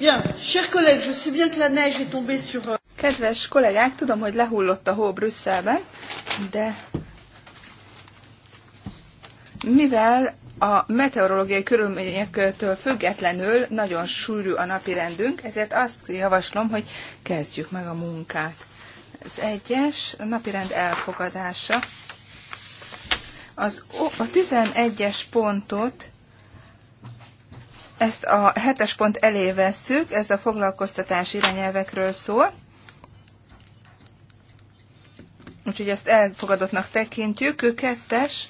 Euh, Kedves kollégák, tudom, hogy lehullott a hó Brüsszelben, de mivel a meteorológiai körülményektől függetlenül nagyon sűrű a napi rendünk, ezért azt javaslom, hogy kezdjük meg a munkát. Az egyes napirend elfogadása. Az, a 11-es pontot ezt a hetes pont elé vesszük, ez a foglalkoztatás irányelvekről szól. Úgyhogy ezt elfogadottnak tekintjük. Ő kettes,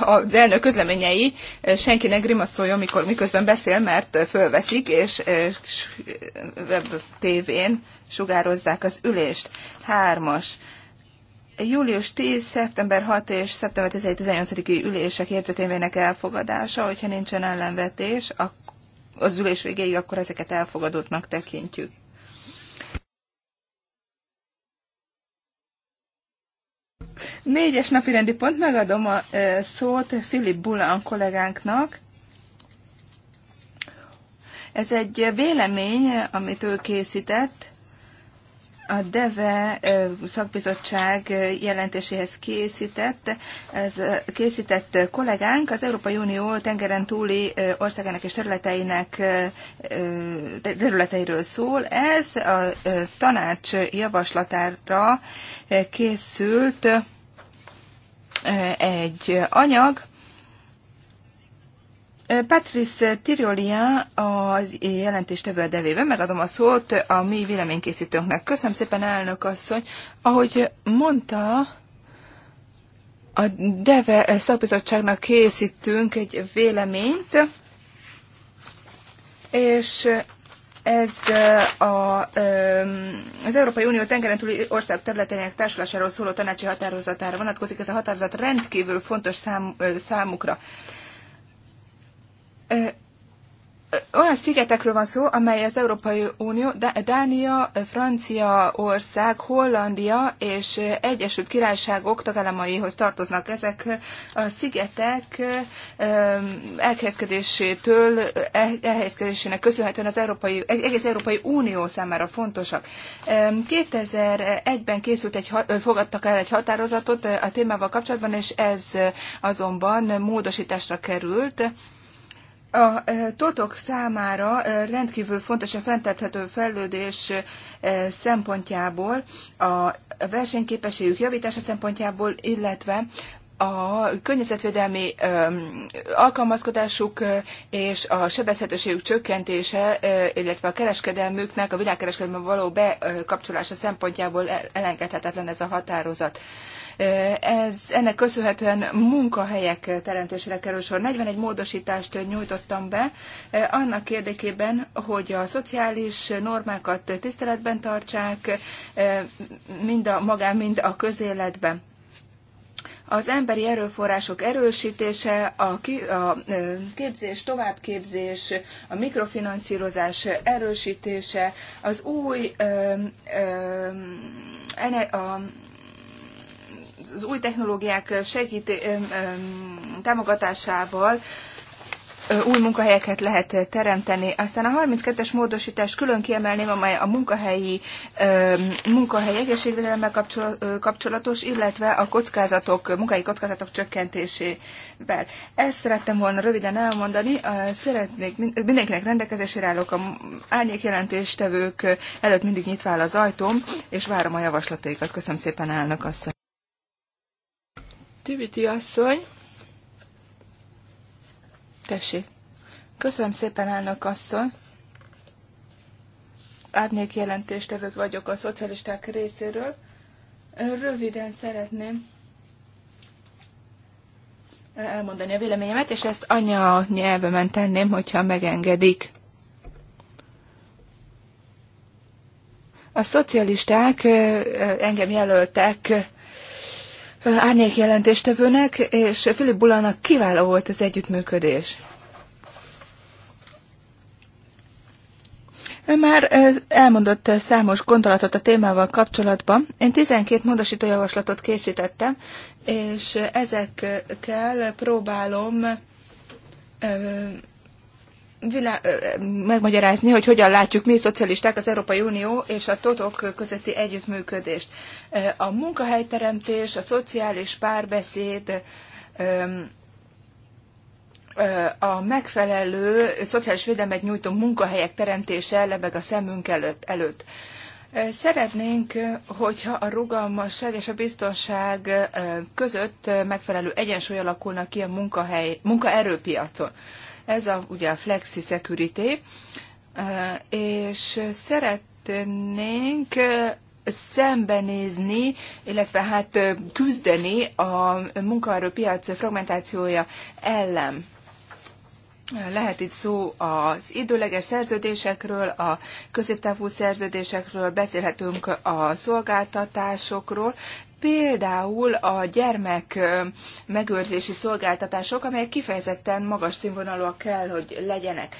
A elnök közleményei senki ne grimaszolja, amikor miközben beszél, mert fölveszik, és web tévén sugározzák az ülést. Hármas július 10, szeptember 6 és szeptember 11 18 ülések jegyzőkönyvének elfogadása, hogyha nincsen ellenvetés, az ülés végéig akkor ezeket elfogadottnak tekintjük. Négyes napi rendi pont, megadom a e, szót Filip Bulan kollégánknak. Ez egy vélemény, amit ő készített, a DEVE szakbizottság jelentéséhez készített, ez készített kollégánk az Európai Unió tengeren túli országának és területeinek területeiről szól. Ez a tanács javaslatára készült egy anyag, Patrice Tirolien az jelentéstevő a devében, megadom a szót a mi véleménykészítőnknek. Köszönöm szépen, elnök asszony. Ahogy mondta, a DEVE szakbizottságnak készítünk egy véleményt, és ez a, az Európai Unió tengeren túli ország területének társulásáról szóló tanácsi határozatára vonatkozik. Ez a határozat rendkívül fontos szám, számukra olyan szigetekről van szó, amely az Európai Unió, Dánia, Franciaország, Hollandia és Egyesült Királyságok tagállamaihoz tartoznak. Ezek a szigetek elhelyezkedésétől, e-, elhelyezkedésének köszönhetően az Európai, egész Európai Unió számára fontosak. 2001-ben készült egy, fogadtak el egy határozatot a témával kapcsolatban, és ez azonban módosításra került a totok számára rendkívül fontos a fenntarthető fejlődés szempontjából, a versenyképességük javítása szempontjából, illetve a környezetvédelmi alkalmazkodásuk és a sebezhetőségük csökkentése, illetve a kereskedelmüknek, a világkereskedelme való bekapcsolása szempontjából elengedhetetlen ez a határozat. Ez, ennek köszönhetően munkahelyek teremtésére kerül sor. 41 módosítást nyújtottam be eh, annak érdekében, hogy a szociális normákat tiszteletben tartsák, eh, mind a magán, mind a közéletben az emberi erőforrások erősítése, a, ki, a eh, képzés, továbbképzés, a mikrofinanszírozás erősítése, az új ö, ö, a az új technológiák segít, támogatásával új munkahelyeket lehet teremteni. Aztán a 32-es módosítást külön kiemelném, amely a munkahelyi munkahelyi egészségvédelemmel kapcsolatos, illetve a kockázatok, munkahelyi kockázatok csökkentésével. Ezt szerettem volna röviden elmondani. Szeretnék mindenkinek rendelkezésére állok a árnyékjelentéstevők előtt mindig nyitva áll az ajtóm, és várom a javaslataikat. Köszönöm szépen, elnök asszony. Tüviti asszony. Tessék. Köszönöm szépen, elnök asszony. Árnyék jelentéstevők vagyok a szocialisták részéről. Röviden szeretném elmondani a véleményemet, és ezt anya nyelvemen tenném, hogyha megengedik. A szocialisták engem jelöltek árnyék jelentéstevőnek, és Filip Bulának kiváló volt az együttműködés. Ő már elmondott számos gondolatot a témával kapcsolatban. Én 12 módosító javaslatot készítettem, és ezekkel próbálom vilá- megmagyarázni, hogy hogyan látjuk mi szocialisták az Európai Unió és a totok közötti együttműködést. A munkahelyteremtés, a szociális párbeszéd, a megfelelő szociális védelmet nyújtó munkahelyek teremtése lebeg a szemünk előtt. előtt. Szeretnénk, hogyha a rugalmasság és a biztonság között megfelelő egyensúly alakulna ki a munkahely, munkaerőpiacon ez a, ugye a Flexi Security, és szeretnénk szembenézni, illetve hát küzdeni a munkaerőpiac fragmentációja ellen. Lehet itt szó az időleges szerződésekről, a középtávú szerződésekről, beszélhetünk a szolgáltatásokról, például a gyermek megőrzési szolgáltatások, amelyek kifejezetten magas színvonalúak kell, hogy legyenek.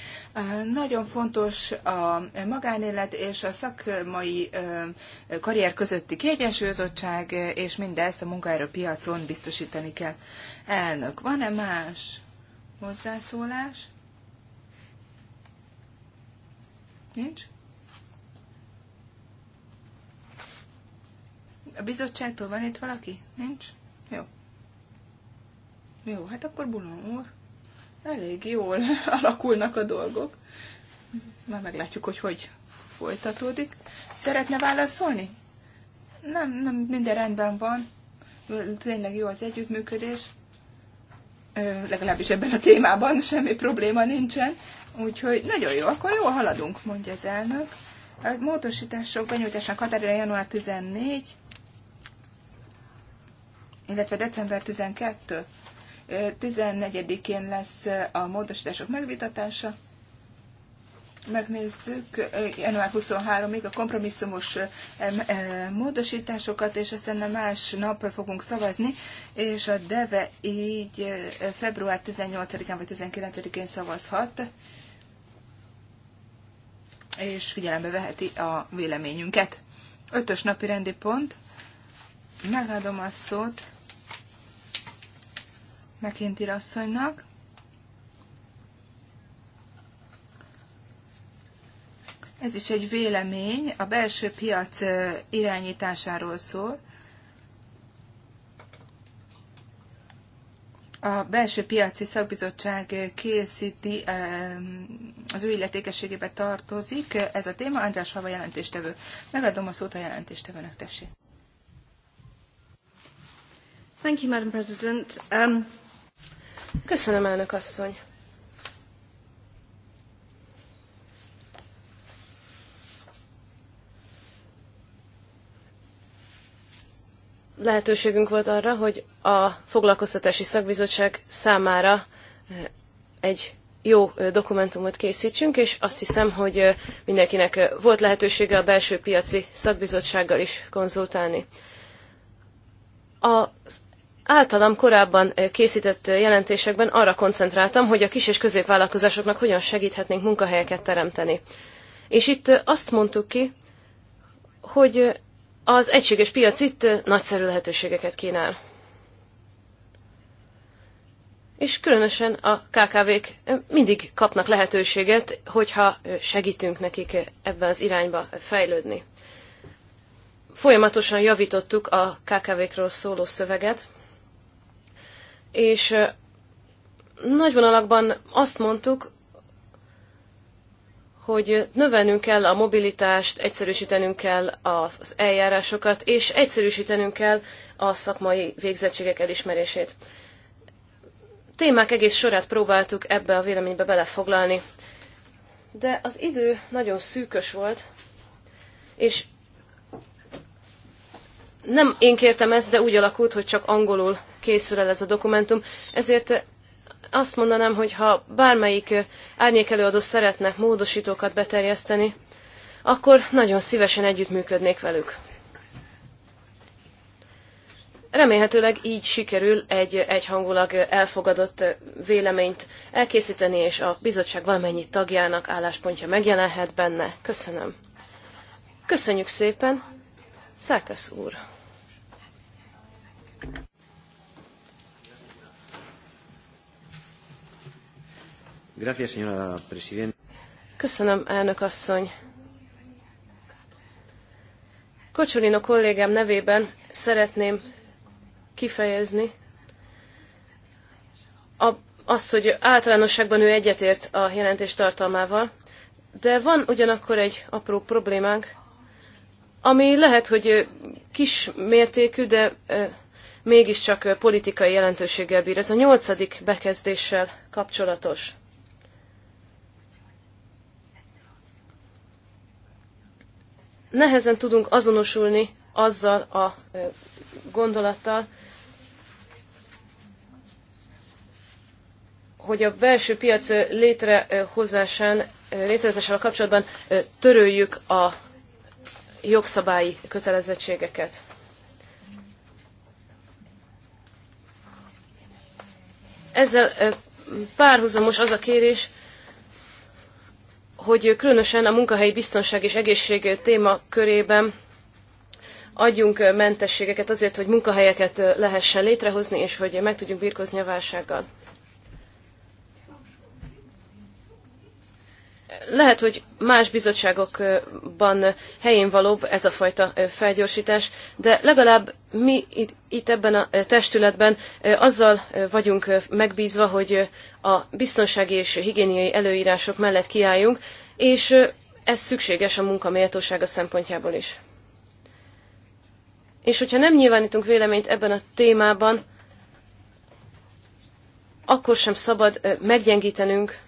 Nagyon fontos a magánélet és a szakmai karrier közötti kiegyensúlyozottság, és mindezt a munkaerőpiacon biztosítani kell. Elnök, van-e más hozzászólás? Nincs? A bizottságtól van itt valaki? Nincs? Jó. Jó, hát akkor Bulon úr, elég jól alakulnak a dolgok. Már meglátjuk, hogy hogy folytatódik. Szeretne válaszolni? Nem, nem, minden rendben van. Tényleg jó az együttműködés. Ö, legalábbis ebben a témában semmi probléma nincsen. Úgyhogy nagyon jó, akkor jól haladunk, mondja az elnök. A módosítások benyújtásán Katarina január 14, illetve december 12 14-én lesz a módosítások megvitatása. Megnézzük január 23-ig a kompromisszumos módosításokat, és aztán a más nap fogunk szavazni, és a DEVE így február 18-án vagy 19-én szavazhat, és figyelembe veheti a véleményünket. Ötös napi rendi pont. Megadom a szót Mekinti asszonynak. Ez is egy vélemény, a belső piac irányításáról szól. A belső piaci szakbizottság készíti, az ő illetékességébe tartozik. Ez a téma, András Hava jelentéstevő. Megadom a szót a jelentéstevőnek, tessék. Thank you, Madam President. Um... Köszönöm, elnök asszony. Lehetőségünk volt arra, hogy a foglalkoztatási szakbizottság számára eh, egy jó eh, dokumentumot készítsünk, és azt hiszem, hogy eh, mindenkinek volt lehetősége a belső piaci szakbizottsággal is konzultálni. Az általam korábban készített jelentésekben arra koncentráltam, hogy a kis- és középvállalkozásoknak hogyan segíthetnénk munkahelyeket teremteni. És itt azt mondtuk ki, hogy az egységes piac itt nagyszerű lehetőségeket kínál. És különösen a KKV-k mindig kapnak lehetőséget, hogyha segítünk nekik ebben az irányba fejlődni. Folyamatosan javítottuk a KKV-król szóló szöveget, és nagy vonalakban azt mondtuk, hogy növelnünk kell a mobilitást, egyszerűsítenünk kell az eljárásokat, és egyszerűsítenünk kell a szakmai végzettségek elismerését. Témák egész sorát próbáltuk ebbe a véleménybe belefoglalni, de az idő nagyon szűkös volt, és nem én kértem ezt, de úgy alakult, hogy csak angolul készül el ez a dokumentum, ezért eh, azt mondanám, hogy ha bármelyik eh, árnyékelőadó szeretne módosítókat beterjeszteni, akkor nagyon szívesen együttműködnék velük. Remélhetőleg így sikerül egy egyhangulag eh, elfogadott véleményt elkészíteni, és a bizottság valamennyi tagjának álláspontja megjelenhet benne. Köszönöm. Köszönjük szépen. Szákasz úr. Gracias, señora presidenta. Köszönöm, elnök asszony. Kocsolino kollégám nevében szeretném kifejezni a, azt, hogy általánosságban ő egyetért a jelentés tartalmával, de van ugyanakkor egy apró problémánk, ami lehet, hogy kis mértékű, de mégiscsak politikai jelentőséggel bír. Ez a nyolcadik bekezdéssel kapcsolatos. nehezen tudunk azonosulni azzal a gondolattal, hogy a belső piac létrehozásán, létrehozással kapcsolatban töröljük a jogszabályi kötelezettségeket. Ezzel párhuzamos az a kérés, hogy különösen a munkahelyi biztonság és egészség témakörében adjunk mentességeket azért, hogy munkahelyeket lehessen létrehozni, és hogy meg tudjunk birkozni a válsággal. lehet, hogy más bizottságokban helyén valóbb ez a fajta felgyorsítás, de legalább mi itt, itt ebben a testületben azzal vagyunk megbízva, hogy a biztonsági és higiéniai előírások mellett kiálljunk, és ez szükséges a munka méltósága szempontjából is. És hogyha nem nyilvánítunk véleményt ebben a témában, akkor sem szabad meggyengítenünk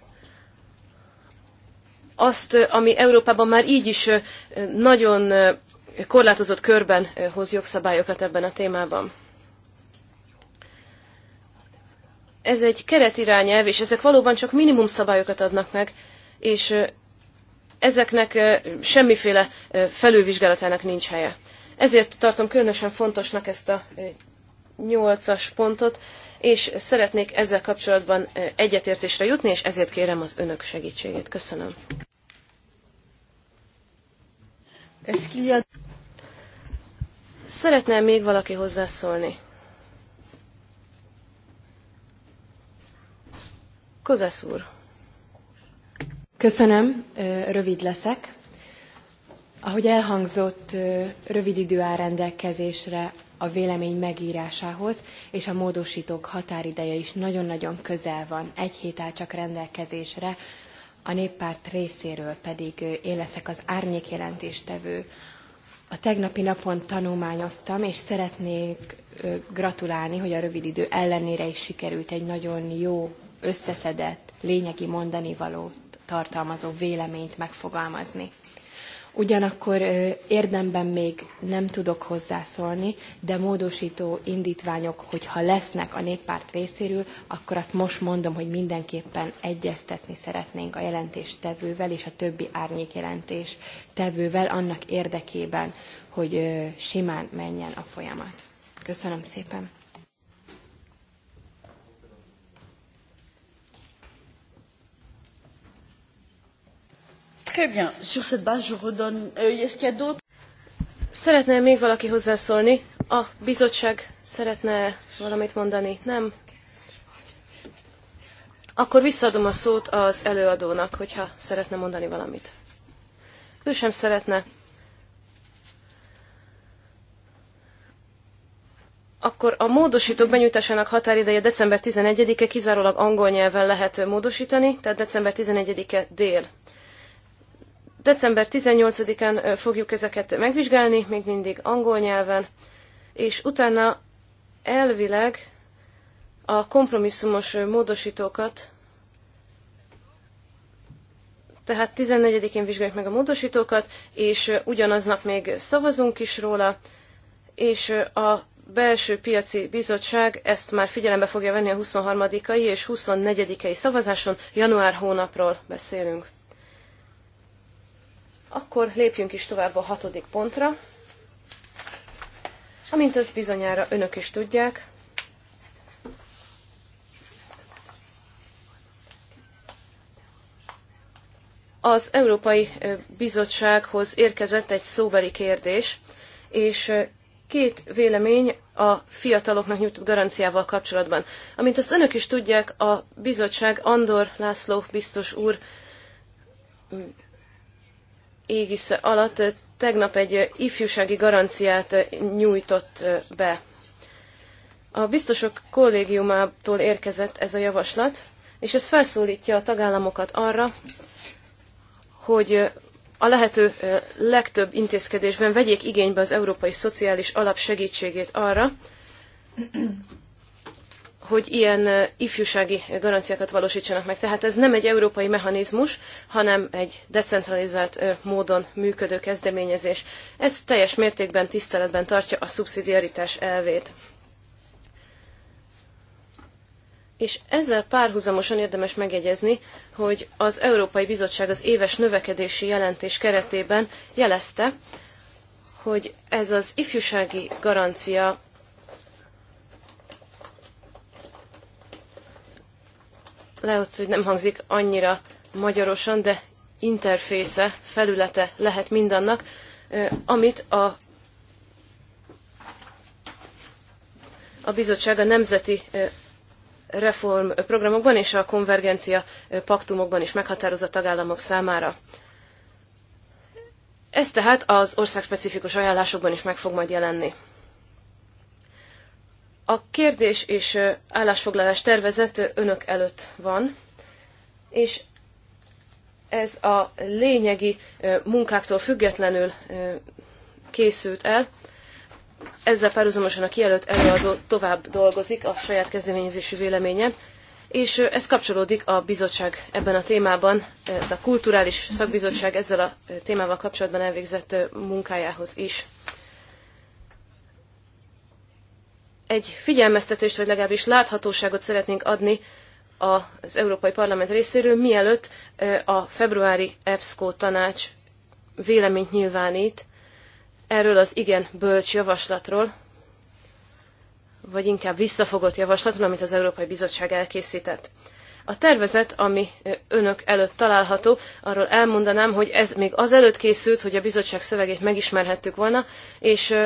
azt, ami Európában már így is nagyon korlátozott körben hoz jogszabályokat ebben a témában. Ez egy keretirányelv, és ezek valóban csak minimum szabályokat adnak meg, és ezeknek semmiféle felülvizsgálatának nincs helye. Ezért tartom különösen fontosnak ezt a nyolcas pontot, és szeretnék ezzel kapcsolatban egyetértésre jutni, és ezért kérem az önök segítségét. Köszönöm. Szeretne még valaki hozzászólni? Kozasz úr. Köszönöm, rövid leszek. Ahogy elhangzott, rövid idő áll rendelkezésre a vélemény megírásához, és a módosítók határideje is nagyon-nagyon közel van. Egy hét áll csak rendelkezésre, a néppárt részéről pedig én leszek az árnyék jelentéstevő. A tegnapi napon tanulmányoztam, és szeretnék gratulálni, hogy a rövid idő ellenére is sikerült egy nagyon jó, összeszedett, lényegi mondanivalót tartalmazó véleményt megfogalmazni. Ugyanakkor érdemben még nem tudok hozzászólni, de módosító indítványok, hogyha lesznek a néppárt részéről, akkor azt most mondom, hogy mindenképpen egyeztetni szeretnénk a jelentéstevővel és a többi árnyékjelentés tevővel annak érdekében, hogy simán menjen a folyamat. Köszönöm szépen. Très euh, Szeretne még valaki hozzászólni? A bizottság szeretne valamit mondani? Nem? Akkor visszaadom a szót az előadónak, hogyha szeretne mondani valamit. Ő sem szeretne. Akkor a módosítók benyújtásának határideje december 11-e kizárólag angol nyelven lehet módosítani, tehát december 11-e dél. December 18-án fogjuk ezeket megvizsgálni, még mindig angol nyelven, és utána elvileg a kompromisszumos módosítókat, tehát 14-én vizsgáljuk meg a módosítókat, és ugyanaznap még szavazunk is róla, és a belső piaci bizottság ezt már figyelembe fogja venni a 23-ai és 24-ei szavazáson, január hónapról beszélünk. Akkor lépjünk is tovább a hatodik pontra. Amint ezt bizonyára önök is tudják, az Európai Bizottsághoz érkezett egy szóbeli kérdés, és két vélemény a fiataloknak nyújtott garanciával kapcsolatban. Amint azt önök is tudják, a bizottság Andor László biztos úr égisze alatt tegnap egy ifjúsági garanciát nyújtott be. A biztosok kollégiumától érkezett ez a javaslat, és ez felszólítja a tagállamokat arra, hogy a lehető legtöbb intézkedésben vegyék igénybe az Európai Szociális Alap segítségét arra, hogy ilyen ifjúsági garanciákat valósítsanak meg. Tehát ez nem egy európai mechanizmus, hanem egy decentralizált módon működő kezdeményezés. Ez teljes mértékben tiszteletben tartja a szubszidiaritás elvét. És ezzel párhuzamosan érdemes megjegyezni, hogy az Európai Bizottság az éves növekedési jelentés keretében jelezte, hogy ez az ifjúsági garancia lehet, hogy nem hangzik annyira magyarosan, de interfésze, felülete lehet mindannak, amit a, a bizottság a nemzeti reformprogramokban és a konvergencia paktumokban is meghatároz a tagállamok számára. Ez tehát az országspecifikus ajánlásokban is meg fog majd jelenni. A kérdés és állásfoglalás tervezet önök előtt van, és ez a lényegi munkáktól függetlenül készült el. Ezzel párhuzamosan a kijelölt előadó tovább dolgozik a saját kezdeményezésű véleményen, és ez kapcsolódik a bizottság ebben a témában, ez a kulturális szakbizottság ezzel a témával kapcsolatban elvégzett munkájához is. egy figyelmeztetést, vagy legalábbis láthatóságot szeretnénk adni az Európai Parlament részéről, mielőtt a februári EBSCO tanács véleményt nyilvánít erről az igen bölcs javaslatról, vagy inkább visszafogott javaslatról, amit az Európai Bizottság elkészített. A tervezet, ami önök előtt található, arról elmondanám, hogy ez még azelőtt készült, hogy a bizottság szövegét megismerhettük volna, és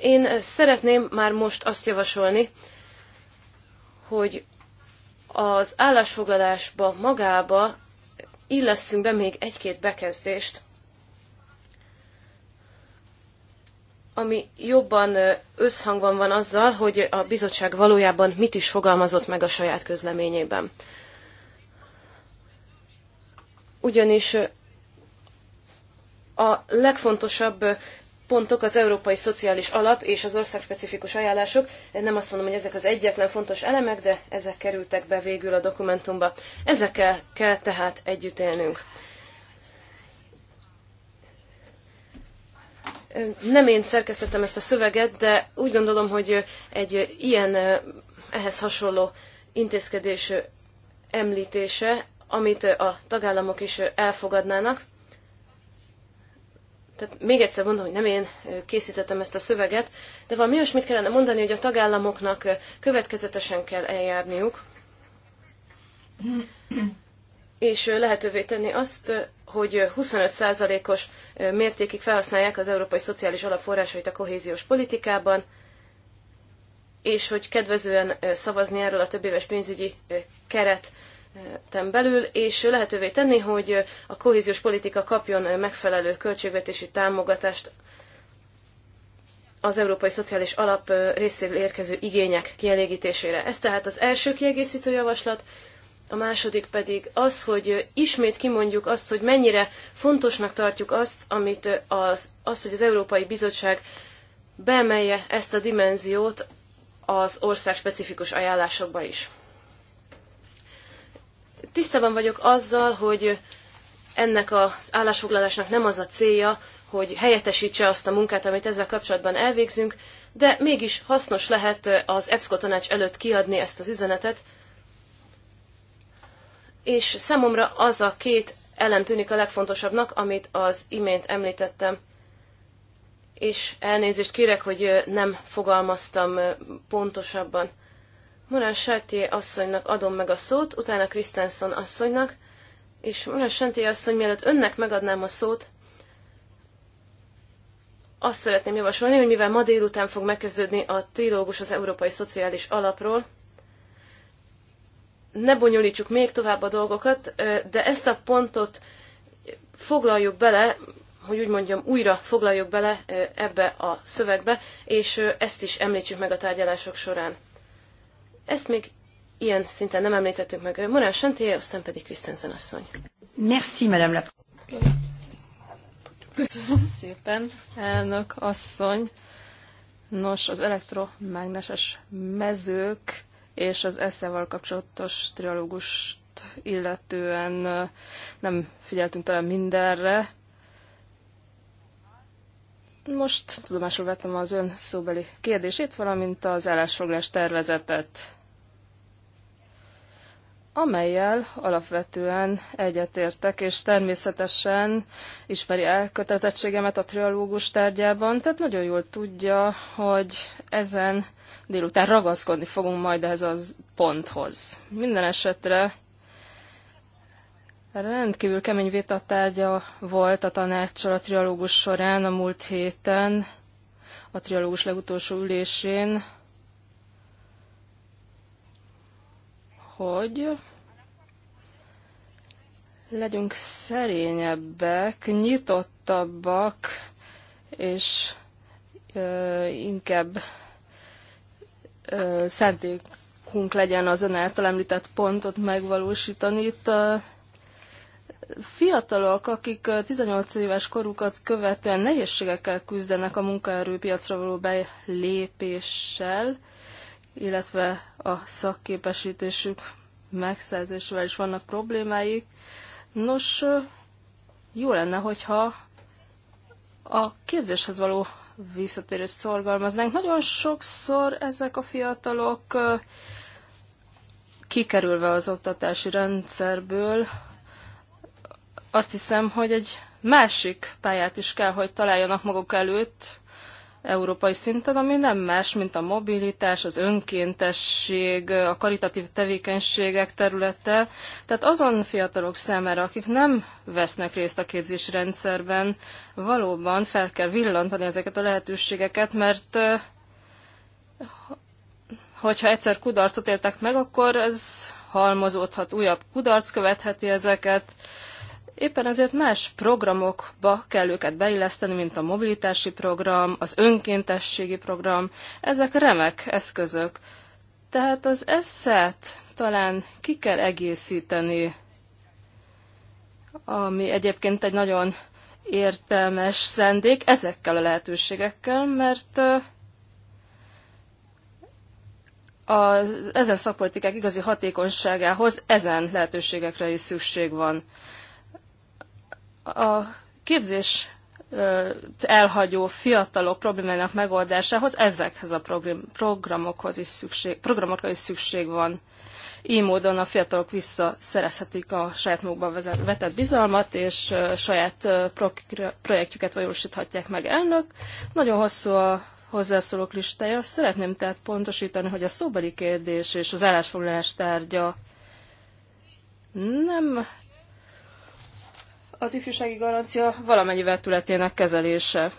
én szeretném már most azt javasolni, hogy az állásfoglalásba magába illesszünk be még egy-két bekezdést, ami jobban összhangban van azzal, hogy a bizottság valójában mit is fogalmazott meg a saját közleményében. Ugyanis a legfontosabb pontok az Európai Szociális Alap és az országspecifikus ajánlások. Nem azt mondom, hogy ezek az egyetlen fontos elemek, de ezek kerültek be végül a dokumentumba. Ezekkel kell tehát együtt élnünk. Nem én szerkesztettem ezt a szöveget, de úgy gondolom, hogy egy ilyen ehhez hasonló intézkedés említése, amit a tagállamok is elfogadnának, tehát még egyszer mondom, hogy nem én készítettem ezt a szöveget, de valami olyasmit kellene mondani, hogy a tagállamoknak következetesen kell eljárniuk, és lehetővé tenni azt, hogy 25%-os mértékig felhasználják az Európai Szociális alapforrásait a kohéziós politikában, és hogy kedvezően szavazni erről a többéves pénzügyi keret belül, és lehetővé tenni, hogy a kohéziós politika kapjon megfelelő költségvetési támogatást az Európai Szociális Alap részéről érkező igények kielégítésére. Ez tehát az első kiegészítő javaslat, a második pedig az, hogy ismét kimondjuk azt, hogy mennyire fontosnak tartjuk azt, amit az, azt, hogy az Európai Bizottság beemelje ezt a dimenziót az ország specifikus ajánlásokba is. Tisztában vagyok azzal, hogy ennek az állásfoglalásnak nem az a célja, hogy helyettesítse azt a munkát, amit ezzel kapcsolatban elvégzünk, de mégis hasznos lehet az EBSCO tanács előtt kiadni ezt az üzenetet, és számomra az a két elem tűnik a legfontosabbnak, amit az imént említettem. És elnézést kérek, hogy nem fogalmaztam pontosabban. Morán Sertié asszonynak adom meg a szót, utána Krisztánszon asszonynak, és Morán Sertié asszony, mielőtt önnek megadnám a szót, azt szeretném javasolni, hogy mivel ma délután fog megkezdődni a trilógus az Európai Szociális Alapról, ne bonyolítsuk még tovább a dolgokat, de ezt a pontot foglaljuk bele, hogy úgy mondjam, újra foglaljuk bele ebbe a szövegbe, és ezt is említsük meg a tárgyalások során. Ezt még ilyen szinten nem említettük meg. Morán Santé, aztán pedig Krisztensen asszony. Merci, madame la... Köszönöm szépen, elnök asszony. Nos, az elektromágneses mezők és az eszeval kapcsolatos trialógust illetően nem figyeltünk talán mindenre. Most tudomásul vettem az ön szóbeli kérdését, valamint az állásfoglás tervezetet amelyel alapvetően egyetértek, és természetesen ismeri elkötelezettségemet a triológus tárgyában, tehát nagyon jól tudja, hogy ezen délután ragaszkodni fogunk majd ehhez a ponthoz. Minden esetre rendkívül kemény vita tárgya volt a tanácssal a triológus során a múlt héten, a triológus legutolsó ülésén, hogy Legyünk szerényebbek, nyitottabbak, és ö, inkább ö, legyen az ön által említett pontot megvalósítani. Itt a fiatalok, akik 18 éves korukat követően nehézségekkel küzdenek a munkaerőpiacra való belépéssel, illetve a szakképesítésük megszerzésével is vannak problémáik. Ö, Nos, jó lenne, hogyha a képzéshez való visszatérést szorgalmaznánk. Nagyon sokszor ezek a fiatalok kikerülve az oktatási rendszerből, azt hiszem, hogy egy másik pályát is kell, hogy találjanak maguk előtt, európai szinten, ami nem más, mint a mobilitás, az önkéntesség, a karitatív tevékenységek területe. Tehát azon fiatalok számára, akik nem vesznek részt a rendszerben, valóban fel kell villantani ezeket a lehetőségeket, mert hogyha egyszer kudarcot éltek meg, akkor ez halmozódhat, újabb kudarc követheti ezeket, Éppen ezért más programokba kell őket beilleszteni, mint a mobilitási program, az önkéntességi program. Ezek remek eszközök. Tehát az eszet talán ki kell egészíteni, ami egyébként egy nagyon értelmes szendék ezekkel a lehetőségekkel, mert az, ezen szakpolitikák igazi hatékonyságához ezen lehetőségekre is szükség van. A képzés elhagyó fiatalok problémának megoldásához ezekhez a programokhoz is szükség, programokra is szükség van. Így módon a fiatalok visszaszerezhetik a saját magukba vetett bizalmat, és saját projektjüket valósíthatják meg elnök. Nagyon hosszú a hozzászólók listája. Szeretném tehát pontosítani, hogy a szóbeli kérdés és az állásfoglalás tárgya nem az ifjúsági garancia valamennyi vetületének kezelése.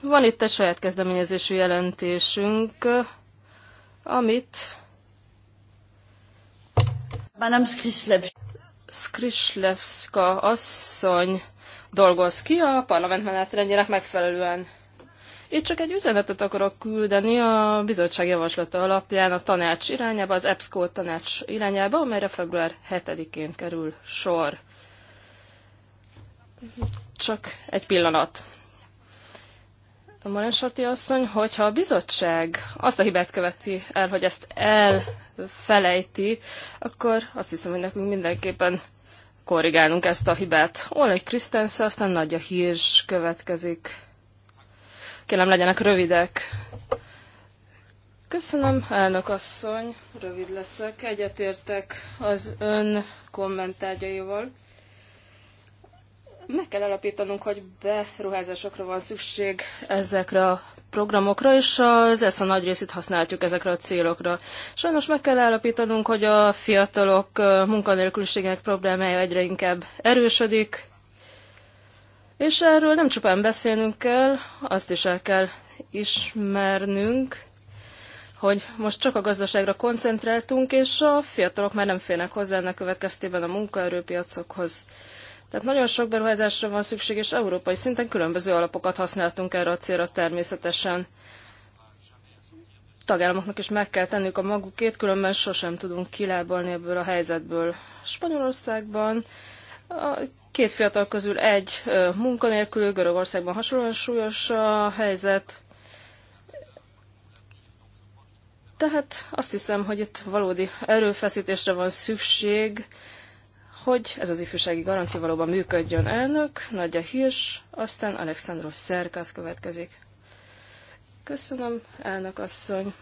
Van itt egy saját kezdeményezésű jelentésünk, amit Madame Skrislevska. Skrislevska asszony dolgoz ki a parlament menetrendjének megfelelően. Itt csak egy üzenetet akarok küldeni a bizottság javaslata alapján a tanács irányába, az EBSCO tanács irányába, amelyre február 7-én kerül sor. Csak egy pillanat. A Marensorti asszony, hogyha a bizottság azt a hibát követi el, hogy ezt elfelejti, akkor azt hiszem, hogy nekünk mindenképpen korrigálnunk ezt a hibát. Olaj Krisztensz, aztán a Hírs következik. Kérem, legyenek rövidek. Köszönöm, elnök asszony, rövid leszek, egyetértek az ön kommentárjaival. Meg kell alapítanunk, hogy beruházásokra van szükség ezekre a programokra, és az ESZA nagy részét használjuk ezekre a célokra. Sajnos meg kell állapítanunk, hogy a fiatalok munkanélküliségek problémája egyre inkább erősödik, és erről nem csupán beszélnünk kell, azt is el kell ismernünk, hogy most csak a gazdaságra koncentráltunk, és a fiatalok már nem félnek hozzá ennek következtében a munkaerőpiacokhoz. Tehát nagyon sok beruházásra van szükség, és európai szinten különböző alapokat használtunk erre a célra természetesen. Tagállamoknak is meg kell tennünk a magukét, különben sosem tudunk kilábalni ebből a helyzetből. Spanyolországban a két fiatal közül egy munkanélkül, Görögországban hasonlóan súlyos a helyzet. Tehát azt hiszem, hogy itt valódi erőfeszítésre van szükség, hogy ez az ifjúsági garancia valóban működjön elnök, Nagyja Hirs, aztán Alexandros Szerkász következik. Köszönöm, elnök asszony.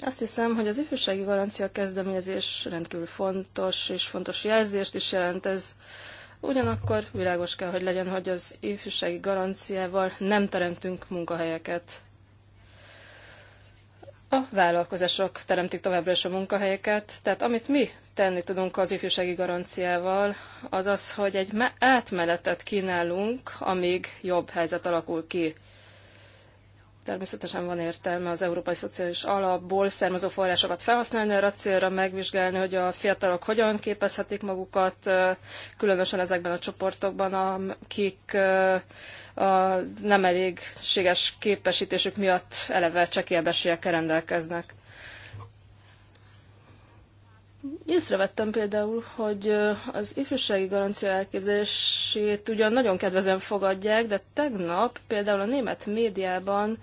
Azt hiszem, hogy az ifjúsági garancia kezdeményezés rendkívül fontos és fontos jelzést is jelent ez. Ugyanakkor világos kell, hogy legyen, hogy az ifjúsági garanciával nem teremtünk munkahelyeket. A vállalkozások teremtik továbbra is a munkahelyeket, tehát amit mi tenni tudunk az ifjúsági garanciával, az az, hogy egy átmenetet kínálunk, amíg jobb helyzet alakul ki. Természetesen van értelme az Európai Szociális Alapból származó forrásokat felhasználni arra célra, megvizsgálni, hogy a fiatalok hogyan képezhetik magukat, különösen ezekben a csoportokban, akik a nem elégséges képesítésük miatt eleve csekélyebb esélyekkel rendelkeznek. Észrevettem például, hogy az ifjúsági garancia elképzelését ugyan nagyon kedvezen fogadják, de tegnap például a német médiában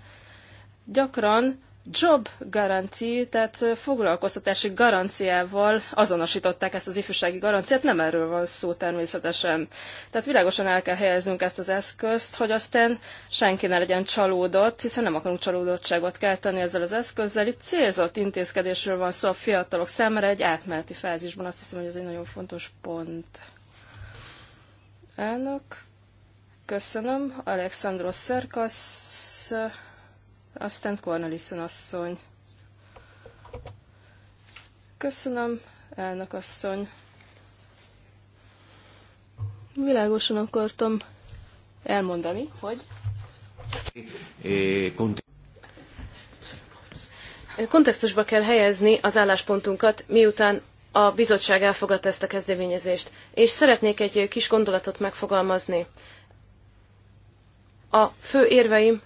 gyakran job garanti, tehát foglalkoztatási garanciával azonosították ezt az ifjúsági garanciát, nem erről van szó természetesen. Tehát világosan el kell helyeznünk ezt az eszközt, hogy aztán senki ne legyen csalódott, hiszen nem akarunk csalódottságot kelteni ezzel az eszközzel. Itt célzott intézkedésről van szó a fiatalok számára egy átmeneti fázisban. Azt hiszem, hogy ez egy nagyon fontos pont. Elnök, köszönöm. Alexandros Szerkasz aztán Cornelissen asszony. Köszönöm, elnök asszony. Világosan akartam elmondani, hogy kontextusba kell helyezni az álláspontunkat, miután a bizottság elfogadta ezt a kezdeményezést, és szeretnék egy kis gondolatot megfogalmazni. A fő érveim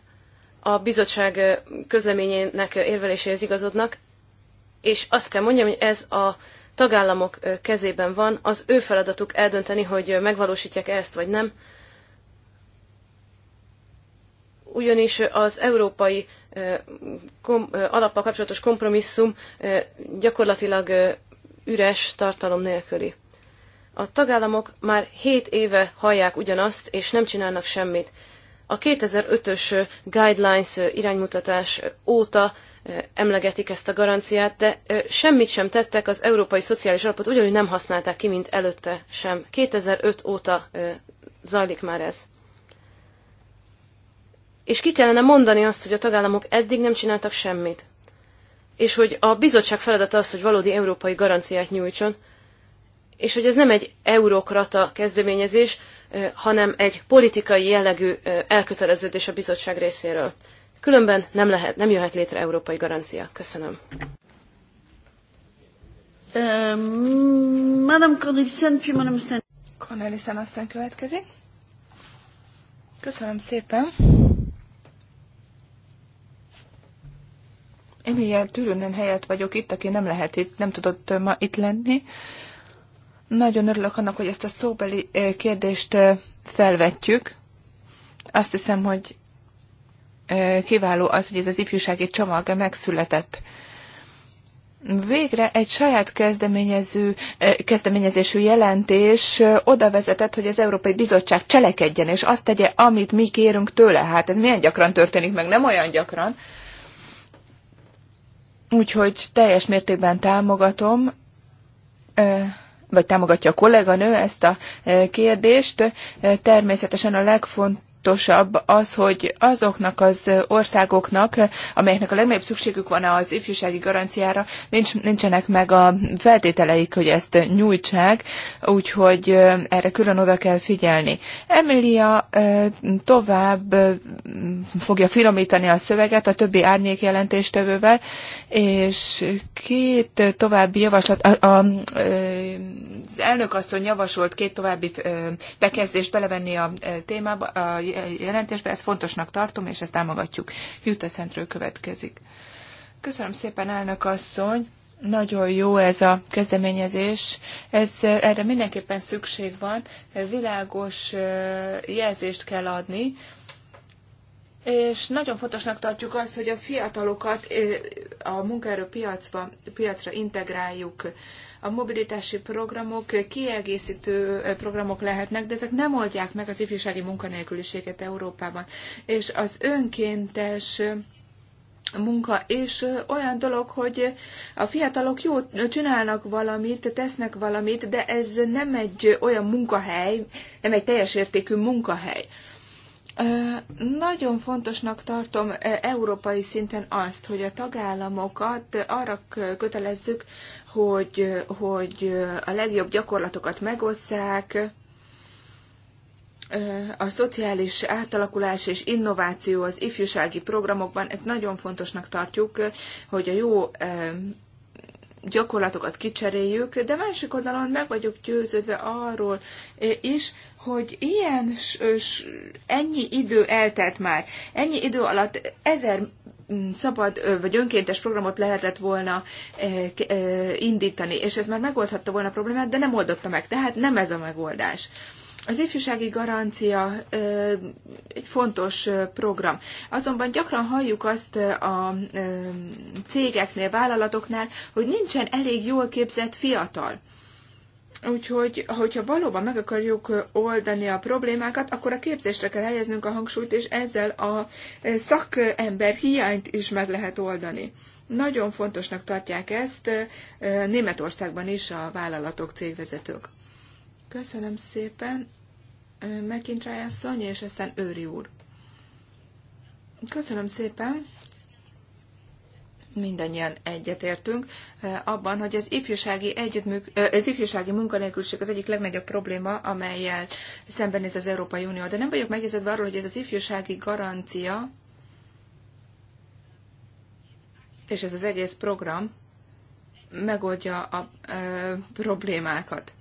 a bizottság közleményének érveléséhez igazodnak, és azt kell mondjam, hogy ez a tagállamok kezében van, az ő feladatuk eldönteni, hogy megvalósítják -e ezt vagy nem. Ugyanis az európai alappal kapcsolatos kompromisszum gyakorlatilag üres, tartalom nélküli. A tagállamok már 7 éve hallják ugyanazt, és nem csinálnak semmit. A 2005-ös guidelines iránymutatás óta emlegetik ezt a garanciát, de semmit sem tettek, az Európai Szociális Alapot ugyanúgy nem használták ki, mint előtte sem. 2005 óta zajlik már ez. És ki kellene mondani azt, hogy a tagállamok eddig nem csináltak semmit. És hogy a bizottság feladata az, hogy valódi európai garanciát nyújtson, és hogy ez nem egy eurokrata kezdeményezés, hanem egy politikai jellegű elköteleződés a bizottság részéről. Különben nem, lehet, nem jöhet létre európai garancia. Köszönöm. Uh, Madame Cornelissen, puis Madame Sten. Cornelissen aztán következik. Köszönöm szépen. Emilia Tűrönen helyett vagyok itt, aki nem lehet itt, nem tudott ma itt lenni. Uh, nagyon örülök annak, hogy ezt a szóbeli kérdést felvetjük. Azt hiszem, hogy kiváló az, hogy ez az ifjúsági csomag megszületett. Végre egy saját kezdeményező, kezdeményezésű jelentés oda vezetett, hogy az Európai Bizottság cselekedjen, és azt tegye, amit mi kérünk tőle. Hát ez milyen gyakran történik meg, nem olyan gyakran. Úgyhogy teljes mértékben támogatom vagy támogatja a kolléganő ezt a e, kérdést. E, természetesen a legfontosabb fontosabb az, hogy azoknak az országoknak, amelyeknek a legnagyobb szükségük van az ifjúsági garanciára, nincs, nincsenek meg a feltételeik, hogy ezt nyújtsák, úgyhogy erre külön oda kell figyelni. Emilia tovább fogja finomítani a szöveget a többi árnyék jelentéstevővel, és két további javaslat, a, a, az elnök asszony javasolt két további bekezdést belevenni a témába, a jelentésbe, ezt fontosnak tartom, és ezt támogatjuk. Jut eszentről következik. Köszönöm szépen, elnök asszony! Nagyon jó ez a kezdeményezés. Ez, erre mindenképpen szükség van. Világos jelzést kell adni, és nagyon fontosnak tartjuk azt, hogy a fiatalokat a munkaerőpiacra integráljuk a mobilitási programok kiegészítő programok lehetnek, de ezek nem oldják meg az ifjúsági munkanélküliséget Európában. És az önkéntes munka, és olyan dolog, hogy a fiatalok jó csinálnak valamit, tesznek valamit, de ez nem egy olyan munkahely, nem egy teljes értékű munkahely. Nagyon fontosnak tartom európai szinten azt, hogy a tagállamokat arra kötelezzük, hogy, hogy a legjobb gyakorlatokat megosszák, a szociális átalakulás és innováció az ifjúsági programokban, ezt nagyon fontosnak tartjuk, hogy a jó gyakorlatokat kicseréljük, de másik oldalon meg vagyok győződve arról is, hogy ilyen ennyi idő eltelt már, ennyi idő alatt ezer mm, szabad vagy önkéntes programot lehetett volna e, e, indítani, és ez már megoldhatta volna a problémát, de nem oldotta meg. Tehát nem ez a megoldás. Az ifjúsági garancia egy fontos program. Azonban gyakran halljuk azt a cégeknél, vállalatoknál, hogy nincsen elég jól képzett fiatal. Úgyhogy, hogyha valóban meg akarjuk oldani a problémákat, akkor a képzésre kell helyeznünk a hangsúlyt, és ezzel a szakember hiányt is meg lehet oldani. Nagyon fontosnak tartják ezt Németországban is a vállalatok, cégvezetők. Köszönöm szépen, McIntyre asszony, és aztán Őri úr. Köszönöm szépen, mindannyian egyetértünk abban, hogy az ifjúsági, együttműk, az ifjúsági munkanélküliség az egyik legnagyobb probléma, amelyel szembenéz az Európai Unió. De nem vagyok meggyőződve arról, hogy ez az ifjúsági garancia, és ez az egész program megoldja a e, problémákat,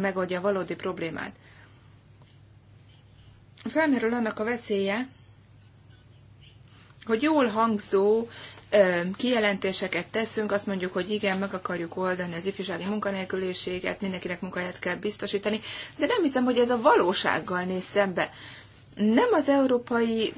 megoldja a valódi problémát. Felmerül annak a veszélye, hogy jól hangzó kijelentéseket teszünk, azt mondjuk, hogy igen, meg akarjuk oldani az ifjúsági munkanélküliséget, mindenkinek munkáját kell biztosítani, de nem hiszem, hogy ez a valósággal néz szembe. Nem az európai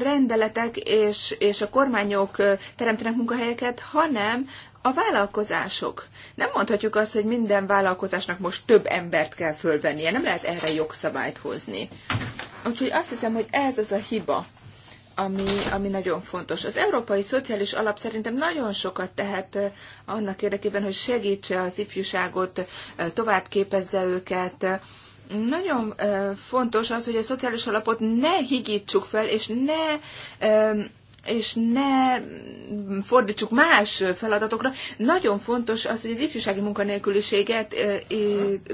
rendeletek és, és a kormányok teremtenek munkahelyeket, hanem a vállalkozások. Nem mondhatjuk azt, hogy minden vállalkozásnak most több embert kell fölvennie, nem lehet erre jogszabályt hozni. Úgyhogy azt hiszem, hogy ez az a hiba, ami, ami nagyon fontos. Az Európai Szociális Alap szerintem nagyon sokat tehet annak érdekében, hogy segítse az ifjúságot, továbbképezze őket. Nagyon fontos az, hogy a szociális alapot ne higítsuk fel, és ne és ne fordítsuk más feladatokra. Nagyon fontos az, hogy az ifjúsági munkanélküliséget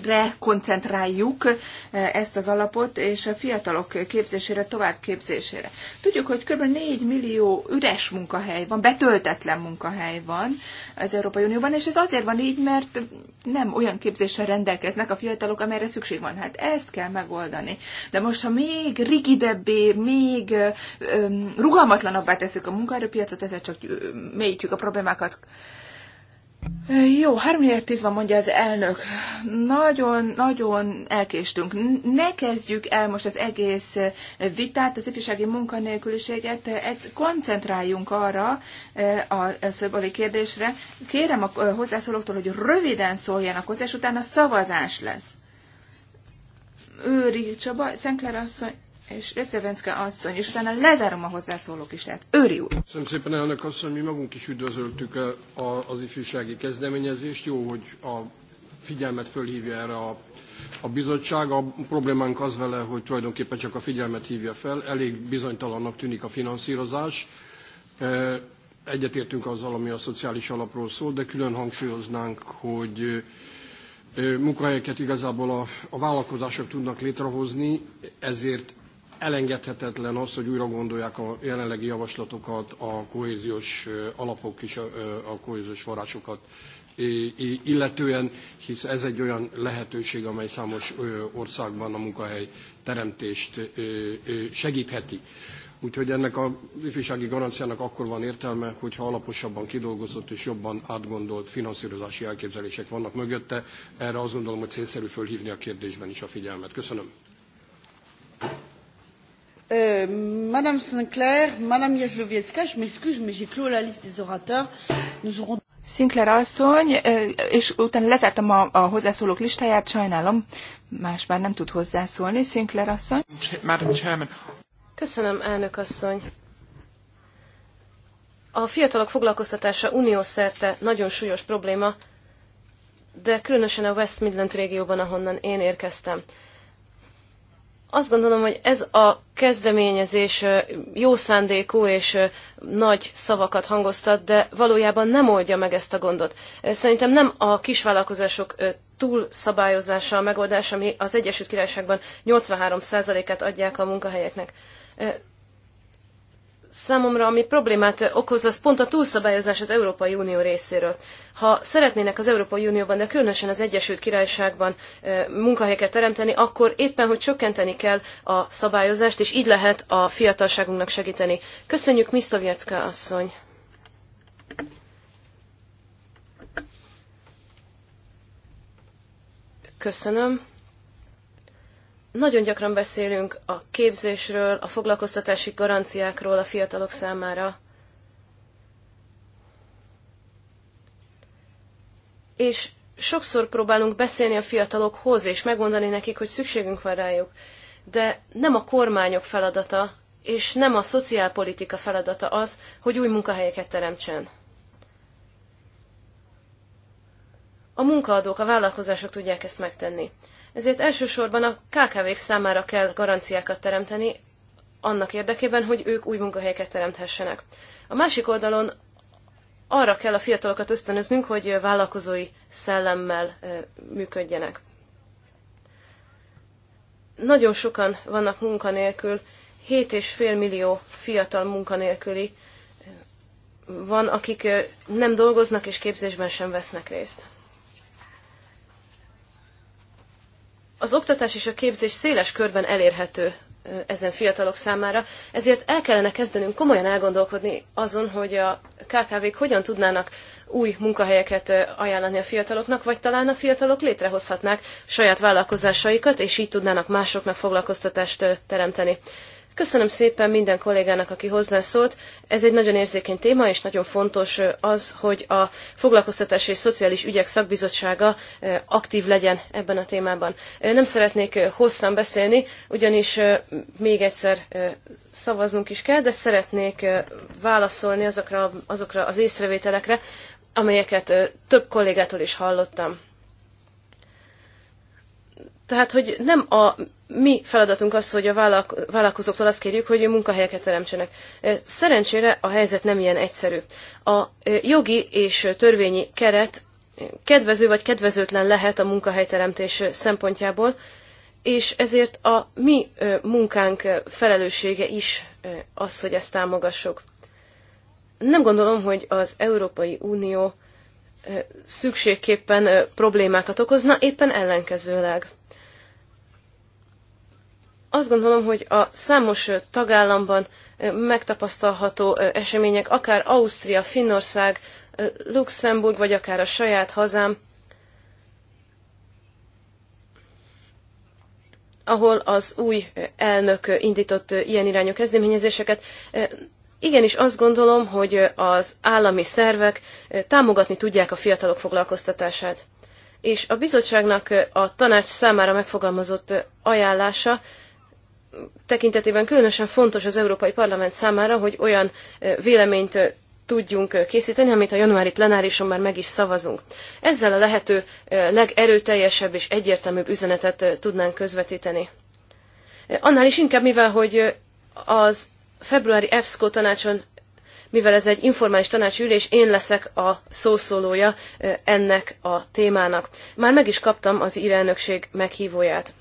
rekoncentráljuk ezt az alapot, és a fiatalok képzésére, továbbképzésére. Tudjuk, hogy kb. 4 millió üres munkahely van, betöltetlen munkahely van az Európai Unióban, és ez azért van így, mert nem olyan képzéssel rendelkeznek a fiatalok, amelyre szükség van. Hát ezt kell megoldani. De most, ha még rigidebbé, még rugalmatlanabbá tesszük a munkaerőpiacot, ezzel csak mélyítjük a problémákat. Jó, 3 10 van, mondja az elnök. Nagyon, nagyon elkéstünk. Ne kezdjük el most az egész vitát, az ifjúsági munkanélküliséget. Koncentráljunk arra a szöbali kérdésre. Kérem a hozzászólóktól, hogy röviden szóljanak hozzá, és utána szavazás lesz. Őri Csaba, Szenkler asszony, és Reszevenszka asszony, és utána lezárom a hozzászólók is, tehát őri úr. Köszönöm szépen, elnök asszony, mi magunk is üdvözöltük a, az ifjúsági kezdeményezést. Jó, hogy a figyelmet fölhívja erre a, a bizottság. A problémánk az vele, hogy tulajdonképpen csak a figyelmet hívja fel. Elég bizonytalannak tűnik a finanszírozás. E, egyetértünk azzal, ami a szociális alapról szól, de külön hangsúlyoznánk, hogy e, munkahelyeket igazából a, a vállalkozások tudnak létrehozni, ezért elengedhetetlen az, hogy újra gondolják a jelenlegi javaslatokat, a kohéziós alapok is a kohéziós forrásokat illetően, hisz ez egy olyan lehetőség, amely számos országban a munkahely teremtést segítheti. Úgyhogy ennek a ifjúsági garanciának akkor van értelme, hogyha alaposabban kidolgozott és jobban átgondolt finanszírozási elképzelések vannak mögötte. Erre azt gondolom, hogy célszerű fölhívni a kérdésben is a figyelmet. Köszönöm. Euh, Madame Sinclair, Madame je m'excuse, mais j'ai clos la liste des orateurs. Nous aurons... Sinclair asszony, és utána lezártam a, a hozzászólók listáját, sajnálom, más már nem tud hozzászólni. Sinclair asszony. Madam Chairman. Köszönöm, elnök asszony. A fiatalok foglalkoztatása Unió szerte nagyon súlyos probléma, de különösen a West Midland régióban, ahonnan én érkeztem. Azt gondolom, hogy ez a kezdeményezés jó szándékú és nagy szavakat hangoztat, de valójában nem oldja meg ezt a gondot. Szerintem nem a kisvállalkozások túlszabályozása a megoldás, ami az Egyesült Királyságban 83%-át adják a munkahelyeknek számomra, ami problémát okoz, az pont a túlszabályozás az Európai Unió részéről. Ha szeretnének az Európai Unióban, de különösen az Egyesült Királyságban munkahelyeket teremteni, akkor éppen, hogy csökkenteni kell a szabályozást, és így lehet a fiatalságunknak segíteni. Köszönjük, Misztavjecka asszony! Köszönöm. Nagyon gyakran beszélünk a képzésről, a foglalkoztatási garanciákról a fiatalok számára. És sokszor próbálunk beszélni a fiatalokhoz, és megmondani nekik, hogy szükségünk van rájuk. De nem a kormányok feladata, és nem a szociálpolitika feladata az, hogy új munkahelyeket teremtsen. A munkaadók, a vállalkozások tudják ezt megtenni. Ezért elsősorban a KKV-k számára kell garanciákat teremteni, annak érdekében, hogy ők új munkahelyeket teremthessenek. A másik oldalon arra kell a fiatalokat ösztönöznünk, hogy vállalkozói szellemmel működjenek. Nagyon sokan vannak munkanélkül, 7,5 millió fiatal munkanélküli van, akik nem dolgoznak és képzésben sem vesznek részt. Az oktatás és a képzés széles körben elérhető ezen fiatalok számára, ezért el kellene kezdenünk komolyan elgondolkodni azon, hogy a KKV-k hogyan tudnának új munkahelyeket ajánlani a fiataloknak, vagy talán a fiatalok létrehozhatnák saját vállalkozásaikat, és így tudnának másoknak foglalkoztatást teremteni. Köszönöm szépen minden kollégának, aki hozzászólt. Ez egy nagyon érzékeny téma, és nagyon fontos az, hogy a Foglalkoztatási és Szociális Ügyek Szakbizottsága aktív legyen ebben a témában. Nem szeretnék hosszan beszélni, ugyanis még egyszer szavaznunk is kell, de szeretnék válaszolni azokra, azokra az észrevételekre, amelyeket több kollégától is hallottam. Tehát, hogy nem a mi feladatunk az, hogy a vállalkozóktól azt kérjük, hogy munkahelyeket teremtsenek. Szerencsére a helyzet nem ilyen egyszerű. A jogi és törvényi keret kedvező vagy kedvezőtlen lehet a munkahelyteremtés szempontjából, és ezért a mi munkánk felelőssége is az, hogy ezt támogassuk. Nem gondolom, hogy az Európai Unió szükségképpen problémákat okozna, éppen ellenkezőleg azt gondolom, hogy a számos tagállamban megtapasztalható események, akár Ausztria, Finnország, Luxemburg, vagy akár a saját hazám, ahol az új elnök indított ilyen irányú kezdeményezéseket. Igenis azt gondolom, hogy az állami szervek támogatni tudják a fiatalok foglalkoztatását. És a bizottságnak a tanács számára megfogalmazott ajánlása tekintetében különösen fontos az Európai Parlament számára, hogy olyan véleményt tudjunk készíteni, amit a januári plenárison már meg is szavazunk. Ezzel a lehető legerőteljesebb és egyértelműbb üzenetet tudnánk közvetíteni. Annál is inkább, mivel hogy az februári EFSCO tanácson, mivel ez egy informális tanácsülés, én leszek a szószólója ennek a témának. Már meg is kaptam az ír elnökség meghívóját.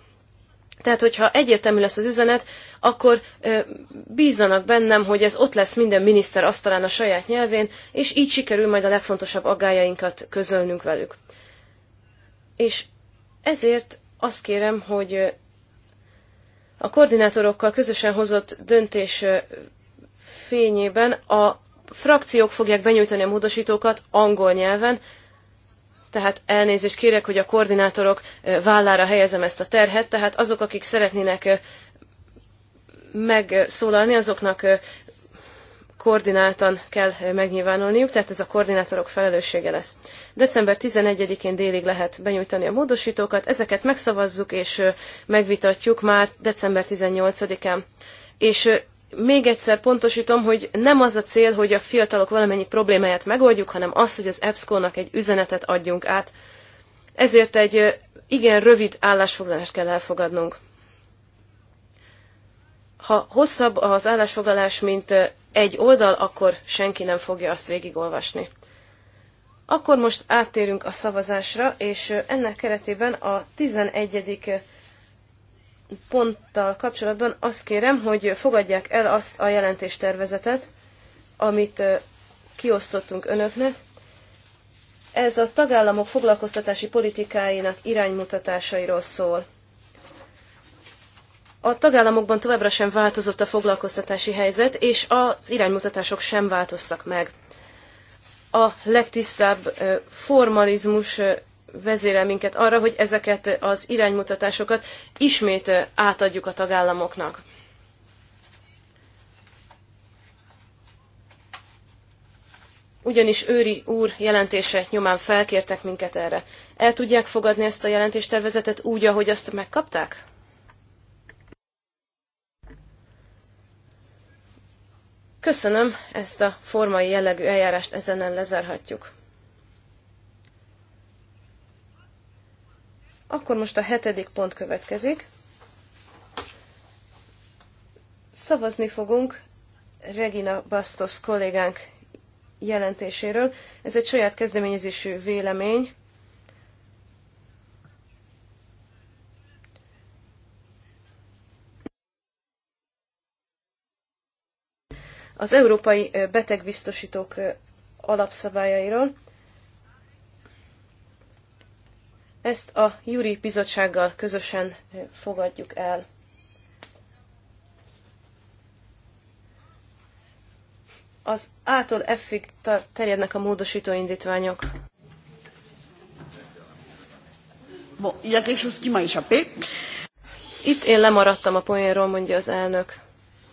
Tehát, hogyha egyértelmű lesz az üzenet, akkor ö, bízzanak bennem, hogy ez ott lesz minden miniszter asztalán a saját nyelvén, és így sikerül majd a legfontosabb aggájainkat közölnünk velük. És ezért azt kérem, hogy a koordinátorokkal közösen hozott döntés fényében a frakciók fogják benyújtani a módosítókat angol nyelven, tehát elnézést kérek, hogy a koordinátorok vállára helyezem ezt a terhet, tehát azok, akik szeretnének megszólalni, azoknak koordináltan kell megnyilvánulniuk, tehát ez a koordinátorok felelőssége lesz. December 11-én délig lehet benyújtani a módosítókat, ezeket megszavazzuk és megvitatjuk már december 18-án. És még egyszer pontosítom, hogy nem az a cél, hogy a fiatalok valamennyi problémáját megoldjuk, hanem az, hogy az EBSCO-nak egy üzenetet adjunk át. Ezért egy igen rövid állásfoglalást kell elfogadnunk. Ha hosszabb az állásfoglalás, mint egy oldal, akkor senki nem fogja azt végigolvasni. Akkor most áttérünk a szavazásra, és ennek keretében a 11 ponttal kapcsolatban azt kérem, hogy fogadják el azt a jelentéstervezetet, amit kiosztottunk önöknek. Ez a tagállamok foglalkoztatási politikáinak iránymutatásairól szól. A tagállamokban továbbra sem változott a foglalkoztatási helyzet, és az iránymutatások sem változtak meg. A legtisztább formalizmus vezérel minket arra, hogy ezeket az iránymutatásokat ismét átadjuk a tagállamoknak. Ugyanis Őri úr jelentése nyomán felkértek minket erre. El tudják fogadni ezt a jelentéstervezetet úgy, ahogy azt megkapták? Köszönöm, ezt a formai jellegű eljárást ezen lezárhatjuk. Akkor most a hetedik pont következik. Szavazni fogunk Regina Bastos kollégánk jelentéséről. Ez egy saját kezdeményezésű vélemény. Az európai betegbiztosítók alapszabályairól. Ezt a Júri Bizottsággal közösen fogadjuk el. Az A-tól F-ig terjednek a módosító indítványok. a Itt én lemaradtam a poénról, mondja az elnök.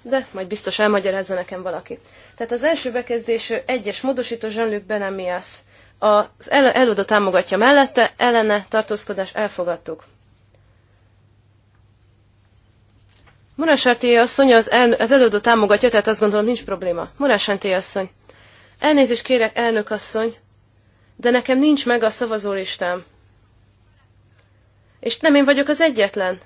De majd biztos elmagyarázza nekem valaki. Tehát az első bekezdés egyes módosító Jean-Luc Benamias az előadó támogatja mellette, ellene tartózkodás elfogadtuk. Morásárté asszony az, el, az előadó támogatja, tehát azt gondolom nincs probléma. Morásárté asszony. Elnézést kérek, elnök asszony, de nekem nincs meg a szavazólistám. És nem én vagyok az egyetlen.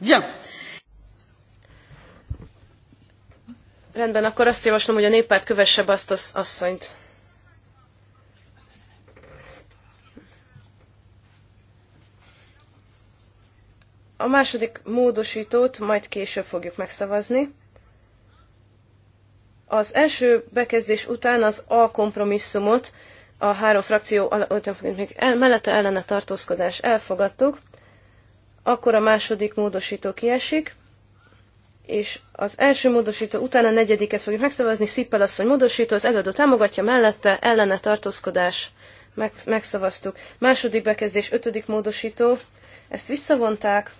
Bien. Rendben, akkor azt javaslom, hogy a néppárt kövesse azt az asszonyt. A második módosítót majd később fogjuk megszavazni. Az első bekezdés után az A kompromisszumot a három frakció el, mellette ellene tartózkodás elfogadtuk, akkor a második módosító kiesik, és az első módosító után a negyediket fogjuk megszavazni, Szippel asszony módosító, az előadó támogatja mellette, ellene tartózkodás, meg, megszavaztuk. Második bekezdés, ötödik módosító, ezt visszavonták,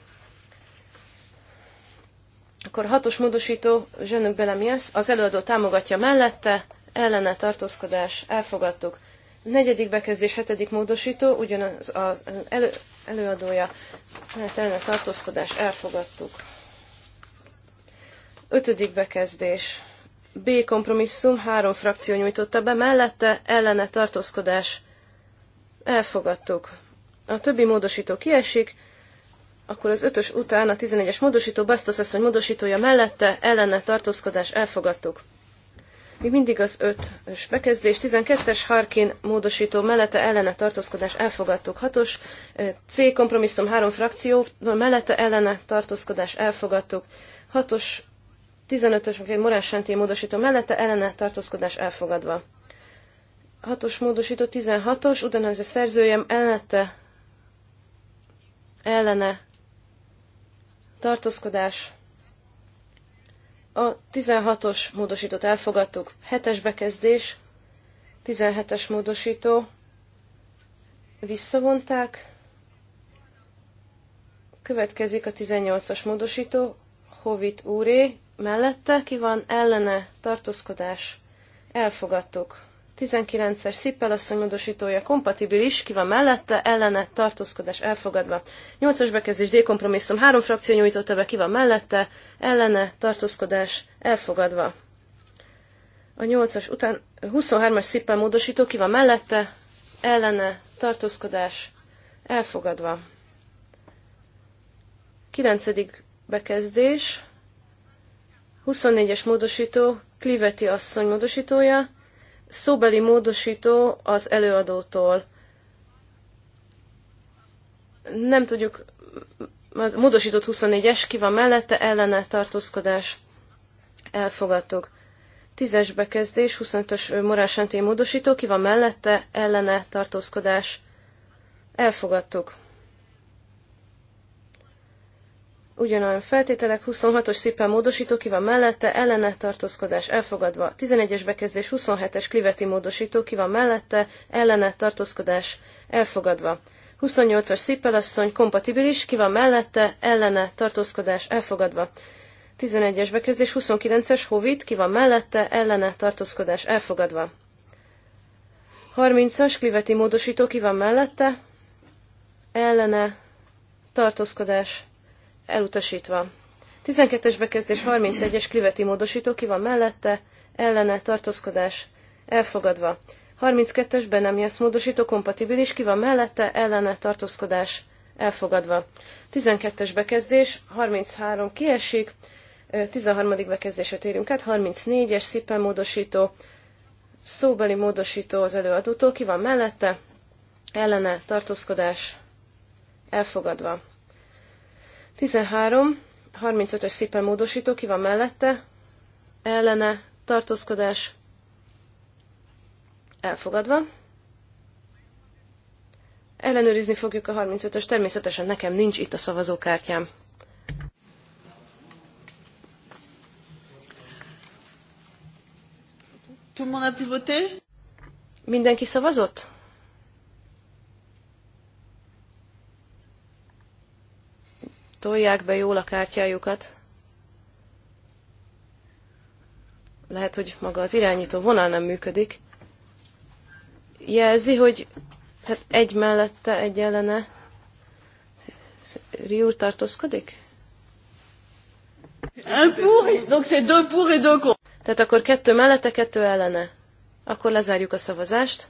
akkor hatos módosító, Zsönök Belemiesz, az előadó támogatja mellette, ellene tartózkodás, elfogadtuk. Negyedik bekezdés, hetedik módosító, ugyanaz az elő, előadója, mert ellene tartózkodás, elfogadtuk. Ötödik bekezdés. B kompromisszum három frakció nyújtotta be, mellette ellene tartózkodás. Elfogadtuk. A többi módosító kiesik, akkor az ötös után a 11-es módosító, Basztasz asszony módosítója mellette ellene tartózkodás. Elfogadtuk. Még mindig az ötös bekezdés, 12-es Harkin módosító mellette ellene tartózkodás elfogadtuk. hatos eh, C kompromisszum három frakció mellette ellene tartózkodás elfogadtuk. hatos 15-ös Morás Sántén módosító mellette ellene tartózkodás elfogadva. 6-os módosító 16-os, ugyanaz a szerzőjem ellette ellene tartózkodás. A 16-os módosítót elfogadtuk. 7-es bekezdés, 17-es módosító visszavonták. Következik a 18-as módosító, Hovit úré, mellette, ki van ellene tartózkodás, elfogadtuk. 19-es szippelasszony módosítója kompatibilis, ki van mellette, ellene tartózkodás elfogadva. 8-as bekezdés D kompromisszum, három frakció nyújtotta be, ki van mellette, ellene tartózkodás elfogadva. A 8-as után 23-as szippel módosító, ki van mellette, ellene tartózkodás elfogadva. 9. bekezdés 24-es módosító, Kliveti asszony módosítója, szóbeli módosító az előadótól. Nem tudjuk, az módosított 24-es ki van mellette, ellene tartózkodás. Elfogadtuk. 10-es bekezdés, 25-ös morásánti módosító, ki van mellette, ellene tartózkodás. Elfogadtuk. ugyanolyan feltételek, 26-os szippel módosító, ki van mellette, ellene tartózkodás elfogadva, 11-es bekezdés, 27-es kliveti módosító, ki van mellette, ellene tartózkodás elfogadva. 28-as asszony kompatibilis, ki van mellette, ellene tartózkodás elfogadva. 11-es bekezdés, 29-es hovit, ki van mellette, ellene tartózkodás elfogadva. 30-as kliveti módosító, ki van mellette, ellene tartózkodás elutasítva. 12-es bekezdés 31-es kliveti módosító ki van mellette, ellene tartózkodás elfogadva. 32-es jesz módosító kompatibilis ki van mellette, ellene tartózkodás elfogadva. 12-es bekezdés 33 kiesik, 13. bekezdésre térünk át, 34-es szippen módosító, szóbeli módosító az előadótól, ki van mellette, ellene tartózkodás elfogadva. 13, 35-ös szépen módosító, ki van mellette, ellene, tartózkodás, elfogadva. Ellenőrizni fogjuk a 35-ös, természetesen nekem nincs itt a szavazókártyám. Mindenki szavazott? Tolják be jól a kártyájukat. Lehet, hogy maga az irányító vonal nem működik. Jelzi, hogy tehát egy mellette, egy ellene. Riú tartózkodik? Un pour, donc c'est deux pour et deux contre. Tehát akkor kettő mellette, kettő ellene. Akkor lezárjuk a szavazást.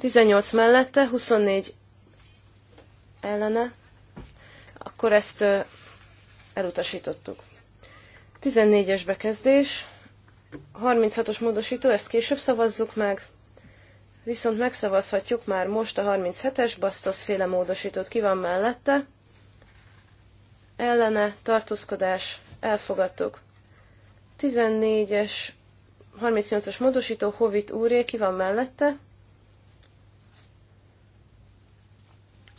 18 mellette, 24 ellene akkor ezt elutasítottuk. 14-es bekezdés, 36-os módosító, ezt később szavazzuk meg, viszont megszavazhatjuk már most a 37-es Bastos féle módosítót. Ki van mellette? Ellene, tartózkodás, elfogadtuk. 14-es, 38-as módosító, Hovit úré, ki van mellette?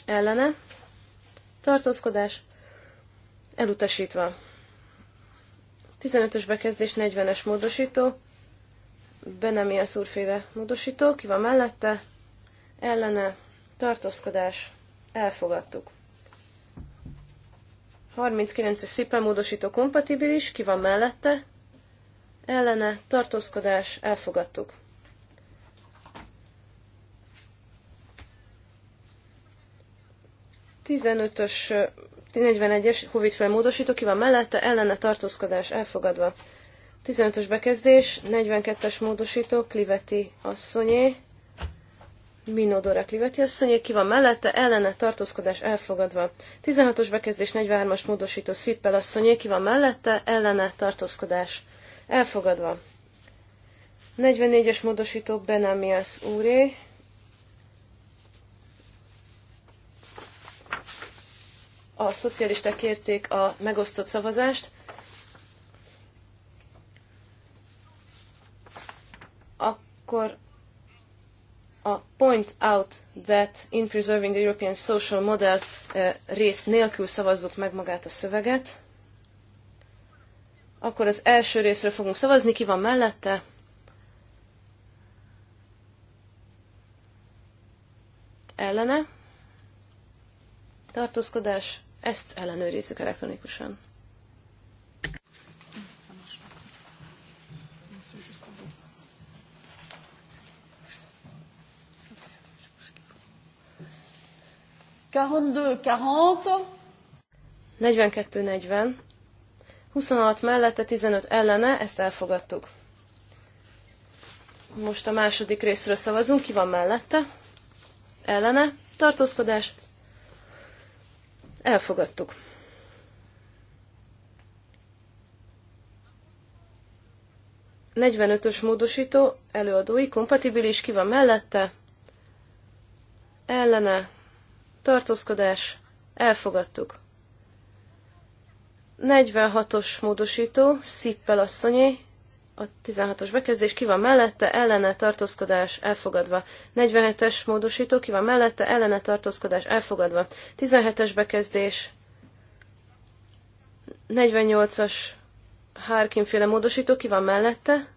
Ellene, tartózkodás elutasítva. 15-ös bekezdés 40-es módosító, Benemi szurféle módosító, ki van mellette, ellene, tartózkodás, elfogadtuk. 39-es szipe módosító kompatibilis, ki van mellette, ellene, tartózkodás, elfogadtuk. 15-ös, 41-es Hovidfel módosító, ki van mellette, ellene tartózkodás elfogadva. 15-ös bekezdés, 42-es módosító, Kliveti asszonyé, Minodora Kliveti asszonyé, ki van mellette, ellene tartózkodás elfogadva. 16-os bekezdés, 43-as módosító, Szippel asszonyé, ki van mellette, ellene tartózkodás elfogadva. 44-es módosító, Benamias úré, a szocialisták kérték a megosztott szavazást. Akkor a point out that in preserving the European social model eh, rész nélkül szavazzuk meg magát a szöveget. Akkor az első részről fogunk szavazni, ki van mellette? Ellene? Tartózkodás? Ezt ellenőrizzük elektronikusan. Quarante-deux, quarante. deux 42 40 26 mellette, 15 ellene, ezt elfogadtuk. Most a második részről szavazunk, ki van mellette? Ellene, tartózkodás, Elfogadtuk. Negyvenötös módosító, előadói, kompatibilis, ki van mellette? Ellene, tartózkodás, elfogadtuk. 46-os módosító, Szippel asszonyé, a 16-os bekezdés ki van mellette, ellene tartózkodás elfogadva. 47-es módosító ki van mellette, ellene tartózkodás elfogadva. 17-es bekezdés, 48-as Harkin-féle módosító ki van mellette.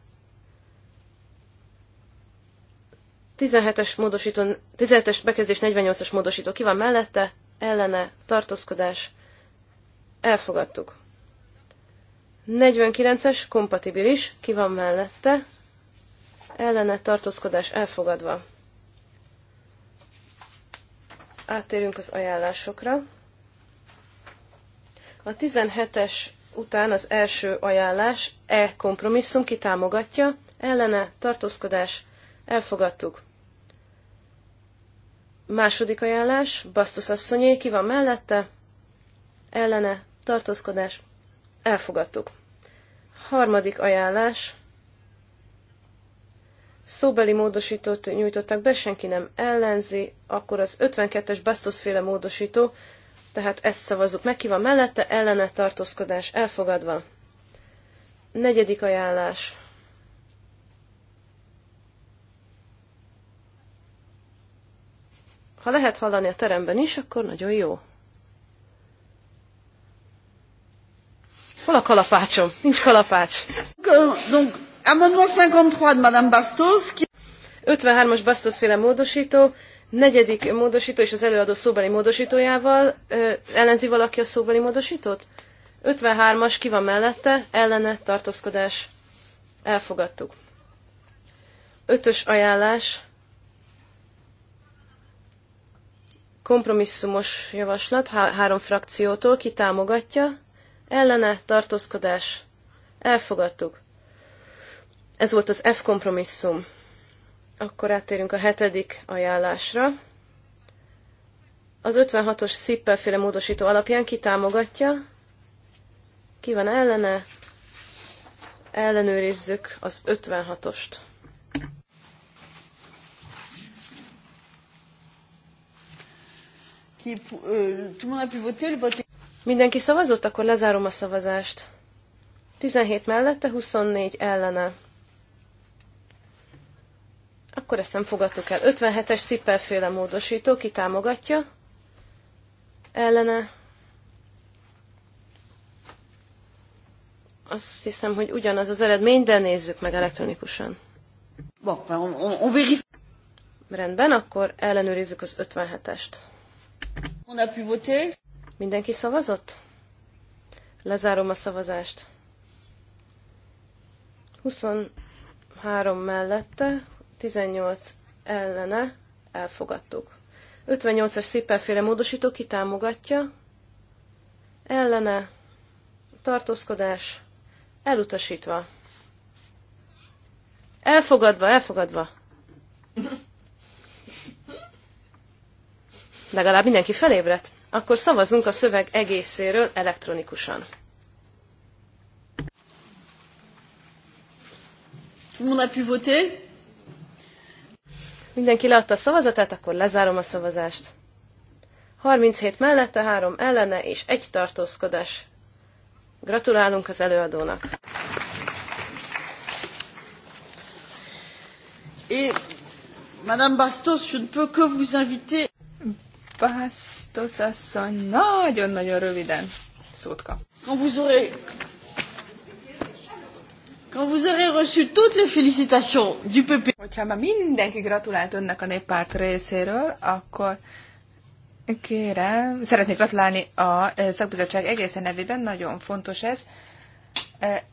17-es, módosító, 17-es bekezdés 48-as módosító ki van mellette, ellene tartózkodás elfogadtuk. 49-es kompatibilis, ki van mellette, ellene tartózkodás elfogadva. Áttérünk az ajánlásokra. A 17-es után az első ajánlás E kompromisszum kitámogatja, ellene tartózkodás elfogadtuk. Második ajánlás, Basztus asszonyé, ki van mellette, ellene tartózkodás Elfogadtuk. Harmadik ajánlás. Szóbeli módosítót nyújtottak be, senki nem ellenzi, akkor az 52-es bastos módosító, tehát ezt szavazzuk meg, ki van mellette, ellene tartózkodás elfogadva. Negyedik ajánlás. Ha lehet hallani a teremben is, akkor nagyon jó. Hol a kalapácsom? Nincs kalapács. Donc, amendement 53 de Madame Bastos. 53-as Bastos féle módosító, negyedik módosító és az előadó szóbeli módosítójával. ellenzi valaki a szóbeli módosítót? 53-as ki van mellette, ellene tartózkodás. Elfogadtuk. Ötös ajánlás. Kompromisszumos javaslat há- három frakciótól, ki támogatja, ellene tartózkodás elfogadtuk. Ez volt az F kompromisszum. Akkor áttérünk a hetedik ajánlásra. Az 56-os szippelféle módosító alapján ki támogatja, ki van ellene, ellenőrizzük az 56-ost. Qui, euh, tout le monde a pu voter, le vote Mindenki szavazott, akkor lezárom a szavazást. 17 mellette, 24 ellene. Akkor ezt nem fogadtuk el. 57-es szippelféle módosító, ki támogatja? Ellene. Azt hiszem, hogy ugyanaz az eredmény, de nézzük meg elektronikusan. Rendben, akkor ellenőrizzük az 57-est. On a pu voter? Mindenki szavazott? Lezárom a szavazást. 23 mellette, 18 ellene, elfogadtuk. 58-as szippelféle módosító kitámogatja, ellene, tartózkodás, elutasítva. Elfogadva, elfogadva. Legalább mindenki felébredt. Akkor szavazunk a szöveg egészéről elektronikusan. Mindenki leadta a szavazatát, akkor lezárom a szavazást. 37 mellette, 3 ellene és egy tartózkodás. Gratulálunk az előadónak! Et Madame Bastos, je ne peux que vous inviter. Pásztos asszony nagyon-nagyon röviden szót kap. Quand vous aurez... Quand vous aurez reçu toutes les félicitations du PP... Hogyha már mindenki gratulált önnek a néppárt részéről, akkor kérem, szeretnék gratulálni a e, szakbizottság egészen nevében, nagyon fontos ez e,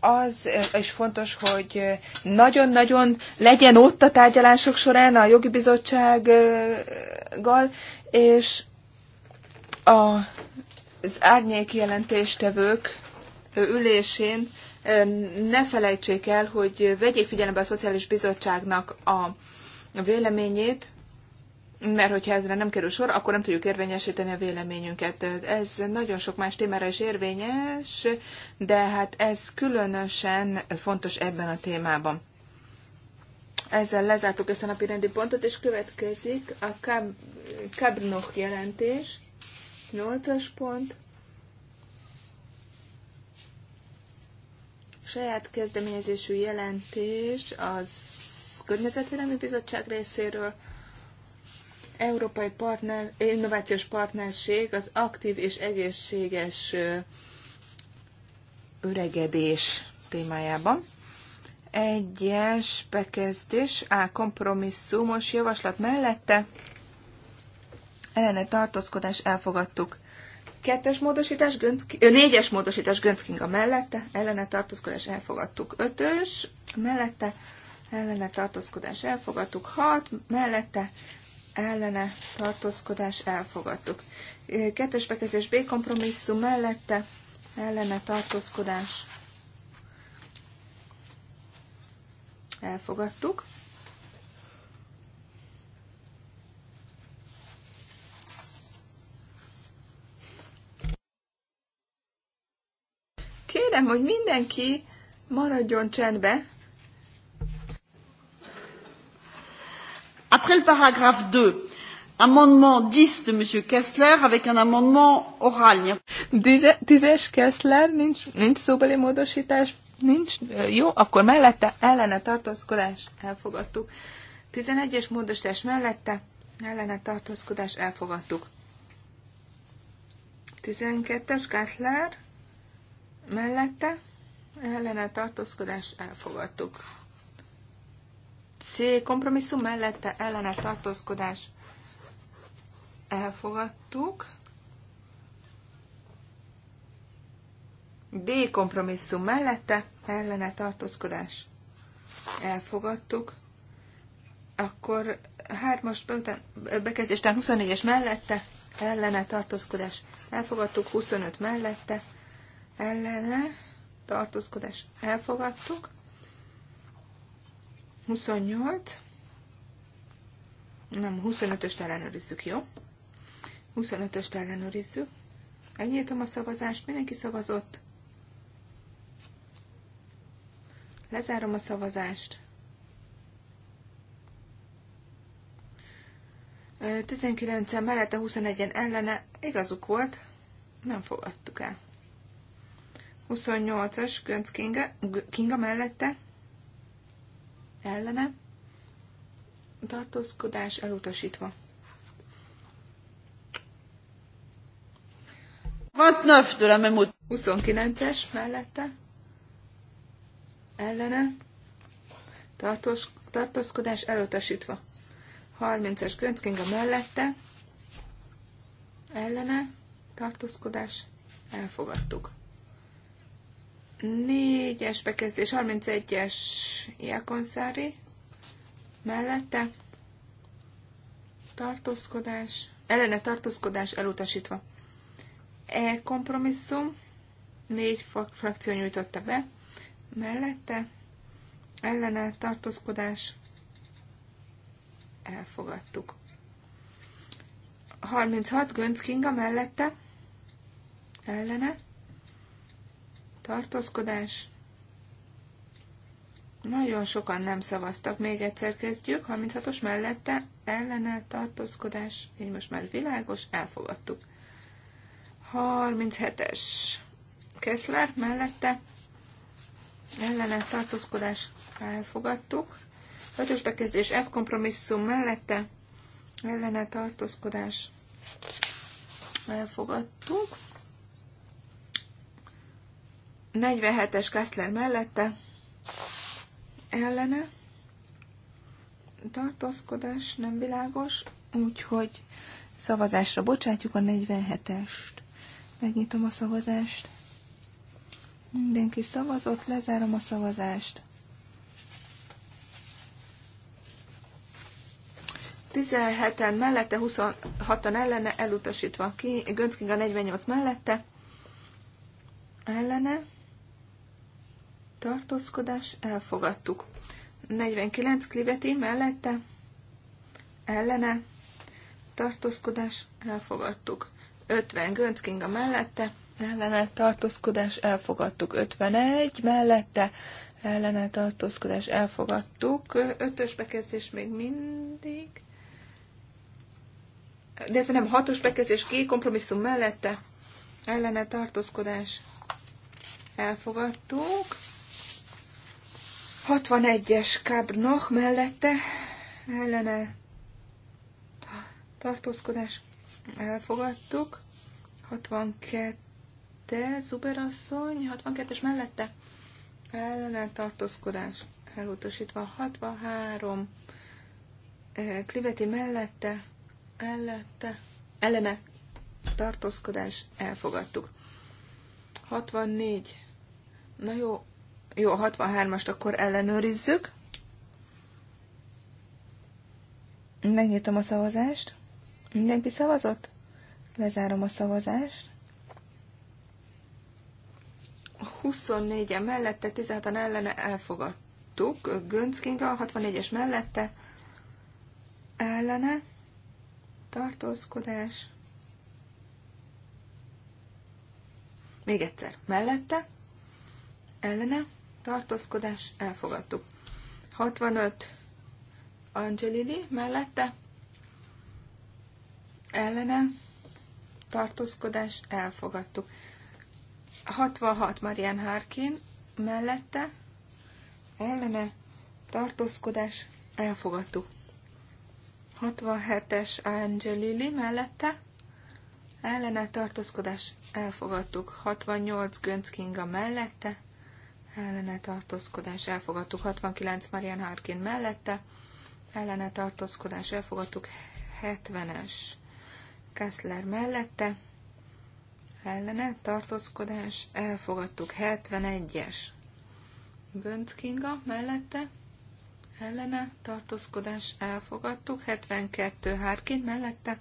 az is e, fontos, hogy nagyon-nagyon legyen ott a tárgyalások során a jogi bizottsággal, és a, az árnyék jelentéstevők ülésén ne felejtsék el, hogy vegyék figyelembe a Szociális Bizottságnak a véleményét, mert hogyha ezre nem kerül sor, akkor nem tudjuk érvényesíteni a véleményünket. Ez nagyon sok más témára is érvényes, de hát ez különösen fontos ebben a témában. Ezzel lezártuk ezt a napi rendi pontot, és következik a Kab- Kabnoch jelentés, 8-as pont. Saját kezdeményezésű jelentés az Környezetvédelmi Bizottság részéről, Európai Partner, Innovációs Partnerség az aktív és egészséges öregedés témájában egyes bekezdés, A kompromisszumos javaslat mellette ellene tartózkodás elfogadtuk. Kettes módosítás, Gönc, négyes módosítás Gönc mellette, ellene tartózkodás elfogadtuk. Ötös mellette, ellene tartózkodás elfogadtuk. Hat mellette, ellene tartózkodás elfogadtuk. Kettes bekezdés B kompromisszum mellette, ellene tartózkodás elfogadtuk. Kérem, hogy mindenki maradjon csendbe. Après le paragraphe 2, Amendement 10 de M. Kessler avec un amendement oral. Tízes Kessler, nincs, nincs szóbeli módosítás, Nincs? Jó, akkor mellette ellene tartózkodás elfogadtuk. 11-es módosítás mellette ellene tartózkodás elfogadtuk. 12-es Kessler mellette ellene tartózkodás elfogadtuk. C kompromisszum mellette ellene tartózkodás elfogadtuk. D kompromisszum mellette ellene tartózkodás elfogadtuk. Akkor hármas bekezdés, tehát 24-es mellette ellene tartózkodás elfogadtuk, 25 mellette ellene tartózkodás elfogadtuk. 28, nem, 25-öst ellenőrizzük, jó? 25-öst ellenőrizzük. Megnyitom a szavazást, mindenki szavazott. Lezárom a szavazást. 19-en mellette, 21-en ellene, igazuk volt, nem fogadtuk el. 28-as Gönc Kinga, Kinga mellette, ellene, tartózkodás elutasítva. 29-es mellette, ellene, tartós, tartózkodás elutasítva. 30 es Gönc a mellette, ellene, tartózkodás, elfogadtuk. 4-es bekezdés, 31-es Iakonszári, mellette, tartózkodás, ellene tartózkodás elutasítva. E kompromisszum, négy frakció nyújtotta be, mellette ellene tartózkodás elfogadtuk. 36 Gönc Kinga mellette ellene tartózkodás nagyon sokan nem szavaztak. Még egyszer kezdjük. 36-os mellette ellene tartózkodás. Így most már világos. Elfogadtuk. 37-es Kessler mellette ellene tartózkodás elfogadtuk. Ötös bekezdés F kompromisszum mellette ellene tartózkodás elfogadtuk. 47-es Kessler mellette ellene tartózkodás nem világos, úgyhogy szavazásra bocsátjuk a 47-est. Megnyitom a szavazást. Mindenki szavazott, lezárom a szavazást. 17-en mellette, 26-an ellene, elutasítva ki, Göncking a 48 mellette, ellene, tartózkodás, elfogadtuk. 49 kliveti mellette, ellene, tartózkodás, elfogadtuk. 50 Gönckinga mellette, ellene tartózkodás elfogadtuk. 51 mellette ellene tartózkodás elfogadtuk. Ötös bekezdés még mindig. De nem, hatos bekezdés, két kompromisszum mellette ellene tartózkodás elfogadtuk. 61-es Kábnoch mellette ellene tartózkodás elfogadtuk. 62 mellette, szuperasszony, 62-es mellette, ellene tartózkodás elutasítva, 63 eh, kliveti mellette, ellette, ellene tartózkodás elfogadtuk. 64. Na jó, jó, 63-ast akkor ellenőrizzük. Megnyitom a szavazást. Mindenki szavazott? Lezárom a szavazást. 24-en mellette, 16-an ellene elfogadtuk. Gönc Kinga 64-es mellette ellene tartózkodás. Még egyszer, mellette ellene tartózkodás elfogadtuk. 65 Angelili mellette ellene tartózkodás elfogadtuk. 66 Marian Harkin mellette ellene tartózkodás elfogadtuk. 67-es Angelili mellette ellene tartózkodás elfogadtuk. 68 Gönc Kinga mellette ellene tartózkodás elfogadtuk. 69 Marian Harkin mellette ellene tartózkodás elfogadtuk. 70-es Kessler mellette ellene tartózkodás, elfogadtuk 71-es. Gönc Kinga mellette ellene tartózkodás, elfogadtuk 72 Hárkin mellette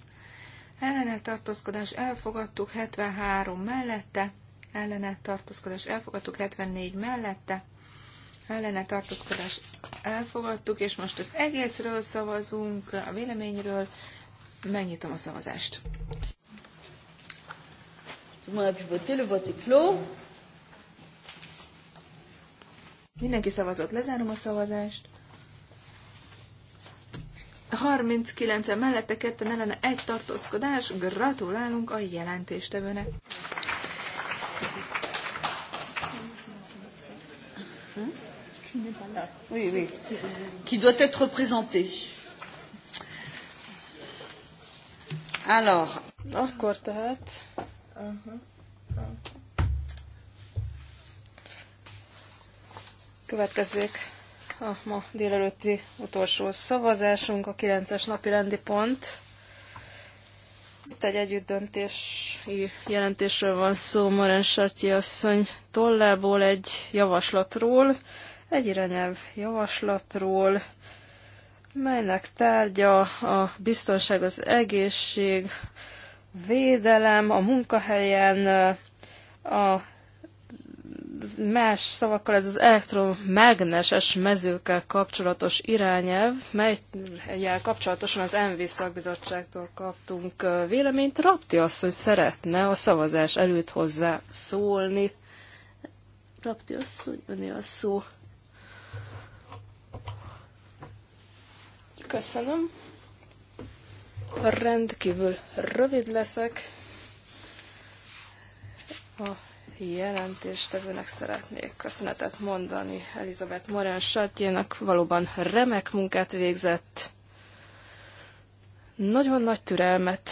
ellene tartózkodás, elfogadtuk 73 mellette ellene tartózkodás, elfogadtuk 74 mellette ellene tartózkodás elfogadtuk, és most az egészről szavazunk, a véleményről. Megnyitom a szavazást. Tout le monde a pu voter, le vote est clos. Mindenki szavazott, lezárom a szavazást. 39 -en mellette ketten ellene egy tartózkodás. Gratulálunk a jelentéstevőnek. Oui, Qui doit être présenté. Alors. Akkor tehát Következzék a ma délelőtti utolsó szavazásunk, a 9-es napi rendi pont. Itt egy együttdöntési jelentésről van szó Maren Sartyi asszony tollából egy javaslatról, egy irányelv javaslatról, melynek tárgya a biztonság, az egészség, védelem a munkahelyen, a más szavakkal ez az elektromágneses mezőkkel kapcsolatos irányelv, melyel kapcsolatosan az MV szakbizottságtól kaptunk véleményt. Rapti asszony szeretne a szavazás előtt hozzá szólni. Rapti asszony, öné a szó. Köszönöm. Rendkívül rövid leszek. A jelentéstevőnek szeretnék köszönetet mondani Elizabeth Morán Sartjénak. Valóban remek munkát végzett. Nagyon nagy türelmet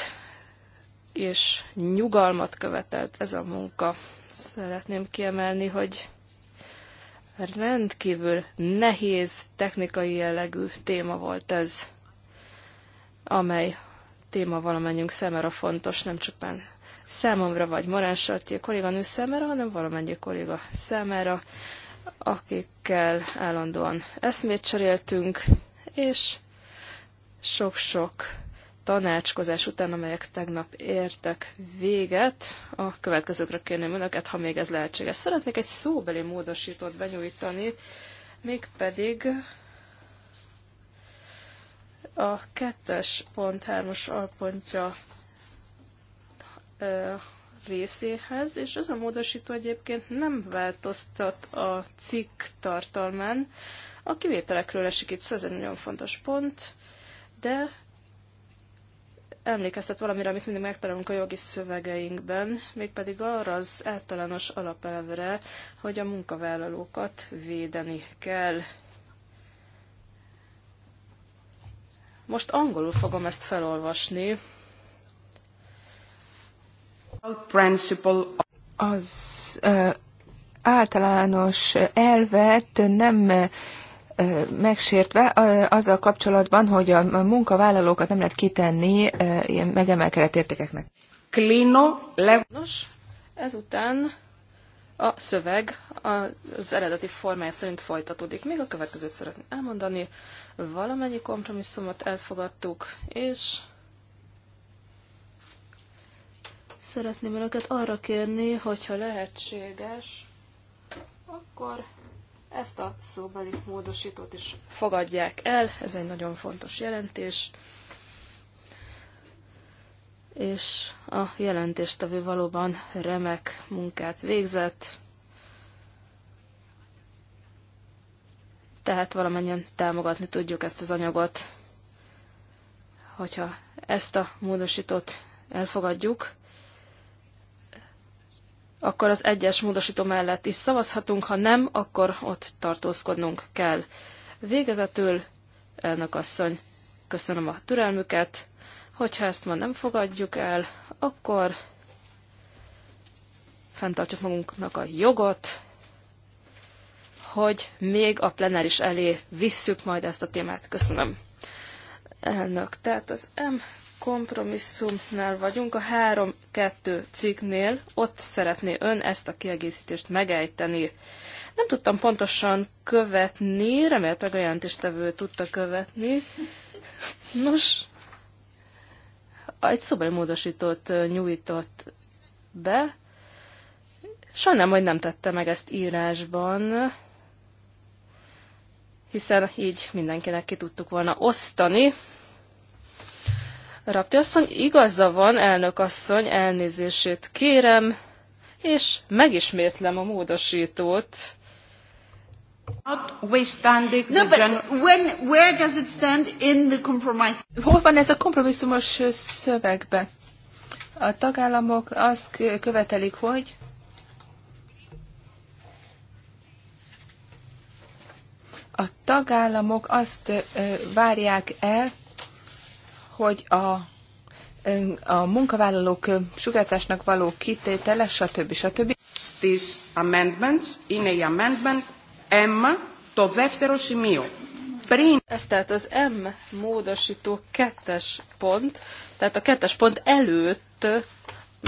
és nyugalmat követelt ez a munka. Szeretném kiemelni, hogy rendkívül nehéz technikai jellegű téma volt ez, amely téma valamennyünk számára fontos, nem csupán számomra vagy Morán Sartier kolléganő számára, hanem valamennyi kolléga számára, akikkel állandóan eszmét cseréltünk, és sok-sok tanácskozás után, amelyek tegnap értek véget, a következőkre kérném önöket, ha még ez lehetséges. Szeretnék egy szóbeli módosítót benyújtani, mégpedig a kettes pont hármas alpontja ö, részéhez, és ez a módosító egyébként nem változtat a cikk tartalmán. A kivételekről esik itt szó, ez egy nagyon fontos pont, de emlékeztet valamire, amit mindig megtalálunk a jogi szövegeinkben, mégpedig arra az általános alapelvre, hogy a munkavállalókat védeni kell. Most angolul fogom ezt felolvasni. Az uh, általános elvet nem megsértve azzal kapcsolatban, hogy a munkavállalókat nem lehet kitenni ilyen megemelkedett értékeknek. Klino le... Nos, ezután a szöveg az eredeti formája szerint folytatódik. Még a következőt szeretném elmondani. Valamennyi kompromisszumot elfogadtuk, és szeretném önöket arra kérni, hogyha lehetséges, akkor ezt a szóbeli módosítót is fogadják el. Ez egy nagyon fontos jelentés és a jelentéstevő valóban remek munkát végzett. Tehát valamennyien támogatni tudjuk ezt az anyagot. Hogyha ezt a módosítót elfogadjuk, akkor az egyes módosító mellett is szavazhatunk, ha nem, akkor ott tartózkodnunk kell. Végezetül, elnök asszony, köszönöm a türelmüket, Hogyha ezt ma nem fogadjuk el, akkor fenntartjuk magunknak a jogot, hogy még a plenáris elé visszük majd ezt a témát. Köszönöm. Elnök, tehát az M kompromisszumnál vagyunk, a 3-2 cikknél, ott szeretné ön ezt a kiegészítést megejteni. Nem tudtam pontosan követni, remélhetőleg a jelentéstevő tudta követni. Nos, egy szobelmódosítót nyújtott be. Sajnálom, hogy nem tette meg ezt írásban, hiszen így mindenkinek ki tudtuk volna osztani. Rapti asszony, igaza van, elnök asszony, elnézését kérem, és megismétlem a módosítót, Notwithstanding no, but when, where does it stand in the compromise? Hol van ez a kompromisszumos szövegbe? A tagállamok azt követelik, hogy a tagállamok azt várják el, hogy a, a munkavállalók sugárzásnak való kitétele, stb. stb. These amendments in a amendment M, to δεύτερο σημείο. Prin... Ez tehát az M módosító kettes pont, tehát a kettes pont előtt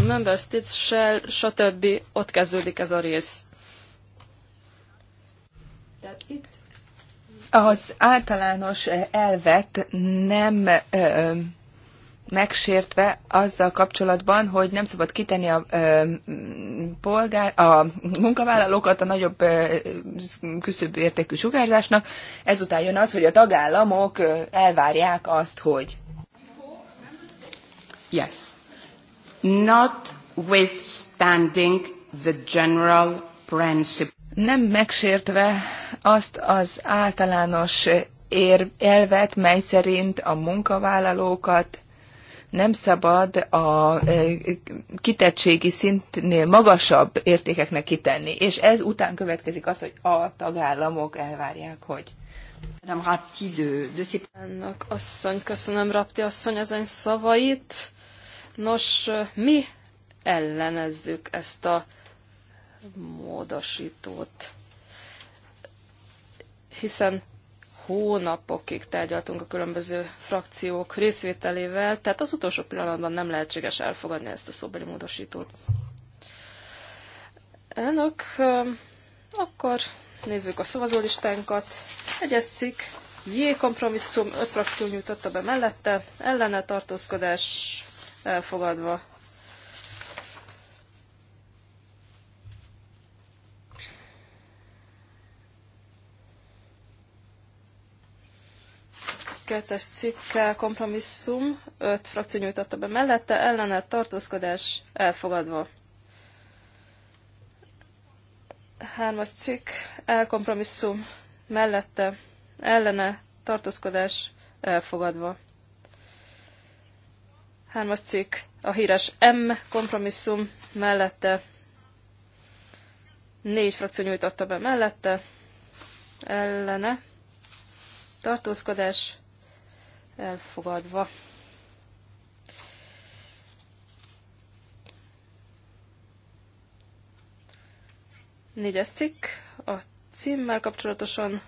Member States Shell, stb. ott kezdődik ez a rész. Tehát itt az általános eh, elvet nem eh, megsértve azzal kapcsolatban, hogy nem szabad kitenni a, polgár, a munkavállalókat a nagyobb küszöbb értékű sugárzásnak. Ezután jön az, hogy a tagállamok elvárják azt, hogy. Yes. Notwithstanding the general principle. Nem megsértve azt az általános ér, elvet, mely szerint a munkavállalókat nem szabad a e, kitettségi szintnél magasabb értékeknek kitenni. És ez után következik az, hogy a tagállamok elvárják, hogy nem Rapti de, de szép. Ennek asszony, köszönöm Rapti asszony ezen szavait. Nos, mi ellenezzük ezt a módosítót. Hiszen hónapokig tárgyaltunk a különböző frakciók részvételével, tehát az utolsó pillanatban nem lehetséges elfogadni ezt a szóbeli módosítót. Elnök, akkor nézzük a szavazólistánkat. Egyes cikk, J kompromisszum, öt frakció nyújtotta be mellette, ellene tartózkodás elfogadva. kettes cikkel kompromisszum, öt frakció nyújtotta be mellette, ellene tartózkodás elfogadva. Hármas cikk, elkompromisszum mellette, ellene tartózkodás elfogadva. Hármas cikk, a híres M kompromisszum mellette, négy frakció nyújtotta be mellette, ellene tartózkodás elfogadva. Négyes cikk a címmel kapcsolatosan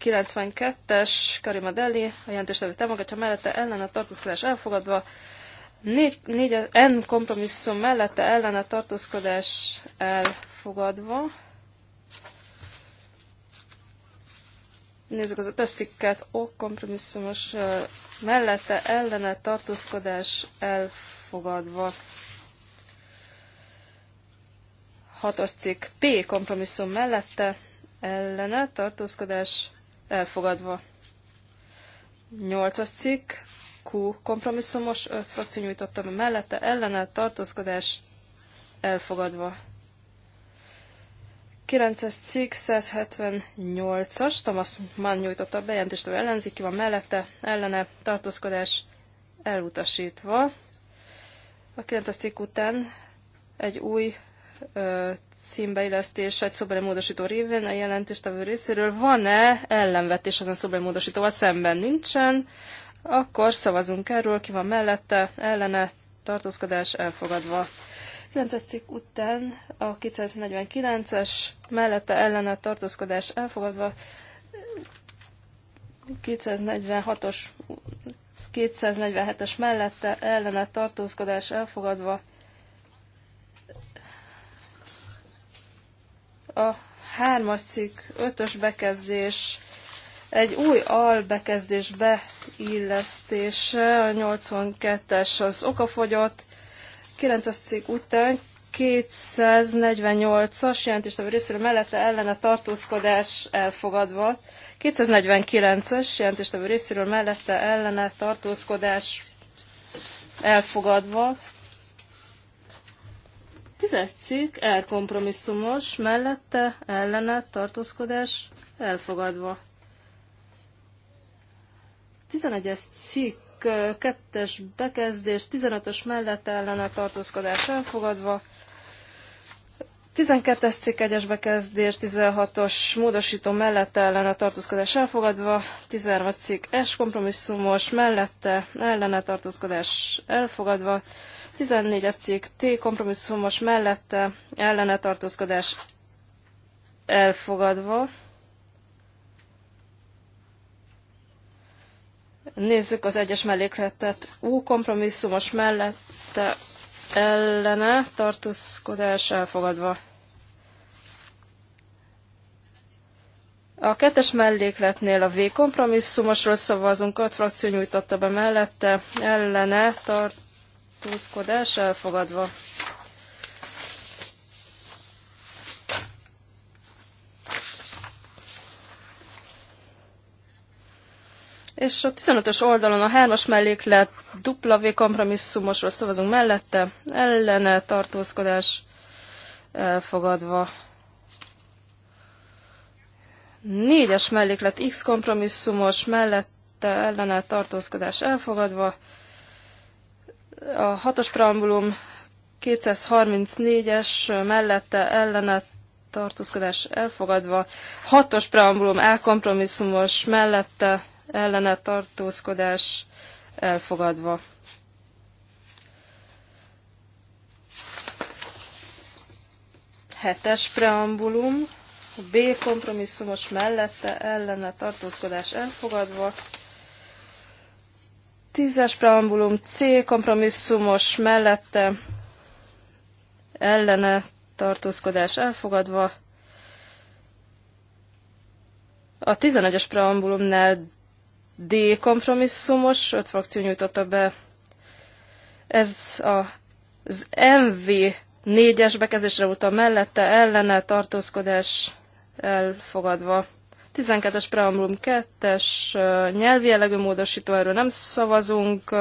92-es Karima Deli, a jelentéstevő támogatja mellette ellen a tartózkodás elfogadva, Négy, négy, N kompromisszum mellette ellen a tartózkodás elfogadva, Nézzük az ötös cikket, ok, kompromisszumos mellette ellene tartózkodás elfogadva. Hatos cikk P kompromisszum mellette ellene tartózkodás elfogadva. Nyolcas cikk Q kompromisszumos, öt frakció nyújtottam mellette ellene tartózkodás elfogadva. 9-es cikk 178-as, Thomas Mann nyújtotta a bejelentést, hogy ellenzéki van mellette, ellene tartózkodás elutasítva. A 9 cikk után egy új ö, címbeillesztés, egy szobeli módosító révén a jelentéstevő részéről van-e ellenvetés ezen szobeli módosítóval szemben nincsen, akkor szavazunk erről, ki van mellette, ellene, tartózkodás elfogadva. 9-es cikk után a 249-es mellette ellene tartózkodás elfogadva 246-os 247-es mellette ellene tartózkodás elfogadva a hármas cikk, 5-ös bekezdés, egy új albekezdés beillesztése, a 82-es az okafogyott, 9-as cikk után 248-as jelentéstevő részéről mellette ellene tartózkodás elfogadva, 249-es jelentéstevő részéről mellette ellene tartózkodás elfogadva, 10-es cikk elkompromisszumos, mellette ellene tartózkodás elfogadva. 11-es cikk kettes bekezdés, 15-ös mellett ellene tartózkodás elfogadva, 12-es cikk egyes bekezdés, 16-os módosító mellett ellene tartózkodás elfogadva, 13-as cikk S kompromisszumos mellette ellene tartózkodás elfogadva, 14-es cikk T kompromisszumos mellette ellene tartózkodás elfogadva, Nézzük az egyes mellékletet. ú kompromisszumos mellette ellene tartózkodás elfogadva. A kettes mellékletnél a V kompromisszumosról szavazunk, a frakció nyújtotta be mellette, ellene tartózkodás elfogadva. és a 15-ös oldalon a 3-as melléklet W kompromisszumosról szavazunk mellette, ellene tartózkodás elfogadva. 4-es melléklet X kompromisszumos mellette, ellene tartózkodás elfogadva. A 6-os preambulum 234-es mellette, ellene tartózkodás elfogadva. 6-os preambulum elkompromisszumos mellette, ellene tartózkodás elfogadva. Hetes preambulum, B kompromisszumos mellette ellene tartózkodás elfogadva. Tízes preambulum, C kompromisszumos mellette ellene tartózkodás elfogadva. A 11-es preambulumnál D kompromisszumos, öt frakció nyújtotta be. Ez a, az MV négyes bekezdésre utal mellette, ellene tartózkodás elfogadva. 12-es preambulum 2-es nyelvi jellegű módosító, erről nem szavazunk.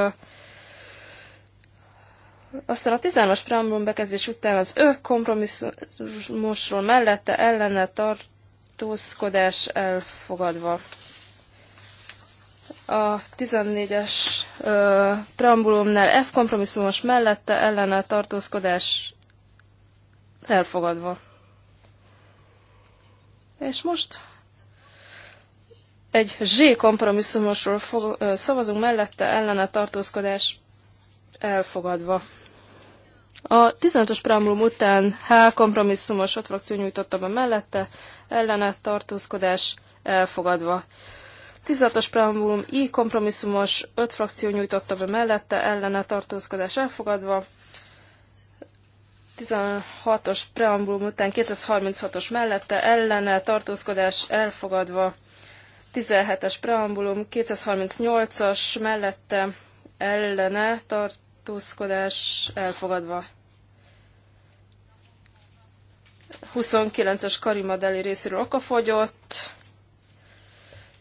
Aztán a 13-as preambulum bekezdés után az ő kompromisszumosról mellette ellene tartózkodás elfogadva a 14-es preambulumnál F kompromisszumos mellette ellene tartózkodás elfogadva. És most egy Z kompromisszumosról fog, uh, szavazunk mellette ellene tartózkodás elfogadva. A 15-ös preambulum után H kompromisszumos, ott frakció nyújtotta be mellette, ellene tartózkodás elfogadva. 16-os preambulum I kompromisszumos, 5 frakció nyújtotta be mellette, ellene tartózkodás elfogadva. 16-os preambulum után 236-os mellette, ellene tartózkodás elfogadva. 17-es preambulum 238-as mellette, ellene tartózkodás elfogadva. 29-es Karimadeli részéről okafogyott,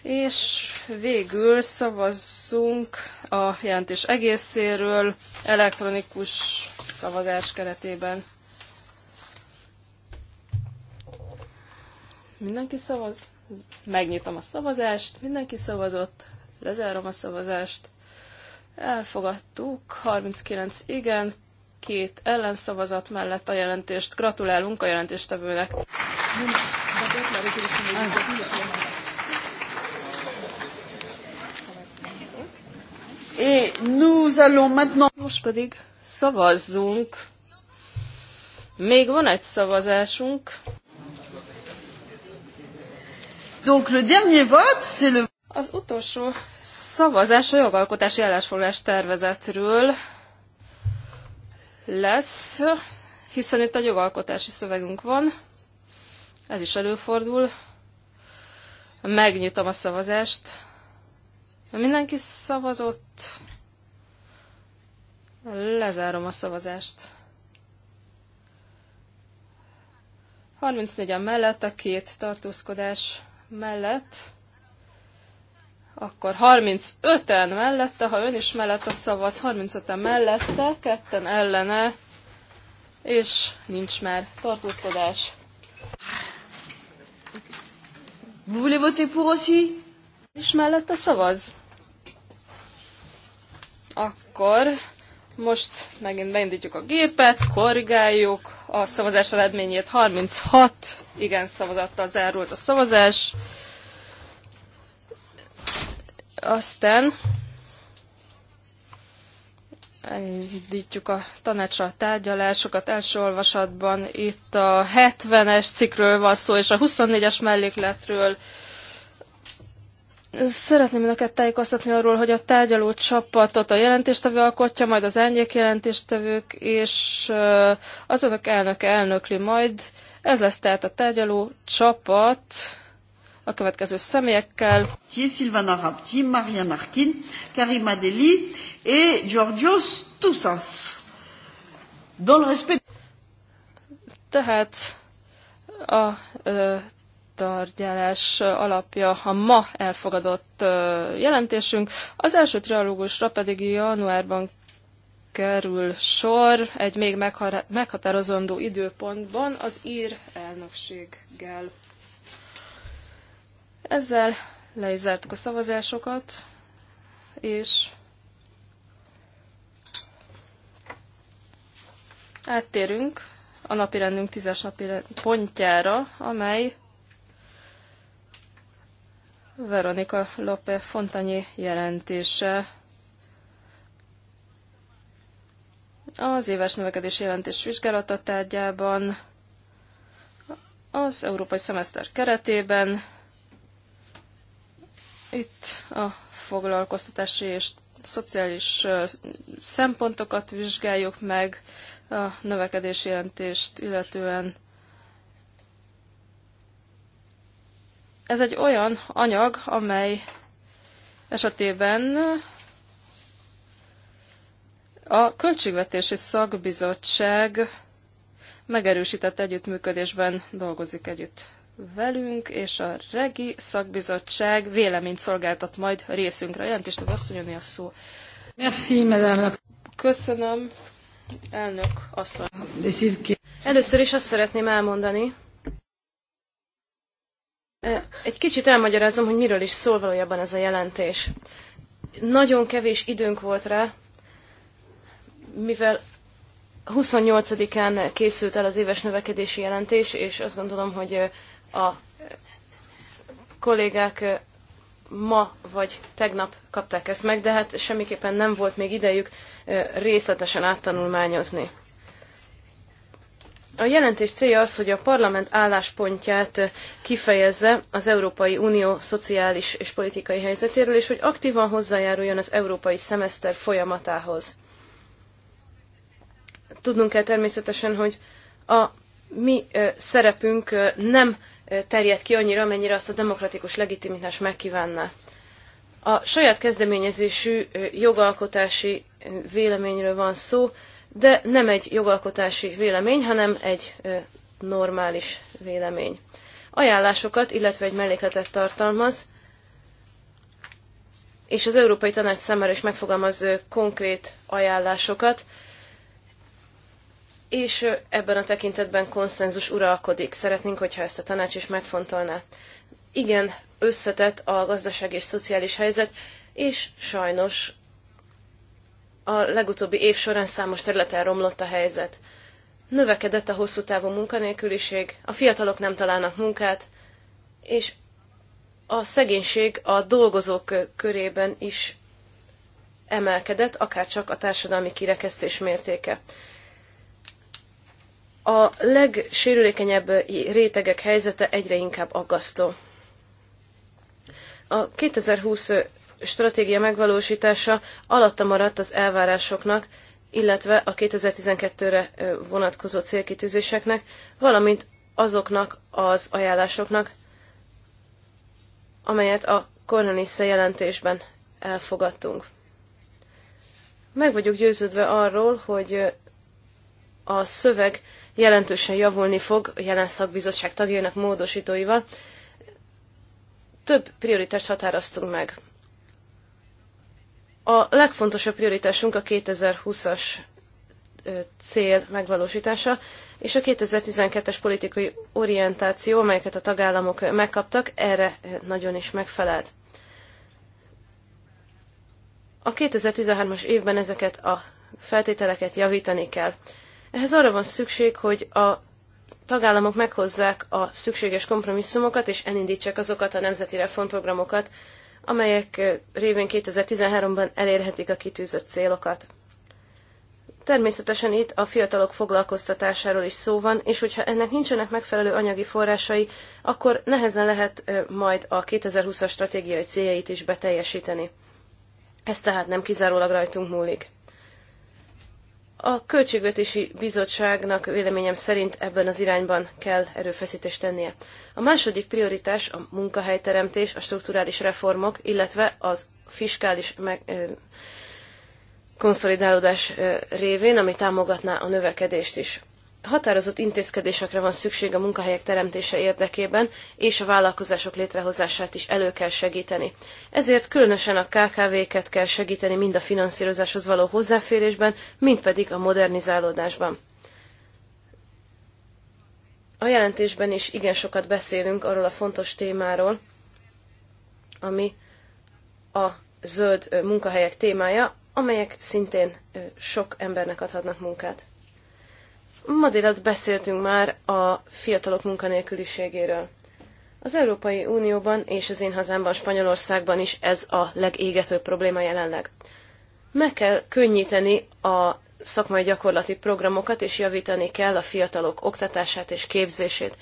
és végül szavazzunk a jelentés egészéről elektronikus szavazás keretében. Mindenki szavaz? Megnyitom a szavazást, mindenki szavazott, lezárom a szavazást. Elfogadtuk, 39 igen, két ellenszavazat mellett a jelentést. Gratulálunk a jelentéstevőnek. Nem, Most pedig szavazzunk. Még van egy szavazásunk. Az utolsó szavazás a jogalkotási állásfoglalás tervezetről lesz, hiszen itt a jogalkotási szövegünk van. Ez is előfordul. Megnyitom a szavazást. Mindenki szavazott. Lezárom a szavazást. 34-en mellett, a két tartózkodás mellett, akkor 35-en mellette, ha ön is mellette szavaz, 35-en mellette, ketten ellene, és nincs már tartózkodás. Vous voulez voter pour aussi? És mellette szavaz? akkor most megint beindítjuk a gépet, korrigáljuk a szavazás eredményét. 36 igen szavazattal zárult a szavazás. Aztán indítjuk a tanácsra a tárgyalásokat első olvasatban. Itt a 70-es cikről van szó, és a 24-es mellékletről Szeretném önöket tájékoztatni arról, hogy a tárgyaló csapatot a jelentéstevő alkotja, majd az elnyék jelentéstevők, és az önök elnöke elnökli majd. Ez lesz tehát a tárgyaló csapat a következő személyekkel. Thier Sylvana Rapti, Marian Arkin, Karima Deli és Georgios Toussas. Dans le respect... Tehát a tárgyalás alapja a ma elfogadott jelentésünk. Az első trialógusra pedig januárban kerül sor egy még meghatározandó időpontban az ír elnökséggel. Ezzel le is zártuk a szavazásokat, és áttérünk a napirendünk tízes napi pontjára, amely Veronika Lope Fontanyi jelentése az éves növekedési jelentés vizsgálata tárgyában az európai szemeszter keretében itt a foglalkoztatási és szociális szempontokat vizsgáljuk meg, a növekedési jelentést illetően Ez egy olyan anyag, amely esetében a Költségvetési Szakbizottság megerősített együttműködésben dolgozik együtt velünk, és a Regi Szakbizottság véleményt szolgáltat majd részünkre. Jelentést azt asszonyoni a szó. Merci, madame. Köszönöm, elnök asszony. Először is azt szeretném elmondani, egy kicsit elmagyarázom, hogy miről is szól valójában ez a jelentés. Nagyon kevés időnk volt rá, mivel 28-án készült el az éves növekedési jelentés, és azt gondolom, hogy a kollégák ma vagy tegnap kapták ezt meg, de hát semmiképpen nem volt még idejük részletesen áttanulmányozni. A jelentés célja az, hogy a parlament álláspontját kifejezze az Európai Unió szociális és politikai helyzetéről, és hogy aktívan hozzájáruljon az európai szemeszter folyamatához. Tudnunk kell természetesen, hogy a mi szerepünk nem terjed ki annyira, amennyire azt a demokratikus legitimitás megkívánná. A saját kezdeményezésű jogalkotási véleményről van szó, de nem egy jogalkotási vélemény, hanem egy normális vélemény. Ajánlásokat, illetve egy mellékletet tartalmaz, és az Európai Tanács számára is megfogalmaz konkrét ajánlásokat, és ebben a tekintetben konszenzus uralkodik. Szeretnénk, hogyha ezt a tanács is megfontolná. Igen, összetett a gazdaság és szociális helyzet, és sajnos a legutóbbi év során számos területen romlott a helyzet. Növekedett a hosszú távú munkanélküliség, a fiatalok nem találnak munkát, és a szegénység a dolgozók körében is emelkedett, akárcsak a társadalmi kirekesztés mértéke. A legsérülékenyebb rétegek helyzete egyre inkább aggasztó. A 2020 stratégia megvalósítása alatta maradt az elvárásoknak, illetve a 2012-re vonatkozó célkitűzéseknek, valamint azoknak az ajánlásoknak, amelyet a Cornelisse jelentésben elfogadtunk. Meg vagyok győződve arról, hogy a szöveg jelentősen javulni fog a jelen szakbizottság tagjainak módosítóival. Több prioritást határoztunk meg. A legfontosabb prioritásunk a 2020-as cél megvalósítása, és a 2012-es politikai orientáció, amelyeket a tagállamok megkaptak, erre nagyon is megfelelt. A 2013-as évben ezeket a feltételeket javítani kell. Ehhez arra van szükség, hogy a tagállamok meghozzák a szükséges kompromisszumokat, és elindítsák azokat a nemzeti reformprogramokat, amelyek révén 2013-ban elérhetik a kitűzött célokat. Természetesen itt a fiatalok foglalkoztatásáról is szó van, és hogyha ennek nincsenek megfelelő anyagi forrásai, akkor nehezen lehet majd a 2020-as stratégiai céljait is beteljesíteni. Ez tehát nem kizárólag rajtunk múlik. A Költségvetési Bizottságnak véleményem szerint ebben az irányban kell erőfeszítést tennie. A második prioritás a munkahelyteremtés, a strukturális reformok, illetve az fiskális meg, konszolidálódás révén, ami támogatná a növekedést is. Határozott intézkedésekre van szükség a munkahelyek teremtése érdekében, és a vállalkozások létrehozását is elő kell segíteni. Ezért különösen a KKV-ket kell segíteni mind a finanszírozáshoz való hozzáférésben, mind pedig a modernizálódásban. A jelentésben is igen sokat beszélünk arról a fontos témáról, ami a zöld munkahelyek témája, amelyek szintén sok embernek adhatnak munkát. Ma délután beszéltünk már a fiatalok munkanélküliségéről. Az Európai Unióban és az én hazámban, Spanyolországban is ez a legégetőbb probléma jelenleg. Meg kell könnyíteni a szakmai gyakorlati programokat, és javítani kell a fiatalok oktatását és képzését.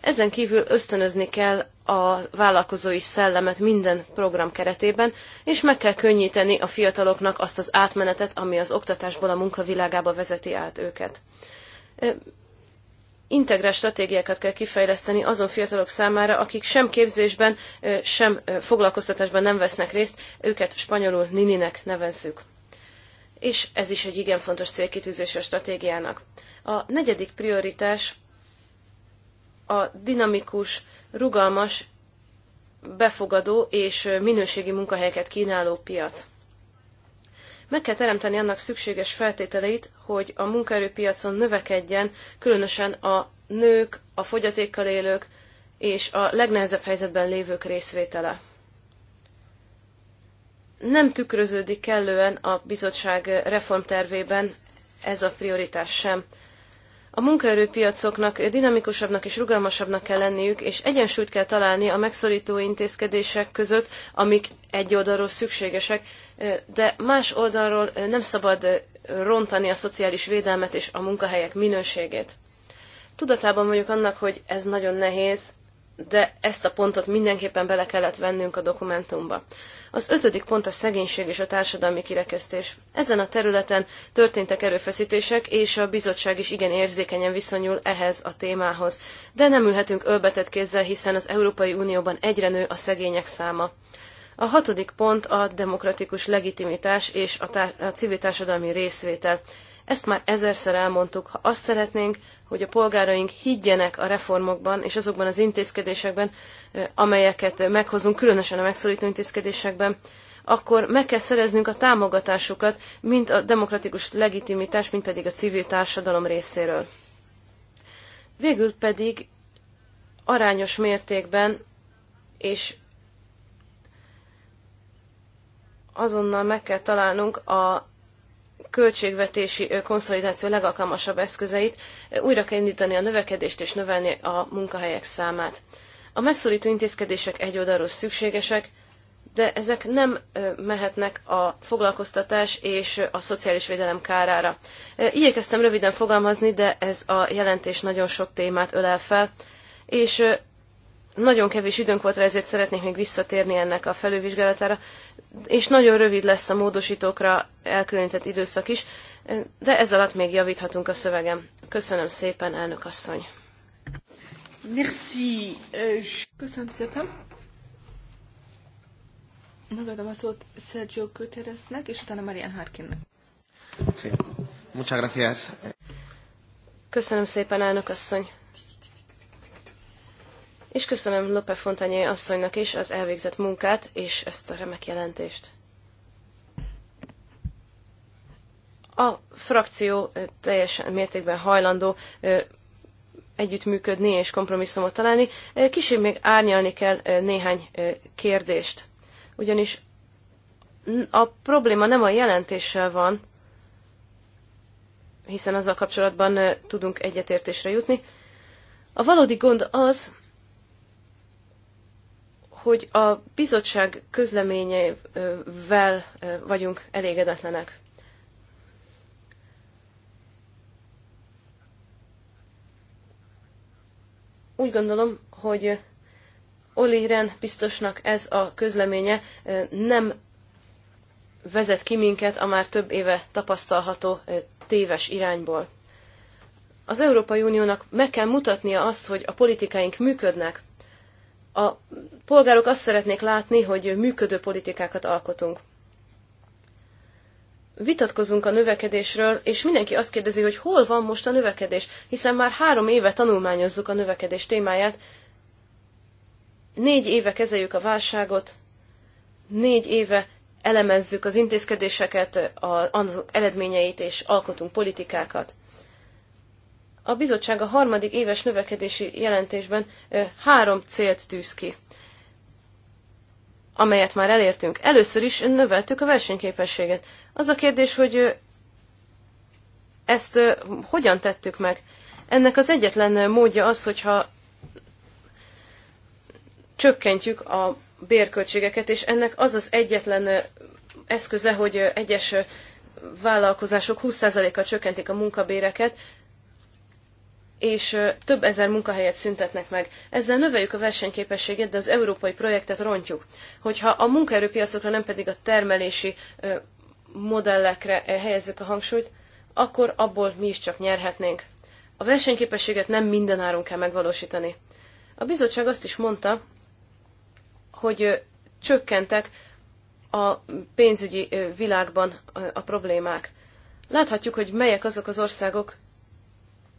Ezen kívül ösztönözni kell a vállalkozói szellemet minden program keretében, és meg kell könnyíteni a fiataloknak azt az átmenetet, ami az oktatásból a munkavilágába vezeti át őket. Integrált stratégiákat kell kifejleszteni azon fiatalok számára, akik sem képzésben, sem foglalkoztatásban nem vesznek részt, őket spanyolul nininek nevezzük és ez is egy igen fontos célkitűzés a stratégiának. A negyedik prioritás a dinamikus, rugalmas, befogadó és minőségi munkahelyeket kínáló piac. Meg kell teremteni annak szükséges feltételeit, hogy a munkaerőpiacon növekedjen, különösen a nők, a fogyatékkal élők és a legnehezebb helyzetben lévők részvétele nem tükröződik kellően a bizottság reformtervében ez a prioritás sem. A munkaerőpiacoknak dinamikusabbnak és rugalmasabbnak kell lenniük, és egyensúlyt kell találni a megszorító intézkedések között, amik egy oldalról szükségesek, de más oldalról nem szabad rontani a szociális védelmet és a munkahelyek minőségét. Tudatában vagyok annak, hogy ez nagyon nehéz, de ezt a pontot mindenképpen bele kellett vennünk a dokumentumba. Az ötödik pont a szegénység és a társadalmi kirekesztés. Ezen a területen történtek erőfeszítések, és a bizottság is igen érzékenyen viszonyul ehhez a témához. De nem ülhetünk ölbetett kézzel, hiszen az Európai Unióban egyre nő a szegények száma. A hatodik pont a demokratikus legitimitás és a, tá- a civil társadalmi részvétel. Ezt már ezerszer elmondtuk, ha azt szeretnénk, hogy a polgáraink higgyenek a reformokban és azokban az intézkedésekben, amelyeket meghozunk, különösen a megszorító intézkedésekben, akkor meg kell szereznünk a támogatásukat, mint a demokratikus legitimitás, mint pedig a civil társadalom részéről. Végül pedig arányos mértékben és azonnal meg kell találnunk a költségvetési konszolidáció legalkalmasabb eszközeit, újra kell indítani a növekedést és növelni a munkahelyek számát. A megszorító intézkedések egy szükségesek, de ezek nem mehetnek a foglalkoztatás és a szociális védelem kárára. Igyekeztem röviden fogalmazni, de ez a jelentés nagyon sok témát ölel fel, és nagyon kevés időnk volt rá, ezért szeretnék még visszatérni ennek a felülvizsgálatára, és nagyon rövid lesz a módosítókra elkülönített időszak is, de ez alatt még javíthatunk a szövegem. Köszönöm szépen, elnök asszony! Merci. Euh, Köszönöm szépen. Megadom a szót Sergio Guterresnek, és utána Marian Harkinnek. Sí. Muchas gracias. Köszönöm szépen, elnök asszony és köszönöm Lope Fontanyé asszonynak is az elvégzett munkát és ezt a remek jelentést. A frakció teljes mértékben hajlandó együttműködni és kompromisszumot találni. Kicsit még árnyalni kell néhány kérdést. Ugyanis a probléma nem a jelentéssel van, hiszen azzal kapcsolatban tudunk egyetértésre jutni. A valódi gond az, hogy a bizottság közleményével vagyunk elégedetlenek. Úgy gondolom, hogy Oli Ren biztosnak ez a közleménye nem vezet ki minket a már több éve tapasztalható téves irányból. Az Európai Uniónak meg kell mutatnia azt, hogy a politikáink működnek, a polgárok azt szeretnék látni, hogy működő politikákat alkotunk. Vitatkozunk a növekedésről, és mindenki azt kérdezi, hogy hol van most a növekedés, hiszen már három éve tanulmányozzuk a növekedés témáját, négy éve kezeljük a válságot, négy éve elemezzük az intézkedéseket, az eredményeit, és alkotunk politikákat. A bizottság a harmadik éves növekedési jelentésben három célt tűz ki, amelyet már elértünk. Először is növeltük a versenyképességet. Az a kérdés, hogy ezt hogyan tettük meg? Ennek az egyetlen módja az, hogyha csökkentjük a bérköltségeket, és ennek az az egyetlen eszköze, hogy egyes vállalkozások 20%-kal csökkentik a munkabéreket, és több ezer munkahelyet szüntetnek meg. Ezzel növeljük a versenyképességet, de az európai projektet rontjuk. Hogyha a munkaerőpiacokra, nem pedig a termelési modellekre helyezzük a hangsúlyt, akkor abból mi is csak nyerhetnénk. A versenyképességet nem mindenáron kell megvalósítani. A bizottság azt is mondta, hogy csökkentek a pénzügyi világban a problémák. Láthatjuk, hogy melyek azok az országok,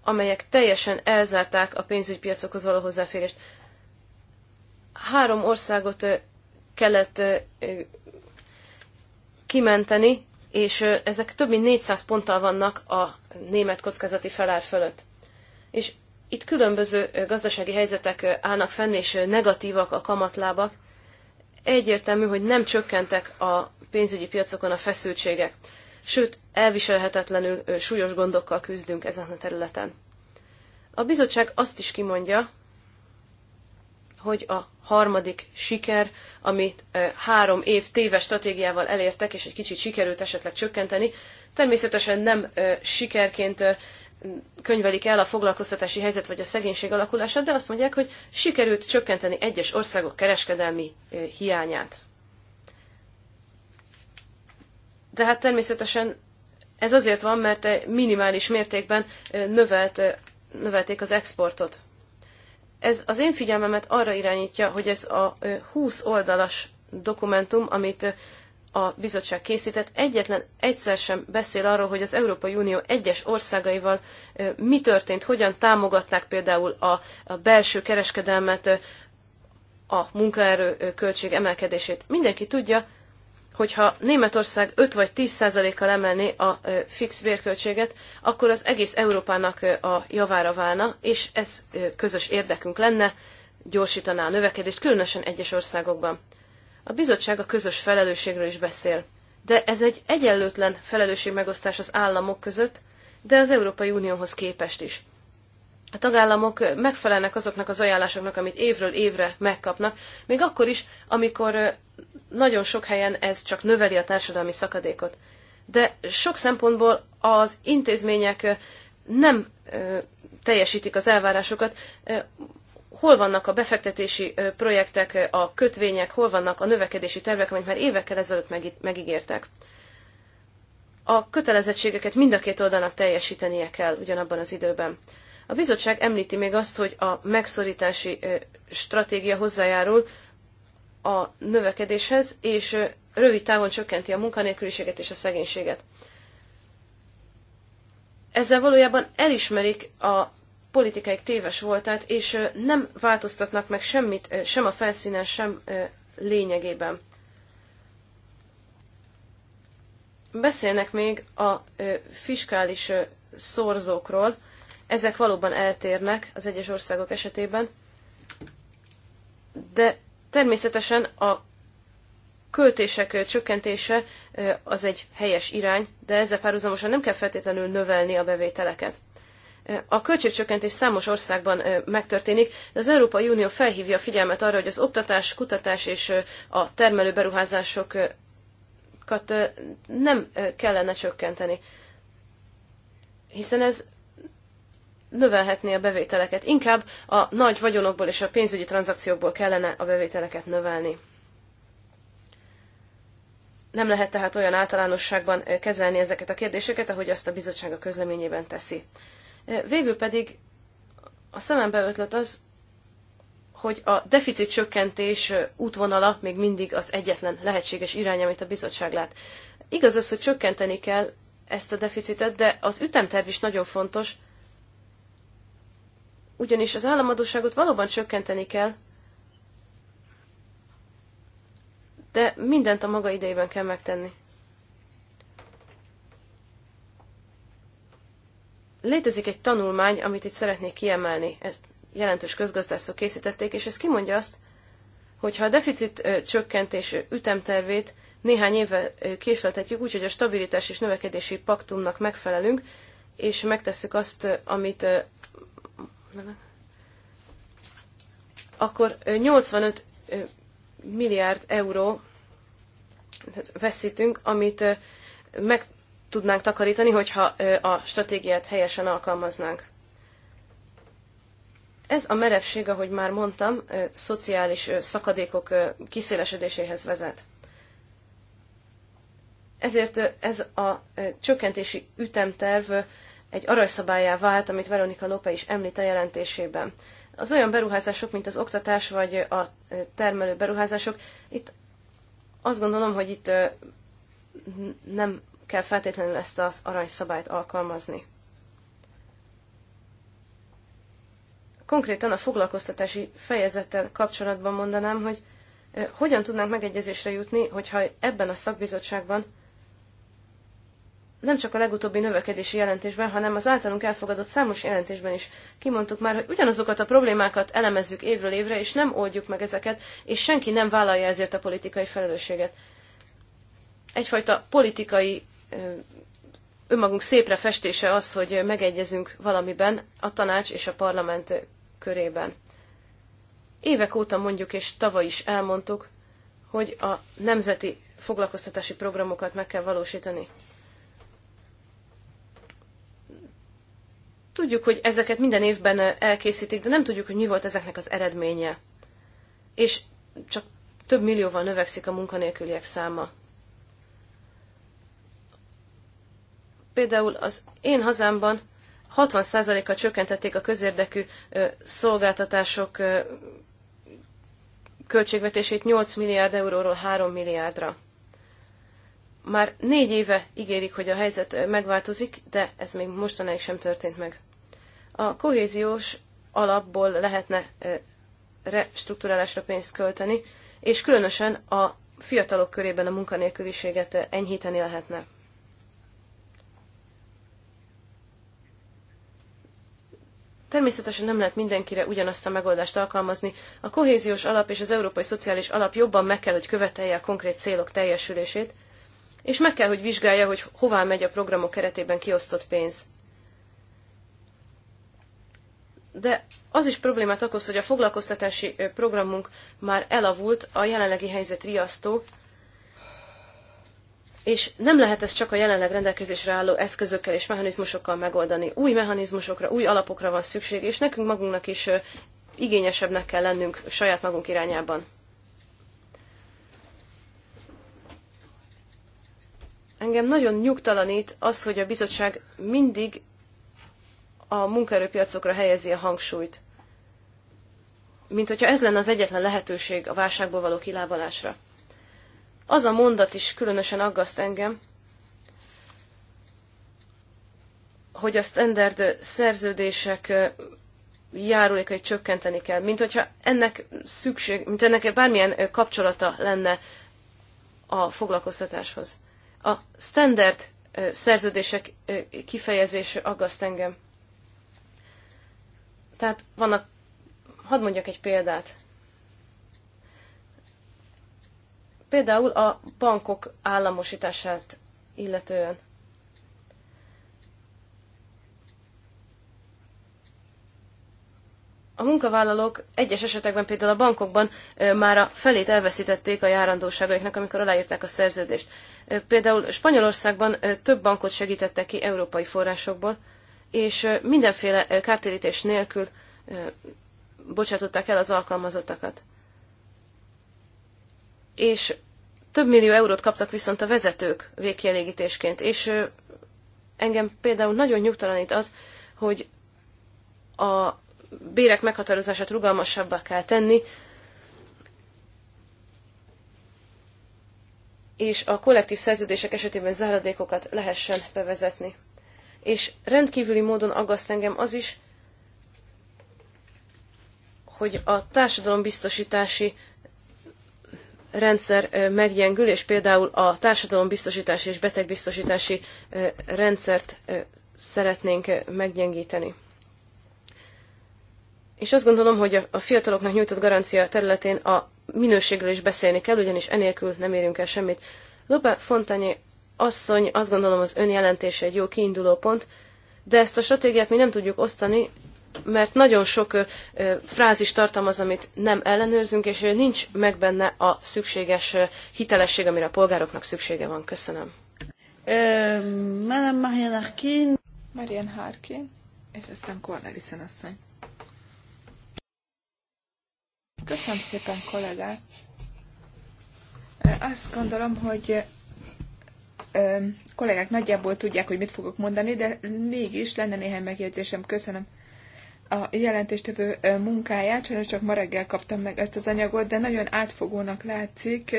amelyek teljesen elzárták a pénzügypiacokhoz való hozzáférést. Három országot kellett kimenteni, és ezek több mint 400 ponttal vannak a német kockázati felár fölött. És itt különböző gazdasági helyzetek állnak fenn, és negatívak a kamatlábak. Egyértelmű, hogy nem csökkentek a pénzügyi piacokon a feszültségek sőt, elviselhetetlenül súlyos gondokkal küzdünk ezen a területen. A bizottság azt is kimondja, hogy a harmadik siker, amit három év téves stratégiával elértek, és egy kicsit sikerült esetleg csökkenteni, természetesen nem sikerként könyvelik el a foglalkoztatási helyzet vagy a szegénység alakulását, de azt mondják, hogy sikerült csökkenteni egyes országok kereskedelmi hiányát. De hát természetesen ez azért van, mert minimális mértékben növelt, növelték az exportot. Ez az én figyelmemet arra irányítja, hogy ez a 20 oldalas dokumentum, amit a bizottság készített, egyetlen egyszer sem beszél arról, hogy az Európai Unió egyes országaival mi történt, hogyan támogatták például a, a belső kereskedelmet, a munkaerő költség emelkedését. Mindenki tudja, hogyha Németország 5 vagy 10 százalékkal emelné a fix bérköltséget, akkor az egész Európának a javára válna, és ez közös érdekünk lenne, gyorsítaná a növekedést, különösen egyes országokban. A bizottság a közös felelősségről is beszél. De ez egy egyenlőtlen felelősségmegosztás az államok között, de az Európai Unióhoz képest is. A tagállamok megfelelnek azoknak az ajánlásoknak, amit évről évre megkapnak, még akkor is, amikor nagyon sok helyen ez csak növeli a társadalmi szakadékot. De sok szempontból az intézmények nem teljesítik az elvárásokat. Hol vannak a befektetési projektek, a kötvények, hol vannak a növekedési tervek, amit már évekkel ezelőtt megígértek. A kötelezettségeket mind a két oldalnak teljesítenie kell ugyanabban az időben. A bizottság említi még azt, hogy a megszorítási stratégia hozzájárul a növekedéshez, és rövid távon csökkenti a munkanélküliséget és a szegénységet. Ezzel valójában elismerik a politikaik téves voltát, és nem változtatnak meg semmit, sem a felszínen, sem lényegében. Beszélnek még a fiskális szorzókról, ezek valóban eltérnek az egyes országok esetében, de Természetesen a költések csökkentése az egy helyes irány, de ezzel párhuzamosan nem kell feltétlenül növelni a bevételeket. A költségcsökkentés számos országban megtörténik, de az Európai Unió felhívja a figyelmet arra, hogy az oktatás, kutatás és a termelő beruházásokat nem kellene csökkenteni. Hiszen ez növelhetné a bevételeket. Inkább a nagy vagyonokból és a pénzügyi tranzakciókból kellene a bevételeket növelni. Nem lehet tehát olyan általánosságban eh, kezelni ezeket a kérdéseket, ahogy azt a bizottság a közleményében teszi. Eh, végül pedig a szemembe ötlött az, hogy a deficit csökkentés eh, útvonala még mindig az egyetlen lehetséges irány, amit a bizottság lát. Igaz az, hogy csökkenteni kell ezt a deficitet, de az ütemterv is nagyon fontos, ugyanis az államadóságot valóban csökkenteni kell, de mindent a maga idejében kell megtenni. Létezik egy tanulmány, amit itt szeretnék kiemelni. Ezt jelentős közgazdászok készítették, és ez kimondja azt, hogy ha a deficit csökkentés ütemtervét néhány évvel késleltetjük, úgyhogy a stabilitás és növekedési paktumnak megfelelünk, és megtesszük azt, amit akkor 85 milliárd euró veszítünk, amit meg tudnánk takarítani, hogyha a stratégiát helyesen alkalmaznánk. Ez a merevség, ahogy már mondtam, szociális szakadékok kiszélesedéséhez vezet. Ezért ez a csökkentési ütemterv egy aranyszabályá vált, amit Veronika Lope is említ a jelentésében. Az olyan beruházások, mint az oktatás vagy a e, termelő beruházások, itt azt gondolom, hogy itt e, nem kell feltétlenül ezt az aranyszabályt alkalmazni. Konkrétan a foglalkoztatási fejezettel kapcsolatban mondanám, hogy e, hogyan tudnánk megegyezésre jutni, hogyha ebben a szakbizottságban nem csak a legutóbbi növekedési jelentésben, hanem az általunk elfogadott számos jelentésben is kimondtuk már, hogy ugyanazokat a problémákat elemezzük évről évre, és nem oldjuk meg ezeket, és senki nem vállalja ezért a politikai felelősséget. Egyfajta politikai önmagunk szépre festése az, hogy megegyezünk valamiben a tanács és a parlament körében. Évek óta mondjuk, és tavaly is elmondtuk, hogy a nemzeti foglalkoztatási programokat meg kell valósítani. Tudjuk, hogy ezeket minden évben elkészítik, de nem tudjuk, hogy mi volt ezeknek az eredménye. És csak több millióval növekszik a munkanélküliek száma. Például az én hazámban 60%-kal csökkentették a közérdekű szolgáltatások költségvetését 8 milliárd euróról 3 milliárdra. Már négy éve ígérik, hogy a helyzet megváltozik, de ez még mostanáig sem történt meg. A kohéziós alapból lehetne restruktúrálásra pénzt költeni, és különösen a fiatalok körében a munkanélküliséget enyhíteni lehetne. Természetesen nem lehet mindenkire ugyanazt a megoldást alkalmazni. A kohéziós alap és az európai szociális alap jobban meg kell, hogy követelje a konkrét célok teljesülését, és meg kell, hogy vizsgálja, hogy hová megy a programok keretében kiosztott pénz. De az is problémát okoz, hogy a foglalkoztatási programunk már elavult, a jelenlegi helyzet riasztó, és nem lehet ezt csak a jelenleg rendelkezésre álló eszközökkel és mechanizmusokkal megoldani. Új mechanizmusokra, új alapokra van szükség, és nekünk magunknak is igényesebbnek kell lennünk saját magunk irányában. engem nagyon nyugtalanít az, hogy a bizottság mindig a munkaerőpiacokra helyezi a hangsúlyt. Mint hogyha ez lenne az egyetlen lehetőség a válságból való kilábalásra. Az a mondat is különösen aggaszt engem, hogy a standard szerződések járulékait csökkenteni kell, mint hogyha ennek szükség, mint ennek bármilyen kapcsolata lenne a foglalkoztatáshoz. A standard szerződések kifejezése aggaszt engem. Tehát vannak, hadd mondjak egy példát. Például a bankok államosítását illetően. A munkavállalók egyes esetekben, például a bankokban már a felét elveszítették a járandóságaiknak, amikor aláírták a szerződést. Például Spanyolországban több bankot segítettek ki európai forrásokból, és mindenféle kártérítés nélkül bocsátották el az alkalmazottakat. És több millió eurót kaptak viszont a vezetők végkielégítésként, és engem például nagyon nyugtalanít az, hogy a bérek meghatározását rugalmasabbá kell tenni, és a kollektív szerződések esetében záradékokat lehessen bevezetni. És rendkívüli módon aggaszt engem az is, hogy a társadalombiztosítási rendszer meggyengül, és például a társadalombiztosítási és betegbiztosítási rendszert szeretnénk meggyengíteni. És azt gondolom, hogy a fiataloknak nyújtott garancia területén a minőségről is beszélni kell, ugyanis enélkül nem érünk el semmit. Lope Fontanyé asszony, azt gondolom az ön jelentése egy jó kiinduló pont, de ezt a stratégiát mi nem tudjuk osztani, mert nagyon sok ö, ö, frázis tartalmaz, amit nem ellenőrzünk, és ö, nincs meg benne a szükséges ö, hitelesség, amire a polgároknak szüksége van. Köszönöm. Madame Marian Harkin. Marian Harkin, és aztán Cornelissen asszony. Köszönöm szépen, kollégá. Azt gondolom, hogy kollégák nagyjából tudják, hogy mit fogok mondani, de mégis lenne néhány megjegyzésem. Köszönöm a jelentéstevő munkáját. Sajnos csak ma reggel kaptam meg ezt az anyagot, de nagyon átfogónak látszik.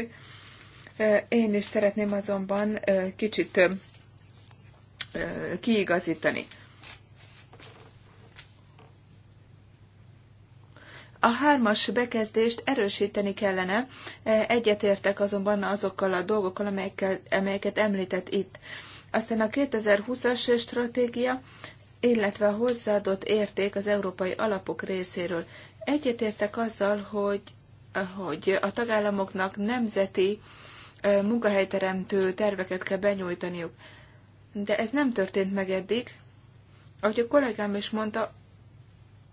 Én is szeretném azonban kicsit kiigazítani. A hármas bekezdést erősíteni kellene, e, egyetértek azonban azokkal a dolgokkal, amelyekkel, amelyeket említett itt. Aztán a 2020-as stratégia, illetve a hozzáadott érték az európai alapok részéről. Egyetértek azzal, hogy, hogy a tagállamoknak nemzeti e, munkahelyteremtő terveket kell benyújtaniuk. De ez nem történt meg eddig. Ahogy a kollégám is mondta,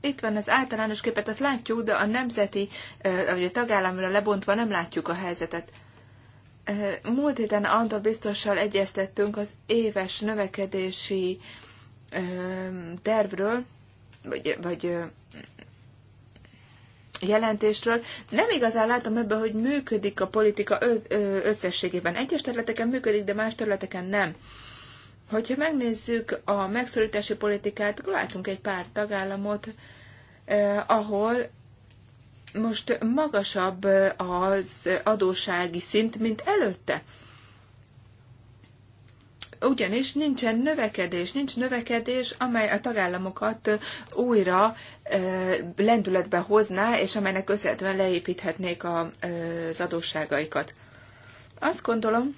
itt van az általános képet, azt látjuk, de a nemzeti, vagy a tagállamra lebontva nem látjuk a helyzetet. Múlt héten Antal biztossal egyeztettünk az éves növekedési tervről, vagy, vagy jelentésről. Nem igazán látom ebben, hogy működik a politika összességében. Egyes területeken működik, de más területeken nem. Hogyha megnézzük a megszorítási politikát, akkor látunk egy pár tagállamot, eh, ahol most magasabb eh, az adósági szint, mint előtte. Ugyanis nincsen növekedés, nincs növekedés, amely a tagállamokat eh, újra eh, lendületbe hozná, és amelynek köszönhetően leépíthetnék a, az adósságaikat. Azt gondolom,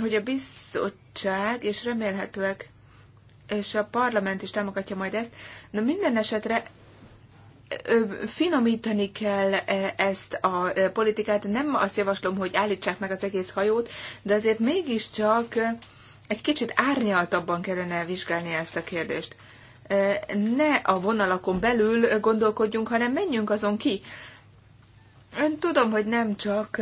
hogy a bizottság bizottság, és remélhetőek és a parlament is támogatja majd ezt. Na minden esetre finomítani kell e, ezt a e, politikát. Nem azt javaslom, hogy állítsák meg az egész hajót, de azért mégiscsak egy kicsit árnyaltabban kellene vizsgálni ezt a kérdést. E, ne a vonalakon belül gondolkodjunk, hanem menjünk azon ki. Én tudom, hogy nem csak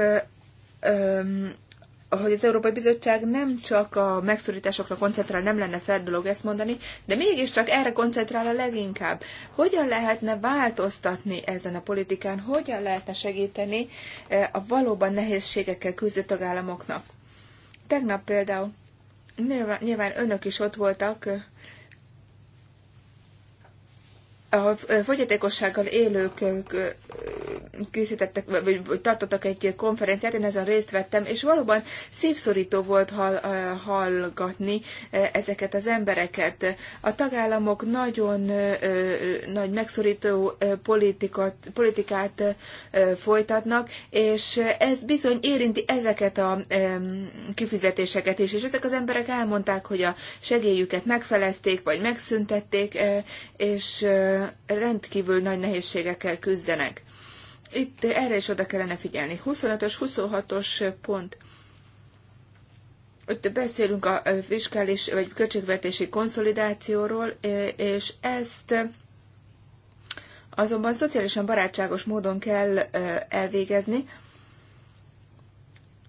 hogy az Európai Bizottság nem csak a megszorításokra koncentrál, nem lenne fair dolog ezt mondani, de mégiscsak erre koncentrál a leginkább. Hogyan lehetne változtatni ezen a politikán, hogyan lehetne segíteni eh, a valóban nehézségekkel küzdő tagállamoknak? Tegnap például, nyilván, nyilván önök is ott voltak, eh, a fogyatékossággal élők készítettek, vagy, tartottak egy konferenciát, én ezen részt vettem, és valóban szívszorító volt hall, hallgatni ezeket az embereket. A tagállamok nagyon nagy megszorító politikat, politikát folytatnak, és ez bizony érinti ezeket a kifizetéseket is, és ezek az emberek elmondták, hogy a segélyüket megfelezték, vagy megszüntették, és rendkívül nagy nehézségekkel küzdenek. Itt erre is oda kellene figyelni. 25-ös, 26-os pont. Ott beszélünk a fiskális vagy költségvetési konszolidációról, és ezt azonban szociálisan barátságos módon kell elvégezni,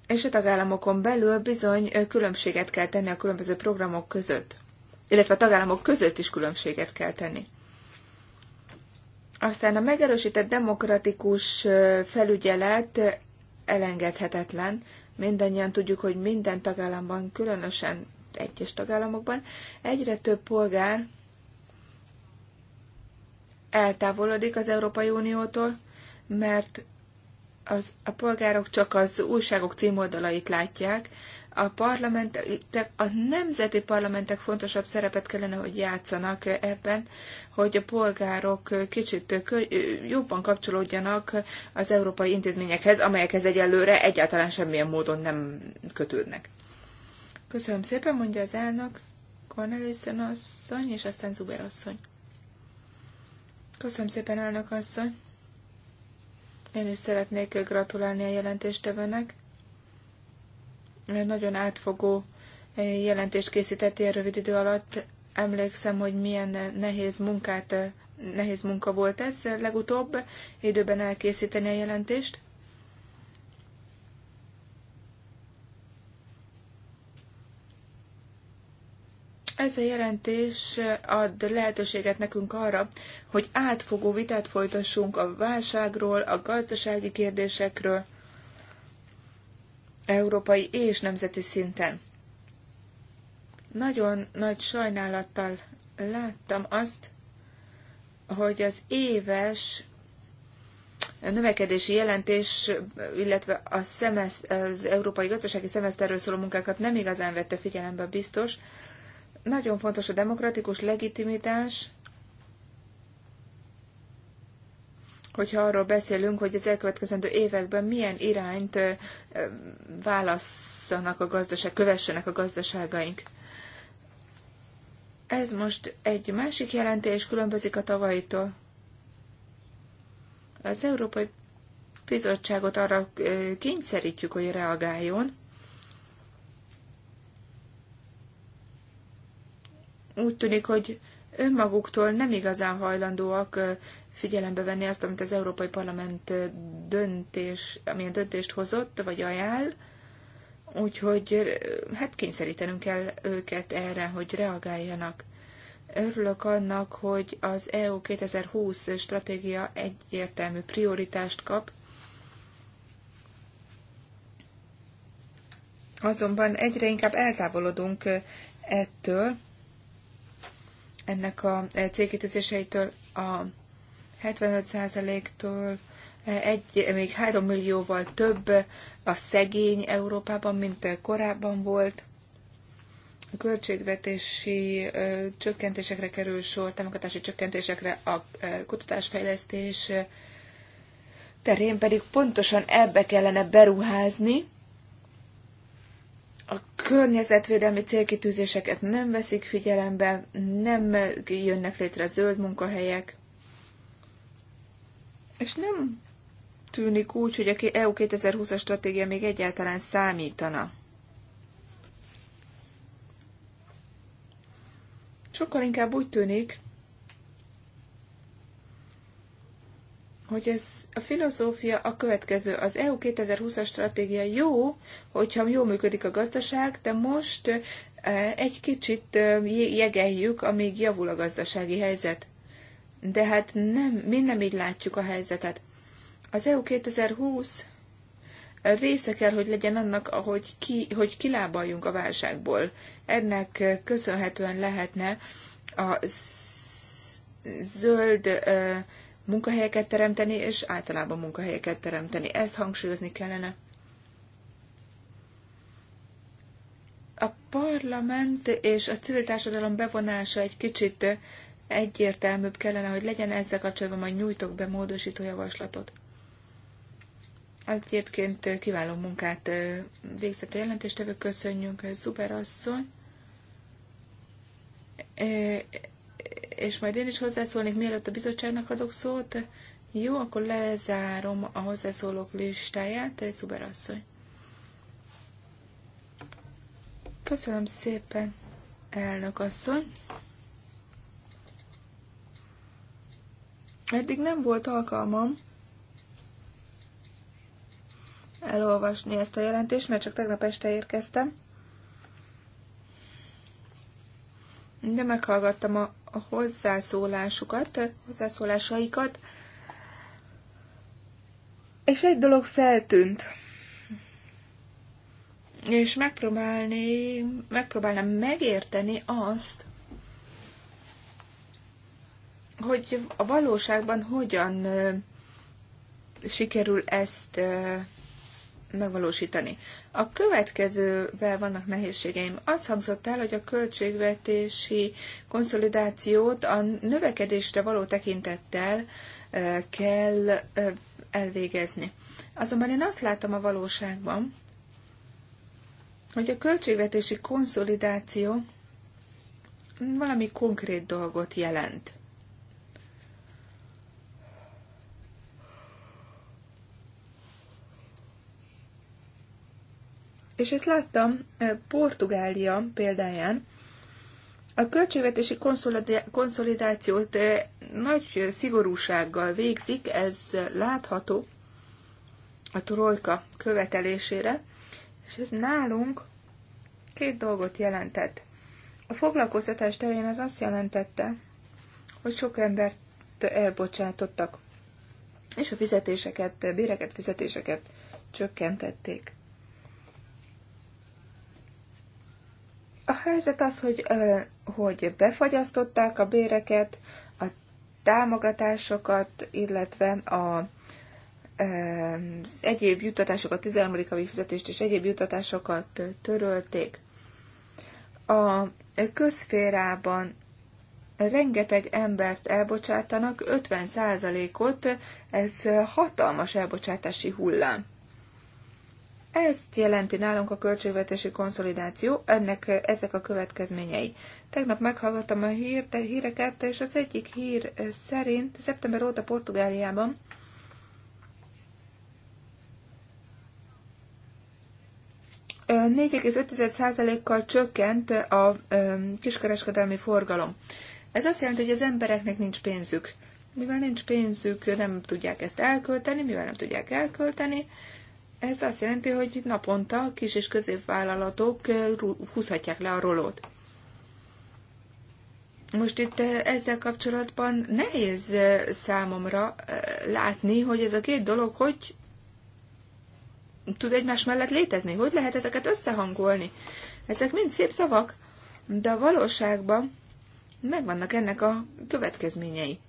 és a tagállamokon belül bizony különbséget kell tenni a különböző programok között, illetve a tagállamok között is különbséget kell tenni. Aztán a megerősített demokratikus felügyelet elengedhetetlen. Mindannyian tudjuk, hogy minden tagállamban, különösen egyes tagállamokban egyre több polgár eltávolodik az Európai Uniótól, mert az, a polgárok csak az újságok címoldalait látják, a parlamentek, a nemzeti parlamentek fontosabb szerepet kellene, hogy játszanak ebben, hogy a polgárok kicsit jobban kapcsolódjanak az európai intézményekhez, amelyekhez egyelőre egyáltalán semmilyen módon nem kötődnek. Köszönöm szépen, mondja az elnök, Cornelissen asszony, és aztán Zuber asszony. Köszönöm szépen, elnök asszony. Én is szeretnék gratulálni a jelentéstevőnek nagyon átfogó eh, jelentést készített ilyen rövid idő alatt. Emlékszem, hogy milyen nehéz munkát, eh, nehéz munka volt ez legutóbb, időben elkészíteni a jelentést. Ez a jelentés eh, ad lehetőséget nekünk arra, hogy átfogó vitát folytassunk a válságról, a gazdasági kérdésekről, európai és nemzeti szinten. Nagyon nagy sajnálattal láttam azt, hogy az éves növekedési jelentés, illetve a szemeszt, az európai gazdasági szemeszterről szóló munkákat nem igazán vette figyelembe biztos. Nagyon fontos a demokratikus legitimitás, hogyha arról beszélünk, hogy az elkövetkezendő években milyen irányt válasszanak a gazdaság, kövessenek a gazdaságaink. Ez most egy másik jelentés, különbözik a tavalytól. Az Európai Bizottságot arra kényszerítjük, hogy reagáljon, úgy tűnik, hogy önmaguktól nem igazán hajlandóak figyelembe venni azt, amit az Európai Parlament döntés, amilyen döntést hozott, vagy ajánl, úgyhogy hát kényszerítenünk kell őket erre, hogy reagáljanak. Örülök annak, hogy az EU 2020 stratégia egyértelmű prioritást kap, Azonban egyre inkább eltávolodunk ettől, ennek a célkitűzéseitől a 75%-tól eh, egy, eh, még 3 millióval több a szegény Európában, mint eh, korábban volt. A költségvetési csökkentésekre kerül sor, támogatási csökkentésekre a kutatásfejlesztés terén pedig pontosan ebbe kellene beruházni. A környezetvédelmi célkitűzéseket nem veszik figyelembe, nem jönnek létre zöld munkahelyek, és nem tűnik úgy, hogy a EU 2020-as stratégia még egyáltalán számítana. Sokkal inkább úgy tűnik, hogy ez a filozófia a következő. Az EU 2020-as stratégia jó, hogyha jól működik a gazdaság, de most eh, egy kicsit eh, jegeljük, amíg javul a gazdasági helyzet de hát nem, mi nem így látjuk a helyzetet. Az EU 2020 része kell, hogy legyen annak, ahogy ki, hogy kilábaljunk a válságból. Ennek köszönhetően lehetne a zöld munkahelyeket teremteni, és általában munkahelyeket teremteni. Ezt hangsúlyozni kellene. A parlament és a civil társadalom bevonása egy kicsit egyértelműbb kellene, hogy legyen ezzel kapcsolatban, majd nyújtok be módosító javaslatot. Egyébként kiváló munkát végzett a jelentéstevő, köszönjük, Zuber asszony. És majd én is hozzászólnék, mielőtt a bizottságnak adok szót. Jó, akkor lezárom a hozzászólók listáját, Zuber asszony. Köszönöm szépen, elnök asszony. Eddig nem volt alkalmam elolvasni ezt a jelentést, mert csak tegnap este érkeztem. De meghallgattam a, a hozzászólásukat, hozzászólásaikat, és egy dolog feltűnt. És megpróbálni, megpróbálnám megérteni azt, hogy a valóságban hogyan sikerül ezt megvalósítani. A következővel vannak nehézségeim. Az hangzott el, hogy a költségvetési konszolidációt a növekedésre való tekintettel kell elvégezni. Azonban én azt látom a valóságban, hogy a költségvetési konszolidáció valami konkrét dolgot jelent. és ezt láttam Portugália példáján, a költségvetési konszolidációt nagy szigorúsággal végzik, ez látható a trojka követelésére, és ez nálunk két dolgot jelentett. A foglalkoztatás terén az azt jelentette, hogy sok embert elbocsátottak, és a fizetéseket, béreket, fizetéseket csökkentették. A helyzet az, hogy, hogy befagyasztották a béreket, a támogatásokat, illetve a, az egyéb juttatásokat, 13. havi fizetést és egyéb juttatásokat törölték. A közférában rengeteg embert elbocsátanak, 50%-ot, ez hatalmas elbocsátási hullám. Ezt jelenti nálunk a költségvetési konszolidáció, ennek ezek a következményei. Tegnap meghallgattam a hír, de híreket, és az egyik hír szerint szeptember óta Portugáliában kal csökkent a kiskereskedelmi forgalom. Ez azt jelenti, hogy az embereknek nincs pénzük. Mivel nincs pénzük, nem tudják ezt elkölteni, mivel nem tudják elkölteni, ez azt jelenti, hogy naponta kis és középvállalatok eh, húzhatják le a rolót. Most itt eh, ezzel kapcsolatban nehéz eh, számomra látni, hogy ez a két dolog hogy tud egymás mellett létezni, hogy lehet ezeket összehangolni. Ezek mind szép szavak, de a valóságban megvannak ennek a következményei.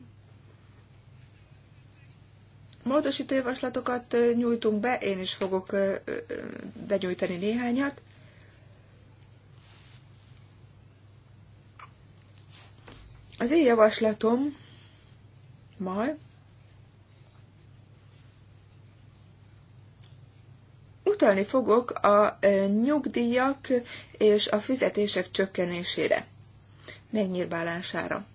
Módosító javaslatokat nyújtunk be, én is fogok benyújtani néhányat. Az én javaslatom ma utalni fogok a nyugdíjak és a fizetések csökkenésére, megnyírbálására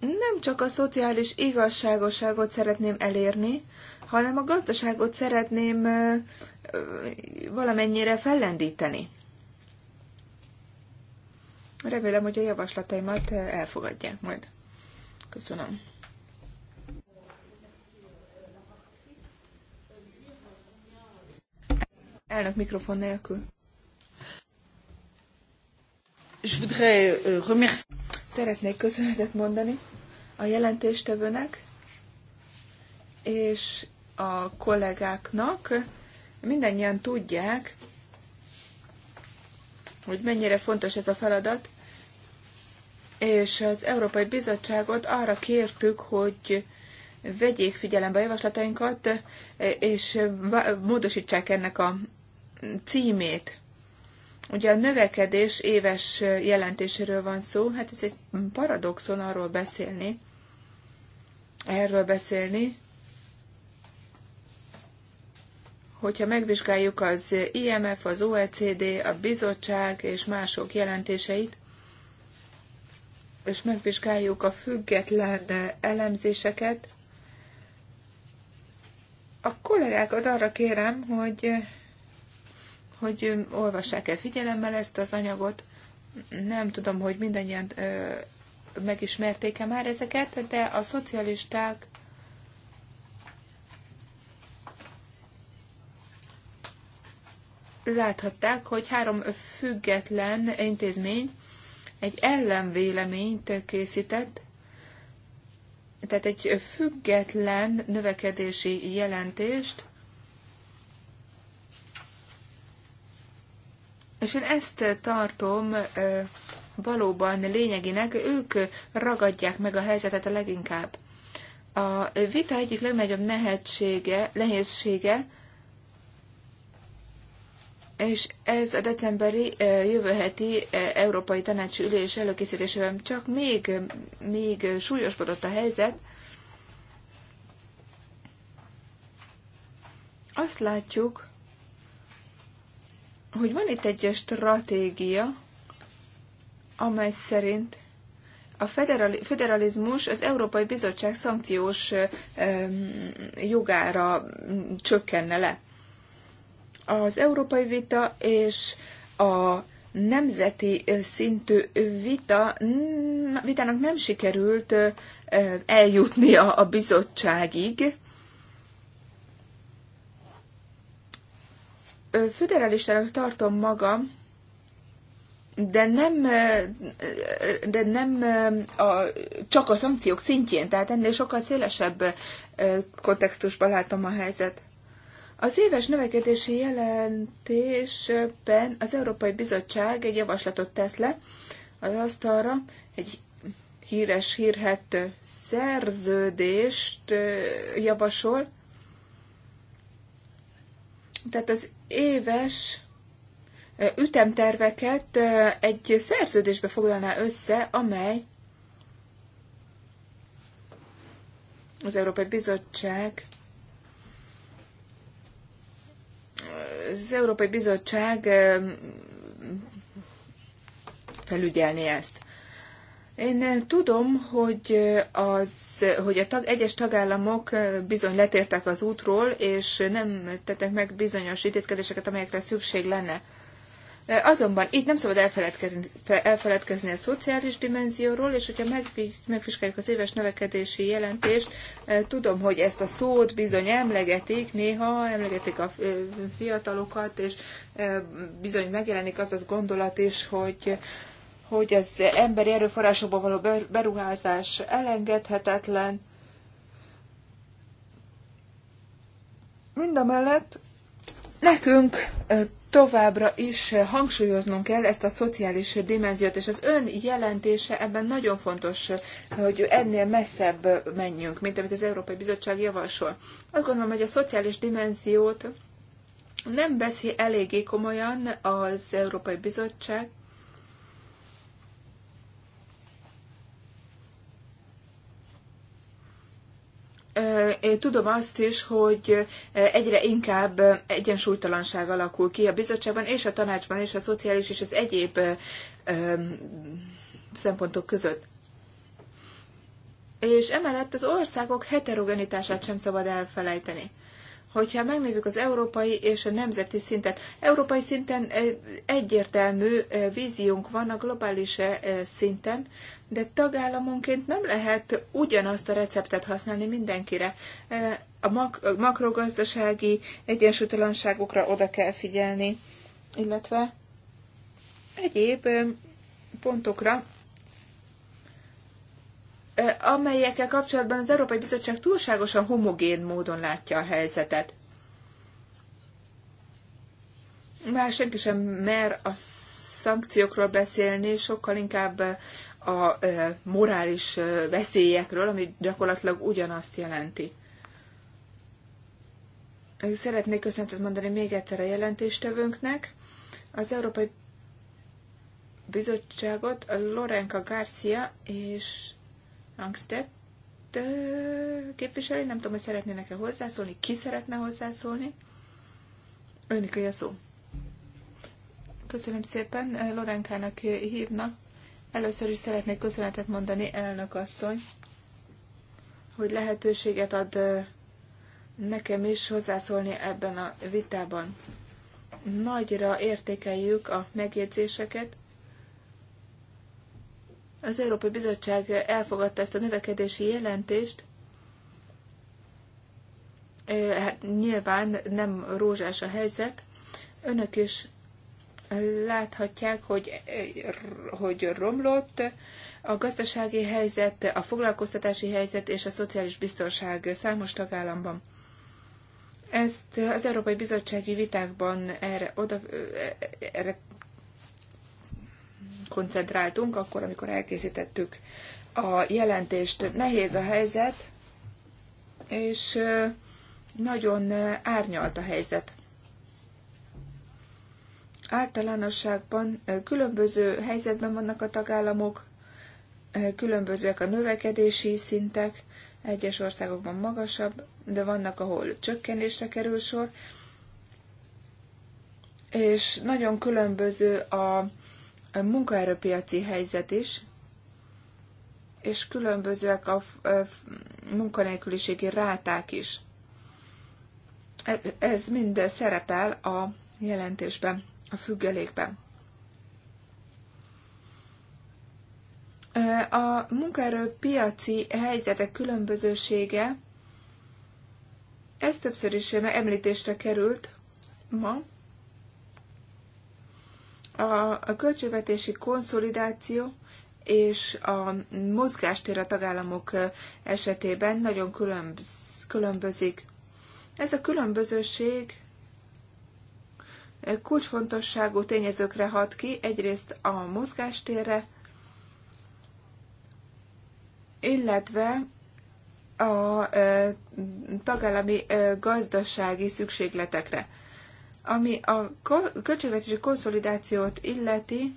nem csak a szociális igazságosságot szeretném elérni, hanem a gazdaságot szeretném valamennyire fellendíteni. Remélem, hogy a javaslataimat elfogadják majd. Köszönöm. Elnök mikrofon nélkül. Je voudrais euh, remercier. Szeretnék köszönetet mondani a jelentéstevőnek és a kollégáknak. Mindennyian tudják, hogy mennyire fontos ez a feladat, és az Európai Bizottságot arra kértük, hogy vegyék figyelembe a javaslatainkat, és módosítsák ennek a címét. Ugye a növekedés éves jelentéséről van szó, hát ez egy paradoxon arról beszélni, erről beszélni, hogyha megvizsgáljuk az IMF, az OECD, a bizottság és mások jelentéseit, és megvizsgáljuk a független elemzéseket, a kollégákat arra kérem, hogy hogy olvassák el figyelemmel ezt az anyagot. Nem tudom, hogy mindannyian ö, megismerték-e már ezeket, de a szocialisták láthatták, hogy három független intézmény egy ellenvéleményt készített, tehát egy független növekedési jelentést, És én ezt tartom valóban lényeginek, ők ragadják meg a helyzetet a leginkább. A vita egyik legnagyobb nehézsége, nehézsége és ez a decemberi jövő heti Európai Tanácsi Ülés előkészítésében csak még, még súlyosbodott a helyzet. Azt látjuk, hogy van itt egy stratégia, amely szerint a federalizmus az Európai Bizottság szankciós jogára csökkenne le. Az európai vita és a nemzeti szintű vita, vitának nem sikerült eljutnia a bizottságig, föderalistának tartom magam, de nem, de nem a, csak a szankciók szintjén, tehát ennél sokkal szélesebb kontextusban látom a helyzet. Az éves növekedési jelentésben az Európai Bizottság egy javaslatot tesz le az asztalra, egy híres hírhet szerződést javasol. Tehát az éves ütemterveket egy szerződésbe foglalná össze, amely az Európai Bizottság az Európai Bizottság felügyelni ezt. Én eh, tudom, hogy, eh, az, hogy a tag, egyes tagállamok eh, bizony letértek az útról, és nem tettek meg bizonyos intézkedéseket, amelyekre szükség lenne. Azonban itt nem szabad elfeledkezni, a szociális dimenzióról, és hogyha megvizsgáljuk az éves növekedési jelentést, tudom, hogy ezt a szót bizony emlegetik, néha emlegetik a fiatalokat, és bizony megjelenik az az gondolat is, hogy hogy az emberi erőforrásokba való beruházás elengedhetetlen. Mind a mellett nekünk továbbra is hangsúlyoznunk kell ezt a szociális dimenziót, és az ön jelentése ebben nagyon fontos, hogy ennél messzebb menjünk, mint amit az Európai Bizottság javasol. Azt gondolom, hogy a szociális dimenziót nem veszi eléggé komolyan az Európai Bizottság, én tudom azt is, hogy egyre inkább egyensúlytalanság alakul ki a bizottságban és a tanácsban és a szociális és az egyéb szempontok között. És emellett az országok heterogenitását sem szabad elfelejteni. Hogyha megnézzük az európai és a nemzeti szintet, európai szinten egyértelmű víziónk van a globális szinten, de tagállamonként nem lehet ugyanazt a receptet használni mindenkire. A mak- makrogazdasági egyensúlytalanságokra oda kell figyelni, illetve egyéb pontokra, amelyekkel kapcsolatban az Európai Bizottság túlságosan homogén módon látja a helyzetet. Már senki sem mer a szankciókról beszélni, sokkal inkább a morális veszélyekről, ami gyakorlatilag ugyanazt jelenti. Szeretnék köszöntet mondani még egyszer a jelentéstevőnknek. Az Európai Bizottságot Lorenka Garcia és Angstedt képviselő, nem tudom, hogy szeretnének-e hozzászólni, ki szeretne hozzászólni. Önik a szó. Köszönöm szépen, Lorenkának hívnak. Először is szeretnék köszönetet mondani, elnök asszony, hogy lehetőséget ad nekem is hozzászólni ebben a vitában. Nagyra értékeljük a megjegyzéseket. Az Európai Bizottság elfogadta ezt a növekedési jelentést, hát nyilván nem rózsás a helyzet. Önök is láthatják, hogy, eh, hogy romlott a gazdasági helyzet, a foglalkoztatási helyzet és a szociális biztonság számos tagállamban. Ezt az Európai Bizottsági vitákban erre, oda, eh, erre koncentráltunk, akkor, amikor elkészítettük a jelentést. Nehéz a helyzet, és eh, nagyon árnyalt a helyzet általánosságban különböző helyzetben vannak a tagállamok, különbözőek a növekedési szintek, egyes országokban magasabb, de vannak, ahol csökkenésre kerül sor, és nagyon különböző a munkaerőpiaci helyzet is, és különbözőek a munkanélküliségi ráták is. E, ez mind szerepel a jelentésben a függelékben. A munkaerőpiaci helyzetek különbözősége, ez többször is említésre került ma, a költségvetési konszolidáció és a mozgástér a tagállamok esetében nagyon különbözik. Ez a különbözőség kulcsfontosságú tényezőkre hat ki, egyrészt a mozgástérre, illetve a tagállami gazdasági szükségletekre. Ami a költségvetési konszolidációt illeti,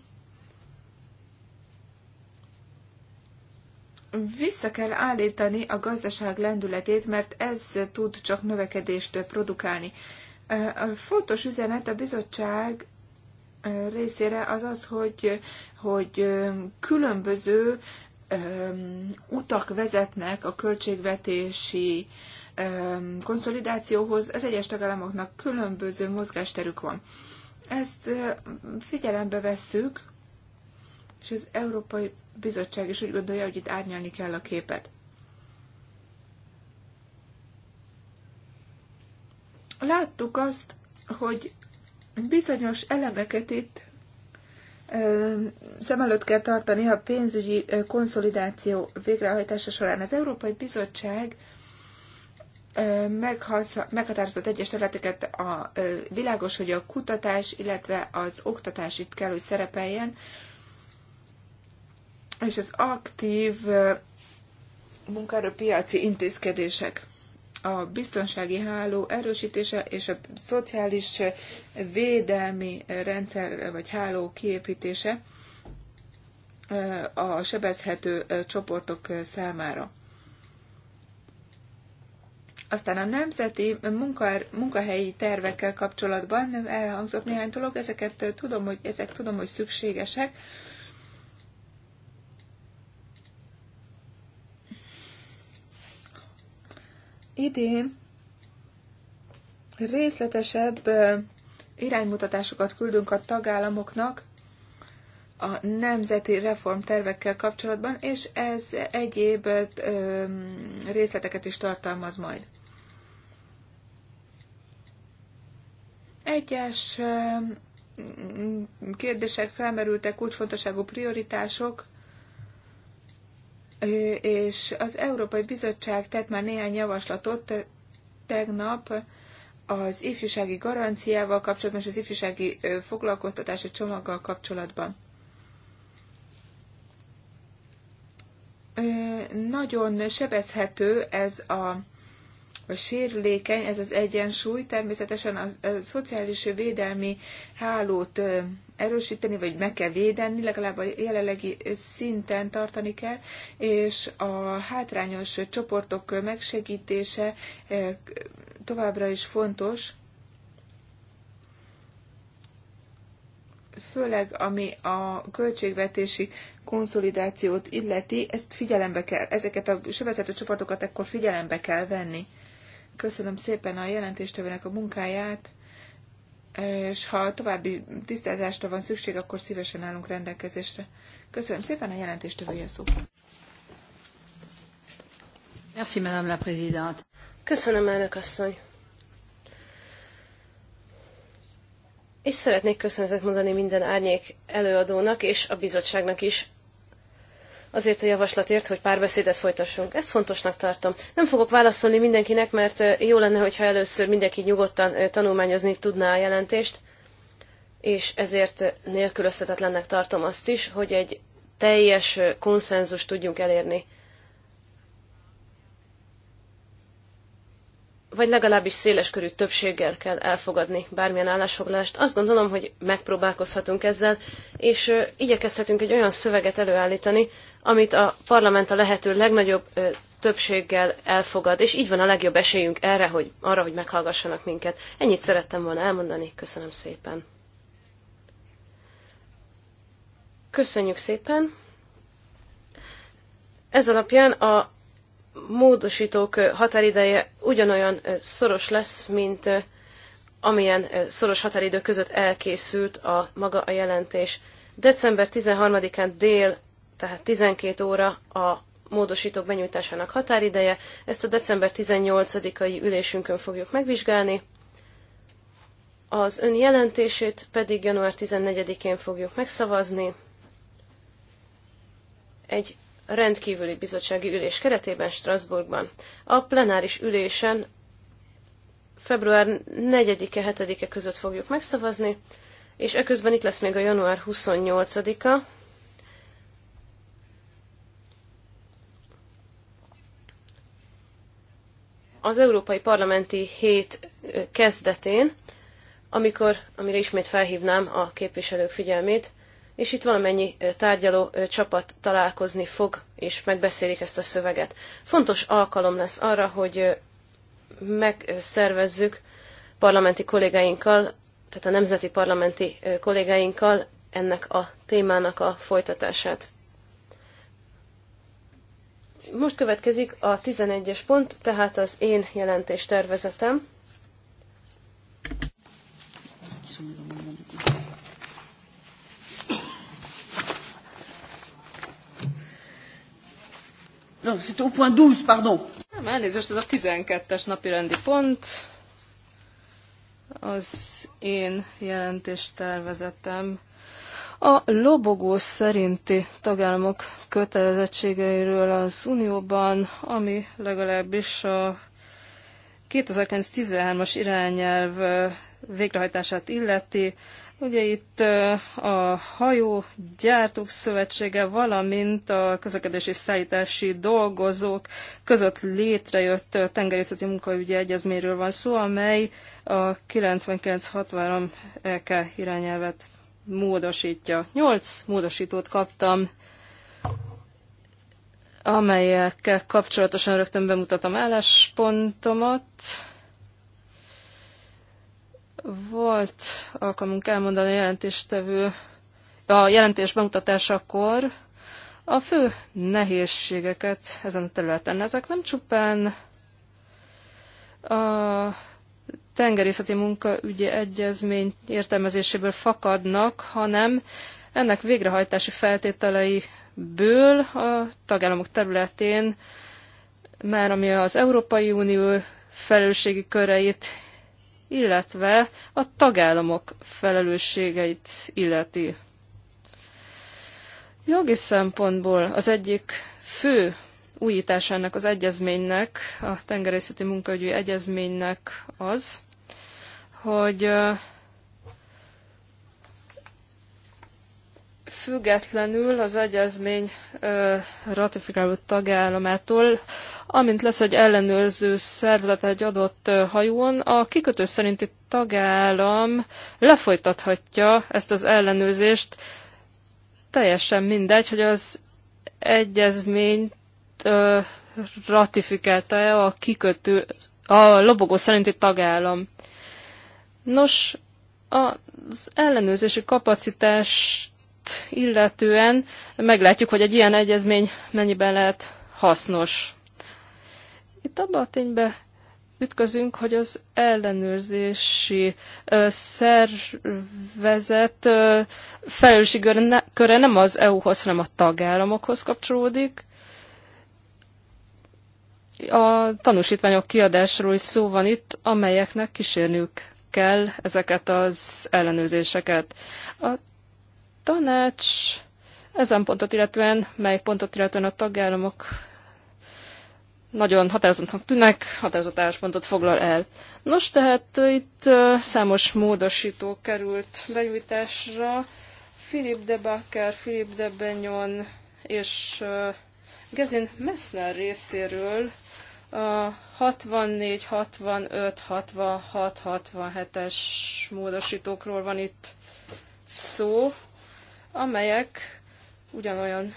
vissza kell állítani a gazdaság lendületét, mert ez tud csak növekedést produkálni. A fontos üzenet a bizottság részére az az, hogy, hogy különböző utak vezetnek a költségvetési konszolidációhoz. Az egyes tagállamoknak különböző mozgásterük van. Ezt figyelembe vesszük, és az Európai Bizottság is úgy gondolja, hogy itt árnyalni kell a képet. láttuk azt, hogy bizonyos elemeket itt szem előtt kell tartani a pénzügyi konszolidáció végrehajtása során. Az Európai Bizottság meghatározott egyes területeket, a, világos, hogy a kutatás, illetve az oktatás itt kell, hogy szerepeljen, és az aktív piaci intézkedések a biztonsági háló erősítése és a szociális védelmi rendszer vagy háló kiépítése a sebezhető csoportok számára. Aztán a nemzeti munka, munkahelyi tervekkel kapcsolatban elhangzott néhány dolog, ezeket tudom, hogy, ezek tudom, hogy szükségesek idén részletesebb iránymutatásokat küldünk a tagállamoknak a nemzeti reformtervekkel kapcsolatban, és ez egyéb részleteket is tartalmaz majd. Egyes kérdések felmerültek, kulcsfontosságú prioritások, és az Európai Bizottság tett már néhány javaslatot tegnap az ifjúsági garanciával kapcsolatban és az ifjúsági foglalkoztatási csomaggal kapcsolatban. Nagyon sebezhető ez a a sérülékeny, ez az egyensúly természetesen a, a szociális védelmi hálót erősíteni, vagy meg kell védeni, legalább a jelenlegi szinten tartani kell, és a hátrányos csoportok megsegítése továbbra is fontos, főleg ami a költségvetési konszolidációt illeti, ezt figyelembe kell, ezeket a sebezhető csoportokat ekkor figyelembe kell venni. Köszönöm szépen a jelentéstevőnek a munkáját, és ha további tisztázásra van szükség, akkor szívesen állunk rendelkezésre. Köszönöm szépen a jelentéstevője szó. Merci, Madame la Présidente. Köszönöm, elnök asszony. És szeretnék köszönetet mondani minden árnyék előadónak és a bizottságnak is azért a javaslatért, hogy párbeszédet folytassunk. Ezt fontosnak tartom. Nem fogok válaszolni mindenkinek, mert jó lenne, hogyha először mindenki nyugodtan tanulmányozni tudná a jelentést, és ezért nélkülözhetetlennek tartom azt is, hogy egy teljes konszenzust tudjunk elérni. Vagy legalábbis széleskörű többséggel kell elfogadni bármilyen állásfoglalást. Azt gondolom, hogy megpróbálkozhatunk ezzel, és igyekezhetünk egy olyan szöveget előállítani, amit a parlament a lehető legnagyobb többséggel elfogad, és így van a legjobb esélyünk erre, hogy, arra, hogy meghallgassanak minket. Ennyit szerettem volna elmondani. Köszönöm szépen. Köszönjük szépen. Ez alapján a módosítók határideje ugyanolyan szoros lesz, mint amilyen szoros határidő között elkészült a maga a jelentés. December 13-án dél tehát 12 óra a módosítók benyújtásának határideje. Ezt a december 18-ai ülésünkön fogjuk megvizsgálni. Az ön jelentését pedig január 14-én fogjuk megszavazni. Egy rendkívüli bizottsági ülés keretében Strasbourgban. A plenáris ülésen február 4-e, 7-e között fogjuk megszavazni, és eközben itt lesz még a január 28-a, az Európai Parlamenti Hét kezdetén, amikor, amire ismét felhívnám a képviselők figyelmét, és itt valamennyi tárgyaló csapat találkozni fog, és megbeszélik ezt a szöveget. Fontos alkalom lesz arra, hogy megszervezzük parlamenti kollégáinkkal, tehát a nemzeti parlamenti kollégáinkkal ennek a témának a folytatását. Most következik a 11-es pont, tehát az én jelentés tervezetem. Non, c'est au point 12, pardon. Nem, elnézést, ez a 12-es napi rendi pont. Az én jelentéstervezetem a lobogó szerinti tagállamok kötelezettségeiről az Unióban, ami legalábbis a 2013-as irányelv végrehajtását illeti, Ugye itt a hajó gyártók szövetsége, valamint a közlekedési szállítási dolgozók között létrejött tengerészeti munkaügyi egyezményről van szó, amely a 9963 EK irányelvet módosítja. Nyolc módosítót kaptam, amelyekkel kapcsolatosan rögtön bemutatom álláspontomat. Volt alkalmunk elmondani a jelentéstevő, a jelentés bemutatásakor a fő nehézségeket ezen a területen. Ezek nem csupán a tengerészeti munkaügyi egyezmény értelmezéséből fakadnak, hanem ennek végrehajtási feltételeiből a tagállamok területén már ami az Európai Unió felelősségi köreit, illetve a tagállamok felelősségeit illeti. Jogi szempontból az egyik fő újítás ennek az egyezménynek, a tengerészeti munkaügyi egyezménynek az, hogy függetlenül az egyezmény ratifikáló tagállamától, amint lesz egy ellenőrző szervezet egy adott hajón, a kikötő szerinti tagállam lefolytathatja ezt az ellenőrzést, teljesen mindegy, hogy az egyezményt ratifikálta-e a kikötő, a lobogó szerinti tagállam. Nos, az ellenőrzési kapacitást illetően meglátjuk, hogy egy ilyen egyezmény mennyiben lehet hasznos. Itt abban a ténybe ütközünk, hogy az ellenőrzési ö, szervezet felelősség köre nem az EU-hoz, hanem a tagállamokhoz kapcsolódik. A tanúsítványok kiadásról is szó van itt, amelyeknek kísérniük kell ezeket az ellenőrzéseket. A tanács ezen pontot illetően, mely pontot illetően a tagállamok nagyon határozottnak tűnnek, határozott álláspontot foglal el. Nos, tehát itt számos módosító került benyújtásra. Philip de Bakker, Philip de Benyon és Gezin Messner részéről a 64, 65, 66, 67-es módosítókról van itt szó, amelyek ugyanolyan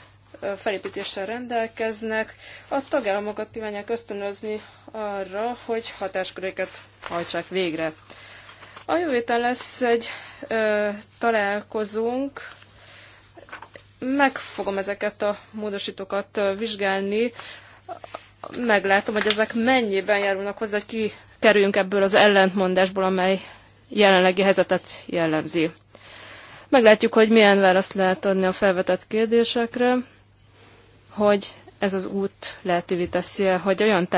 felépítéssel rendelkeznek. A tagállamokat kívánják ösztönözni arra, hogy hatásköréket hajtsák végre. A jövő héten lesz egy ö, találkozónk, meg fogom ezeket a módosítókat vizsgálni meglátom, hogy ezek mennyiben járulnak hozzá, hogy kikerüljünk ebből az ellentmondásból, amely jelenlegi helyzetet jellemzi. Meglátjuk, hogy milyen választ lehet adni a felvetett kérdésekre, hogy ez az út lehetővé teszi, hogy olyan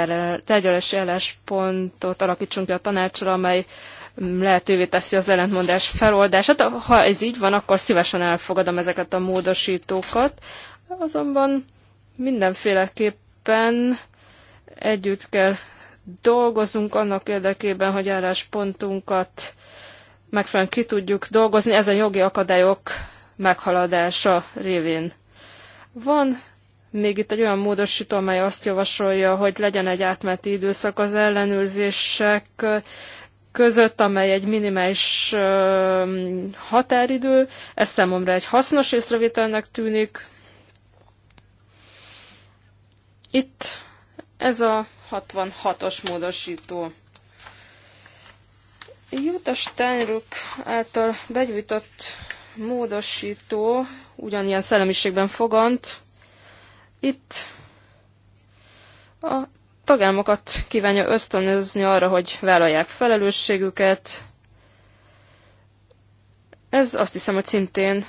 tárgyalási álláspontot alakítsunk ki a tanácsra, amely lehetővé teszi az ellentmondás feloldását. Ha ez így van, akkor szívesen elfogadom ezeket a módosítókat, azonban mindenféleképpen Együtt kell dolgozunk annak érdekében, hogy álláspontunkat megfelelően ki tudjuk dolgozni ezen jogi akadályok meghaladása révén. Van még itt egy olyan módosító, amely azt javasolja, hogy legyen egy átmeneti időszak az ellenőrzések között, amely egy minimális határidő. Ez számomra egy hasznos észrevételnek tűnik. Itt ez a 66-os módosító. Jutta Steinruck által begyújtott módosító ugyanilyen szellemiségben fogant. Itt a tagállamokat kívánja ösztönözni arra, hogy vállalják felelősségüket. Ez azt hiszem, hogy szintén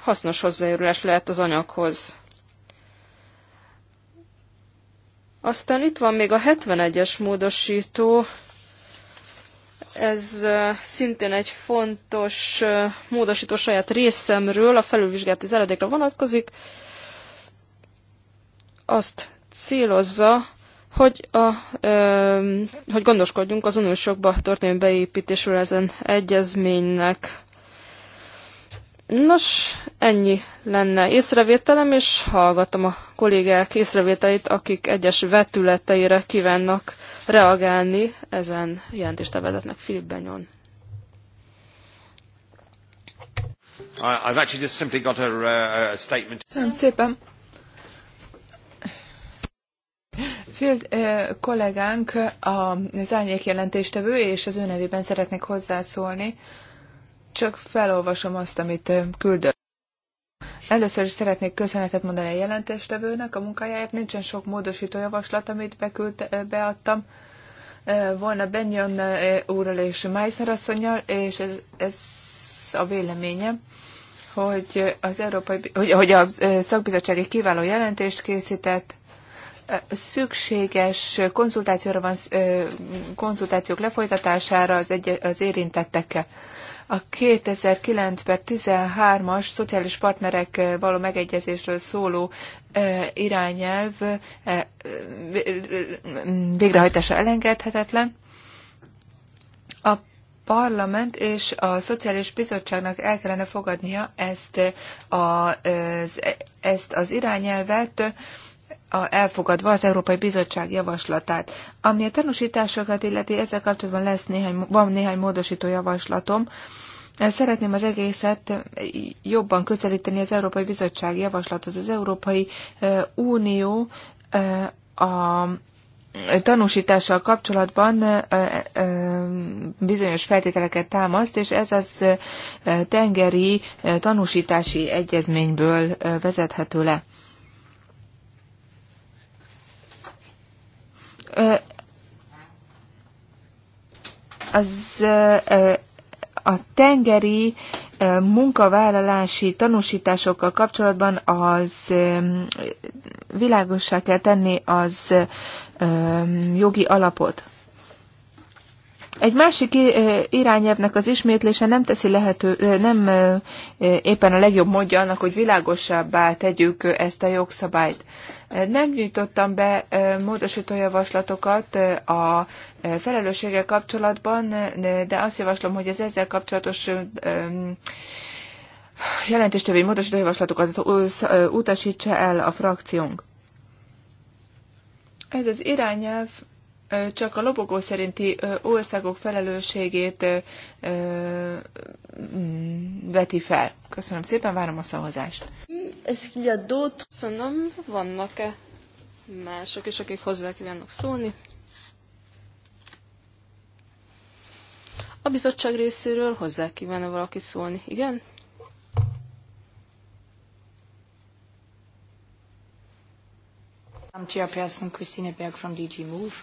hasznos hozzájárulás lehet az anyaghoz. Aztán itt van még a 71-es módosító, ez szintén egy fontos módosító saját részemről, a felülvizsgálati záradékra vonatkozik. Azt célozza, hogy, a, hogy gondoskodjunk az unősokba történő beépítésről ezen egyezménynek. Nos, ennyi lenne észrevételem, és hallgatom a kollégák észrevételeit, akik egyes vetületeire kívánnak reagálni ezen jelentéstevezetnek Filip Benyon. I've actually just simply got statement. Köszönöm szépen. Field eh, kollégánk az árnyék jelentéstevő, és az ő nevében szeretnék hozzászólni. Eh, csak felolvasom azt, amit küldött. Először is szeretnék köszönetet mondani a jelentéstevőnek a munkájáért. Nincsen sok módosító javaslat, amit beküldte, beadtam volna Benyon úrral és Meissner asszonynal, és ez, ez a véleményem, hogy az Európai, hogy, hogy a szakbizottság egy kiváló jelentést készített, szükséges konzultációra van, konzultációk lefolytatására az, egy, az érintettekkel a 2009 per 13-as szociális partnerek eh, való megegyezésről szóló eh, irányelv eh, mm, végrehajtása elengedhetetlen. A parlament és a Szociális Bizottságnak el kellene fogadnia ezt, a, ezt az irányelvet, elfogadva az Európai Bizottság javaslatát. Ami a tanúsításokat illeti, ezzel kapcsolatban lesz néhány, van néhány módosító javaslatom. Szeretném az egészet jobban közelíteni az Európai Bizottság javaslathoz. Az Európai Unió a tanúsítással kapcsolatban bizonyos feltételeket támaszt, és ez az tengeri tanúsítási egyezményből vezethető le. az a tengeri munkavállalási tanúsításokkal kapcsolatban az világossá kell tenni az jogi alapot. Egy másik irányelvnek az ismétlése nem teszi lehető, nem éppen a legjobb módja annak, hogy világosabbá tegyük ezt a jogszabályt. Nem nyújtottam be módosító javaslatokat a felelősséggel kapcsolatban, de azt javaslom, hogy az ezzel kapcsolatos jelentéstevői módosító javaslatokat utasítsa el a frakciónk. Ez az irányelv csak a lobogó szerinti országok felelősségét mm, veti fel. Köszönöm szépen, várom a szavazást. Ez Köszönöm, vannak-e mások is, akik hozzá kívánnak szólni? A bizottság részéről hozzá kívánna valaki szólni, igen? I'm Chairperson Christina Berg from DG Move.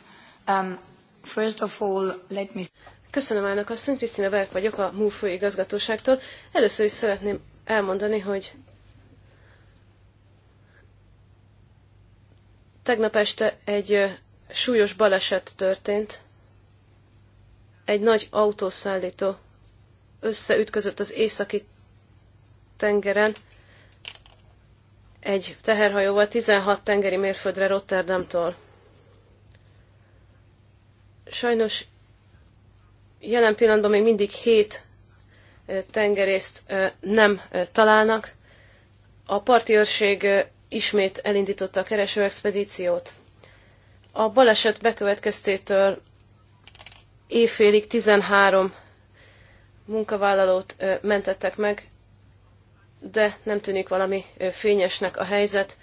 Um, first of all, let me... Köszönöm elnök asszony, Krisztina Berg vagyok a MUFO főigazgatóságtól. Először is szeretném elmondani, hogy tegnap este egy súlyos baleset történt. Egy nagy autószállító összeütközött az északi tengeren egy teherhajóval 16 tengeri mérföldre Rotterdamtól. Sajnos jelen pillanatban még mindig hét tengerészt nem találnak. A parti őrség ismét elindította a kereső expedíciót. A baleset bekövetkeztétől éjfélig 13 munkavállalót mentettek meg, de nem tűnik valami fényesnek a helyzet.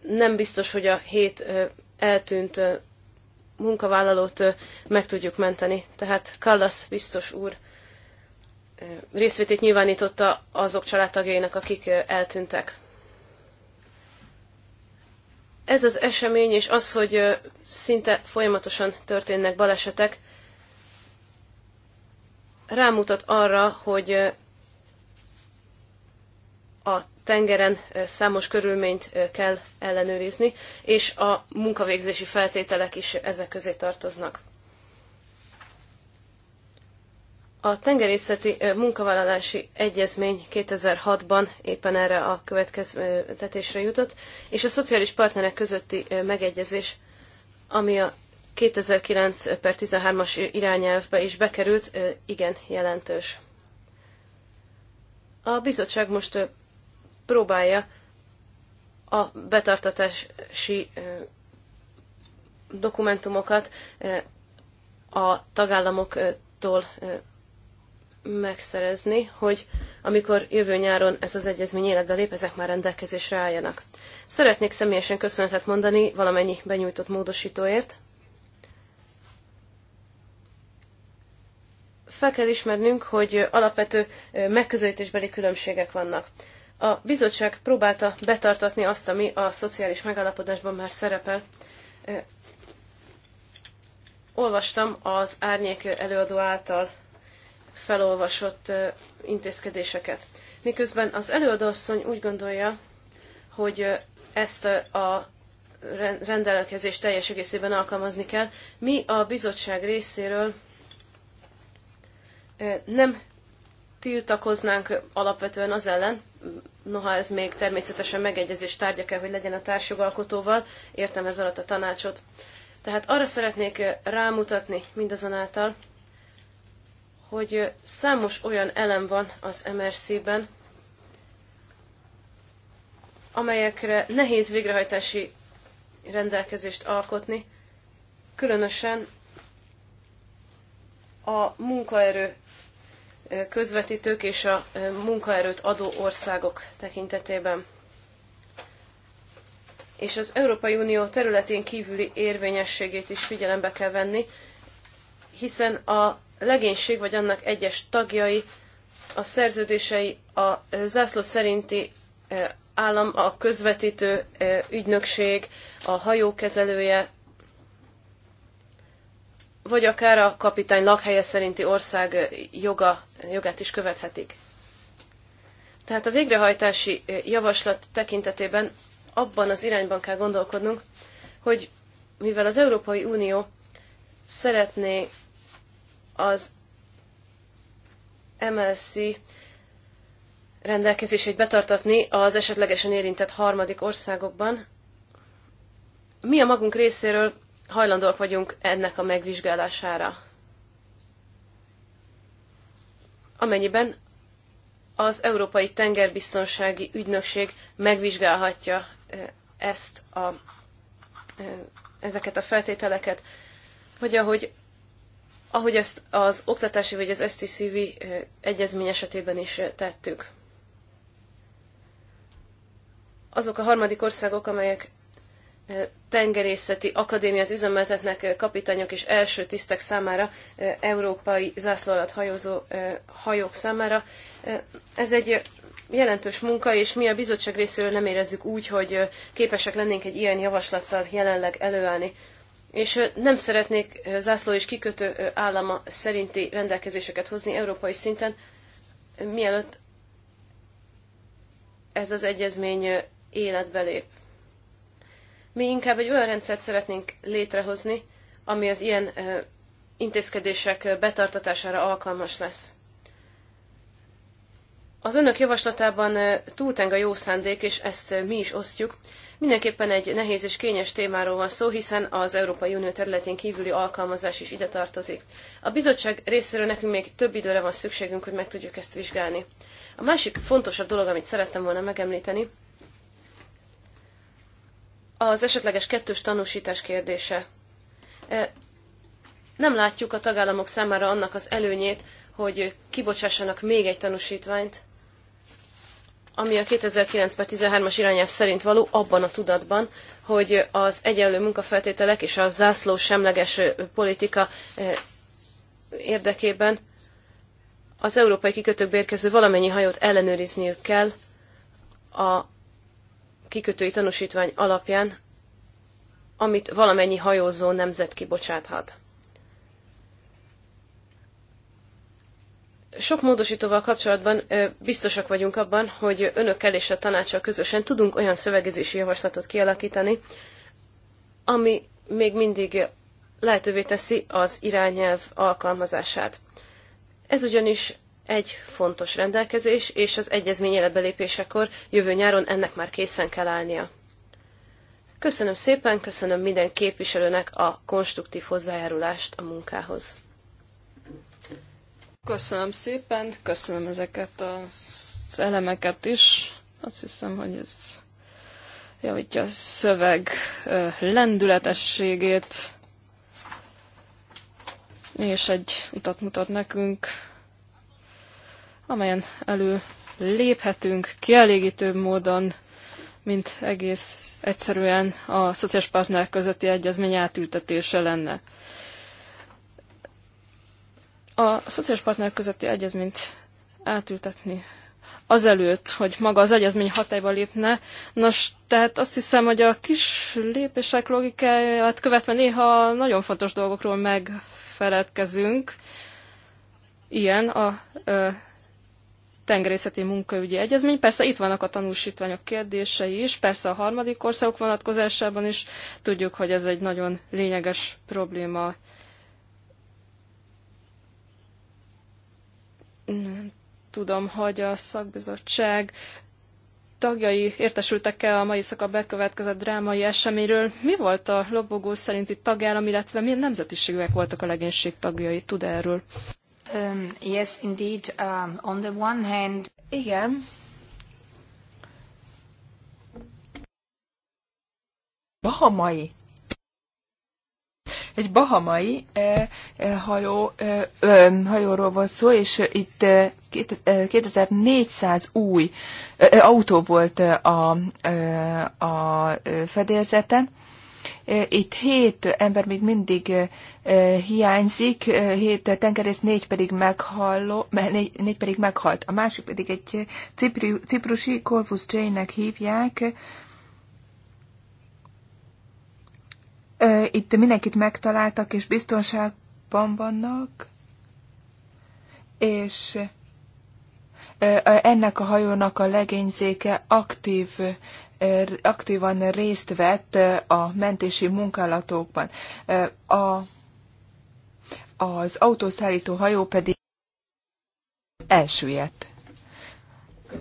Nem biztos, hogy a hét eltűnt munkavállalót meg tudjuk menteni. Tehát Kallas biztos úr részvétét nyilvánította azok családtagjainak, akik eltűntek. Ez az esemény és az, hogy szinte folyamatosan történnek balesetek, rámutat arra, hogy a tengeren számos körülményt kell ellenőrizni, és a munkavégzési feltételek is ezek közé tartoznak. A tengerészeti munkavállalási egyezmény 2006-ban éppen erre a következtetésre jutott, és a szociális partnerek közötti megegyezés, ami a 2009 per 13-as irányelvbe is bekerült, igen jelentős. A bizottság most próbálja a betartatási dokumentumokat a tagállamoktól megszerezni, hogy amikor jövő nyáron ez az egyezmény életbe lép, ezek már rendelkezésre álljanak. Szeretnék személyesen köszönetet mondani valamennyi benyújtott módosítóért. Fel kell ismernünk, hogy alapvető megközelítésbeli különbségek vannak. A bizottság próbálta betartatni azt, ami a szociális megállapodásban már szerepel. Olvastam az árnyék előadó által felolvasott intézkedéseket. Miközben az előadóasszony úgy gondolja, hogy ezt a rendelkezést teljes egészében alkalmazni kell, mi a bizottság részéről nem tiltakoznánk alapvetően az ellen, noha ez még természetesen megegyezés tárgya kell, hogy legyen a társjogalkotóval, értem ez alatt a tanácsot. Tehát arra szeretnék rámutatni mindazonáltal, hogy számos olyan elem van az MRC-ben, amelyekre nehéz végrehajtási rendelkezést alkotni, különösen a munkaerő közvetítők és a munkaerőt adó országok tekintetében. És az Európai Unió területén kívüli érvényességét is figyelembe kell venni, hiszen a legénység vagy annak egyes tagjai, a szerződései a zászló szerinti állam, a közvetítő ügynökség, a hajókezelője, vagy akár a kapitány lakhelye szerinti ország joga, jogát is követhetik. Tehát a végrehajtási eh, javaslat tekintetében abban az irányban kell gondolkodnunk, hogy mivel az Európai Unió szeretné az MLC rendelkezését betartatni az esetlegesen érintett harmadik országokban, mi a magunk részéről hajlandóak vagyunk ennek a megvizsgálására. Amennyiben az Európai Tengerbiztonsági Ügynökség megvizsgálhatja ezt a, ezeket a feltételeket, vagy ahogy, ahogy ezt az oktatási vagy az STCV egyezmény esetében is tettük. Azok a harmadik országok, amelyek tengerészeti akadémiát üzemeltetnek kapitányok és első tisztek számára, európai zászló alatt hajózó hajók számára. Ez egy jelentős munka, és mi a bizottság részéről nem érezzük úgy, hogy képesek lennénk egy ilyen javaslattal jelenleg előállni. És nem szeretnék zászló és kikötő állama szerinti rendelkezéseket hozni európai szinten, mielőtt ez az egyezmény életbe lép. Mi inkább egy olyan rendszert szeretnénk létrehozni, ami az ilyen intézkedések betartatására alkalmas lesz. Az önök javaslatában túlteng a jó szándék, és ezt mi is osztjuk. Mindenképpen egy nehéz és kényes témáról van szó, hiszen az Európai Unió területén kívüli alkalmazás is ide tartozik. A bizottság részéről nekünk még több időre van szükségünk, hogy meg tudjuk ezt vizsgálni. A másik fontosabb dolog, amit szerettem volna megemlíteni, az esetleges kettős tanúsítás kérdése. E, nem látjuk a tagállamok számára annak az előnyét, hogy kibocsássanak még egy tanúsítványt, ami a 2009-13-as irányelv szerint való abban a tudatban, hogy az egyenlő munkafeltételek és a zászló semleges politika e, érdekében az európai kikötőkbe érkező valamennyi hajót ellenőrizniük kell a kikötői tanúsítvány alapján, amit valamennyi hajózó nemzet kibocsáthat. Sok módosítóval kapcsolatban biztosak vagyunk abban, hogy önökkel és a tanácssal közösen tudunk olyan szövegezési javaslatot kialakítani, ami még mindig lehetővé teszi az irányelv alkalmazását. Ez ugyanis egy fontos rendelkezés, és az egyezmény életbelépésekor jövő nyáron ennek már készen kell állnia. Köszönöm szépen, köszönöm minden képviselőnek a konstruktív hozzájárulást a munkához. Köszönöm szépen, köszönöm ezeket az elemeket is. Azt hiszem, hogy ez javítja a szöveg lendületességét, és egy utat mutat nekünk amelyen elő léphetünk kielégítőbb módon, mint egész egyszerűen a szociális partnerek közötti egyezmény átültetése lenne. A szociális partnerek közötti egyezményt átültetni azelőtt, hogy maga az egyezmény hatályba lépne. Nos, tehát azt hiszem, hogy a kis lépések logikáját követve néha nagyon fontos dolgokról megfeledkezünk. Ilyen a tengerészeti munkaügyi egyezmény. Persze itt vannak a tanúsítványok kérdései is, persze a harmadik országok vonatkozásában is tudjuk, hogy ez egy nagyon lényeges probléma. Nem tudom, hogy a szakbizottság tagjai értesültek-e a mai szaka bekövetkezett drámai eseményről? Mi volt a lobogó szerinti tagállam, illetve milyen nemzetiségűek voltak a legénység tagjai? Tud -e erről? Um, yes, indeed. Um, on the one hand... Igen. Bahamai. Egy bahamai eh, eh hajó, eh, hajóról van szó, és eh, itt eh, 2400 eh, új eh, autó volt a, a fedélzeten itt hét ember még mindig hiányzik, hét tengerész, négy pedig, meghalló, négy, négy pedig meghalt. A másik pedig egy cipri, ciprusi, Corvus jane nek hívják. Itt mindenkit megtaláltak, és biztonságban vannak. És ennek a hajónak a legényzéke aktív aktívan részt vett a mentési munkálatokban. A, az autószállító hajó pedig elsüllyedt.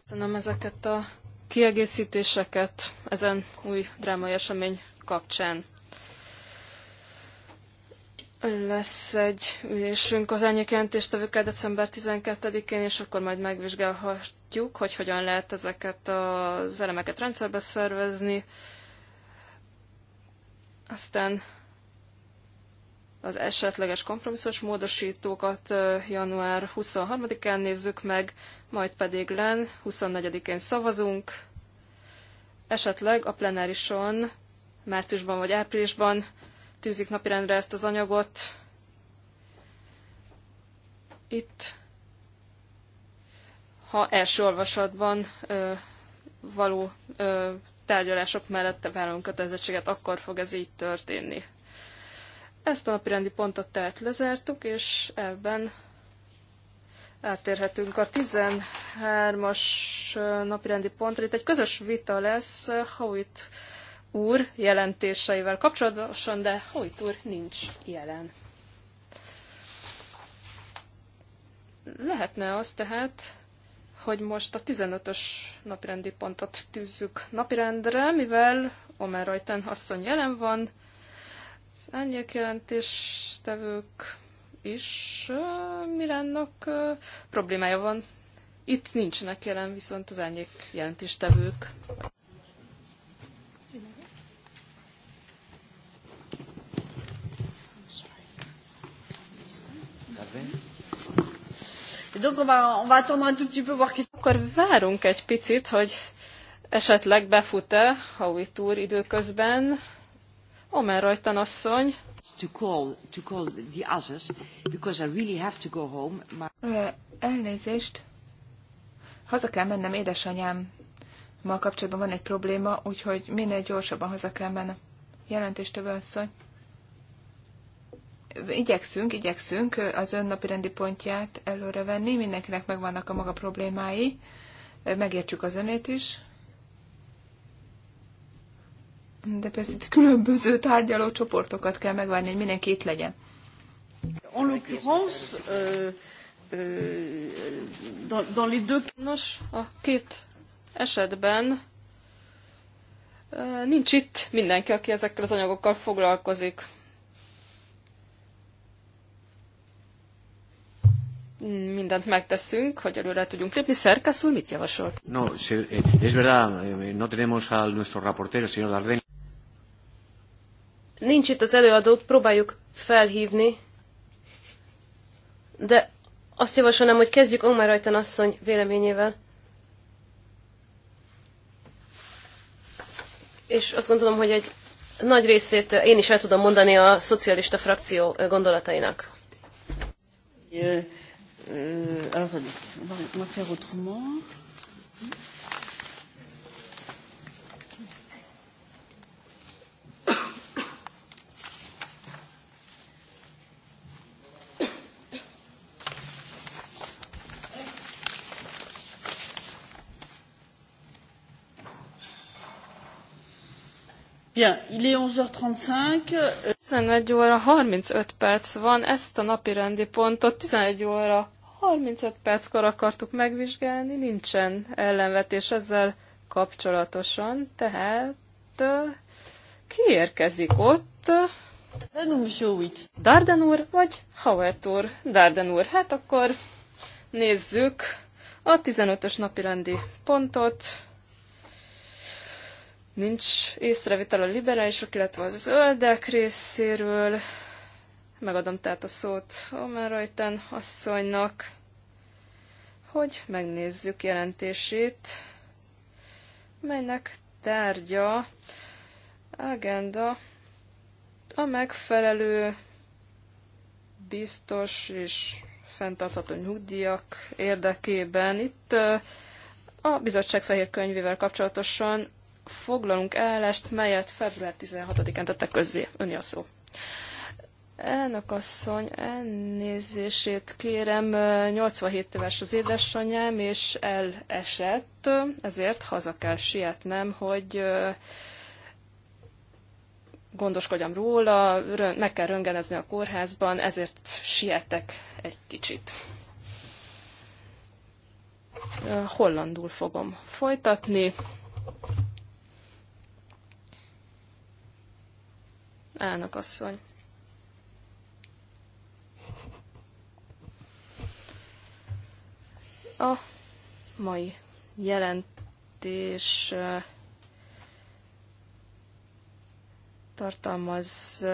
Köszönöm ezeket a kiegészítéseket ezen új drámai esemény kapcsán. Lesz egy ülésünk az elnyékjelentéstevőkkel december 12-én, és akkor majd megvizsgálhat, látjuk, hogy hogyan lehet ezeket az elemeket rendszerbe szervezni. Aztán az esetleges kompromisszus módosítókat január 23-án nézzük meg, majd pedig len 24-én szavazunk. Esetleg a plenárison márciusban vagy áprilisban tűzik napirendre ezt az anyagot. Itt ha első olvasatban ö, való ö, tárgyalások mellett vállalunk kötelezettséget, akkor fog ez így történni. Ezt a napirendi pontot tehát lezártuk, és ebben Átérhetünk a 13-as napirendi pontra. Itt egy közös vita lesz Howitt úr jelentéseivel kapcsolatosan, de Howitt úr nincs jelen. Lehetne az tehát, hogy most a 15-ös napirendi pontot tűzzük napirendre, mivel Omer Rajten asszony jelen van, az árnyék jelentéstevők is uh, Miránnak uh, problémája van. Itt nincsenek jelen viszont az árnyék jelentéstevők. Donc on va, attendre un tout petit peu voir Akkor várunk egy picit, hogy esetleg befut-e a túr időközben. Omer Rajtan asszony. To call, to call the others, because I really have to go home. My... Elnézést. Haza kell mennem, édesanyám. Ma kapcsolatban van egy probléma, úgyhogy minél gyorsabban haza kell mennem. Jelentéstövő asszony igyekszünk, igyekszünk az ön napi rendi pontját előre venni, mindenkinek megvannak a maga problémái, megértjük az önét is. De persze itt különböző tárgyaló csoportokat kell megvárni, hogy mindenki itt legyen. En l'occurrence, euh, euh, dans, dans les deux... Nos, a két esetben euh, nincs itt mindenki, aki ezekkel az anyagokkal foglalkozik. mindent megteszünk, hogy előre tudjunk lépni. Szerkesz úr, mit javasol? No, eh, es verdad, eh, no tenemos al nuestro reportero, señor Dardenne. Nincs itt az előadót, próbáljuk felhívni, de azt javasolnám, hogy kezdjük Omar Rajtan asszony véleményével. És azt gondolom, hogy egy nagy részét én is el tudom mondani a szocialista frakció gondolatainak. Yeah. Euh, alors, attendez, on va, on va faire autrement. Bien, il est 11h35. 11 euh, óra 35 perc van, ezt a napi rendi pontot 11 óra 35 perckor akartuk megvizsgálni, nincsen ellenvetés ezzel kapcsolatosan, tehát ki érkezik ott? Darden úr, vagy Howard úr? Darden úr, hát akkor nézzük a 15-ös napirendi pontot. Nincs észrevétel a liberálisok, illetve a zöldek részéről. Megadom tehát a szót Omen Rajten asszonynak, hogy megnézzük jelentését, melynek tárgya, agenda a megfelelő, biztos és fenntartható nyugdíjak érdekében. Itt a bizottság fehér könyvével kapcsolatosan foglalunk állást, melyet február 16-án tettek közzé. Öni a szó. Elnök asszony, elnézését kérem, 87 éves az édesanyám, és elesett, ezért haza kell sietnem, hogy gondoskodjam róla, meg kell röngenezni a kórházban, ezért sietek egy kicsit. Hollandul fogom folytatni. Elnök asszony. A mai jelentés tartalmaz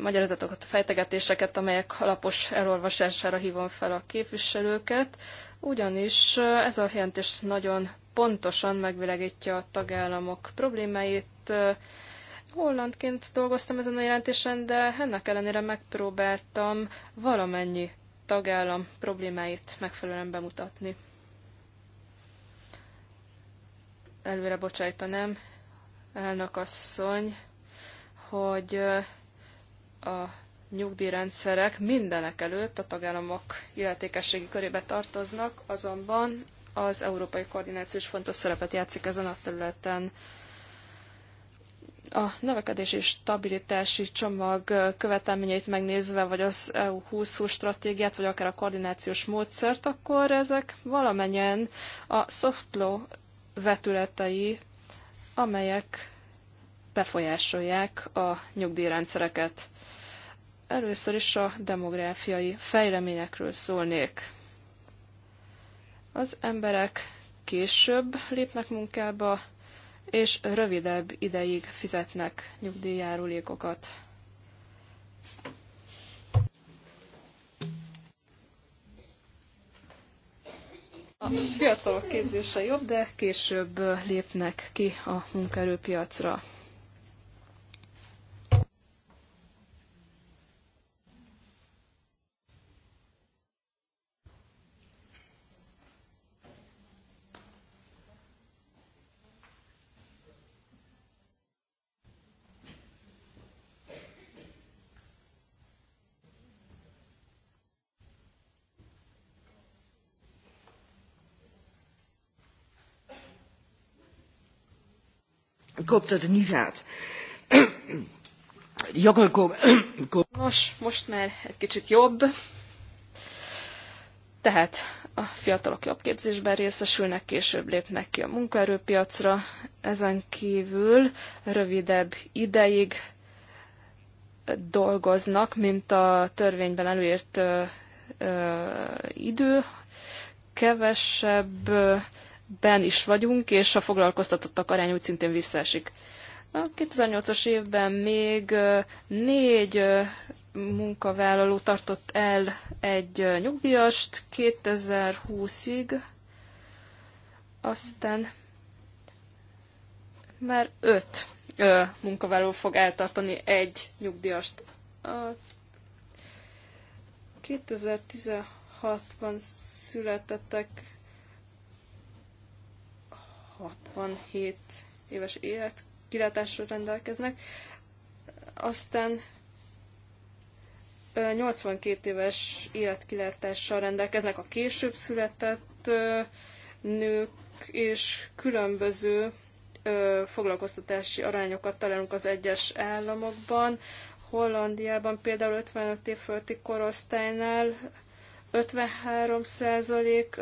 magyarázatokat, fejtegetéseket, amelyek alapos elolvasására hívom fel a képviselőket, ugyanis ez a jelentés nagyon pontosan megvilegítja a tagállamok problémáit. Hollandként dolgoztam ezen a jelentésen, de ennek ellenére megpróbáltam valamennyi tagállam problémáit megfelelően bemutatni. Előre bocsájtanám, elnök asszony, hogy a nyugdíjrendszerek mindenek előtt a tagállamok illetékességi körébe tartoznak, azonban az európai koordinációs fontos szerepet játszik ezen a területen a növekedési stabilitási csomag követelményeit megnézve, vagy az EU 2020 stratégiát, vagy akár a koordinációs módszert, akkor ezek valamennyien a soft law vetületei, amelyek befolyásolják a nyugdíjrendszereket. Először is a demográfiai fejleményekről szólnék. Az emberek később lépnek munkába, és rövidebb ideig fizetnek nyugdíjjárulékokat. A fiatalok képzése jobb, de később lépnek ki a munkaerőpiacra. Ik hoop dat het nu gaat. De jongeren komen... Nos, most már egy kicsit jobb. Tehát a fiatalok jobb képzésben részesülnek, később lépnek ki a munkaerőpiacra, ezen kívül rövidebb ideig dolgoznak, mint a törvényben előírt ö, ö, idő, kevesebb ben is vagyunk, és a foglalkoztatottak aránya úgy szintén visszaesik. A 2008-as évben még négy munkavállaló tartott el egy nyugdíjast 2020-ig, aztán már öt ö, munkavállaló fog eltartani egy nyugdíjast. A 2016-ban születettek 67 éves élet kilátásra rendelkeznek. Aztán 82 éves életkilátással rendelkeznek a később született nők, és különböző foglalkoztatási arányokat találunk az egyes államokban. Hollandiában például 55 év fölti korosztálynál 53 százalék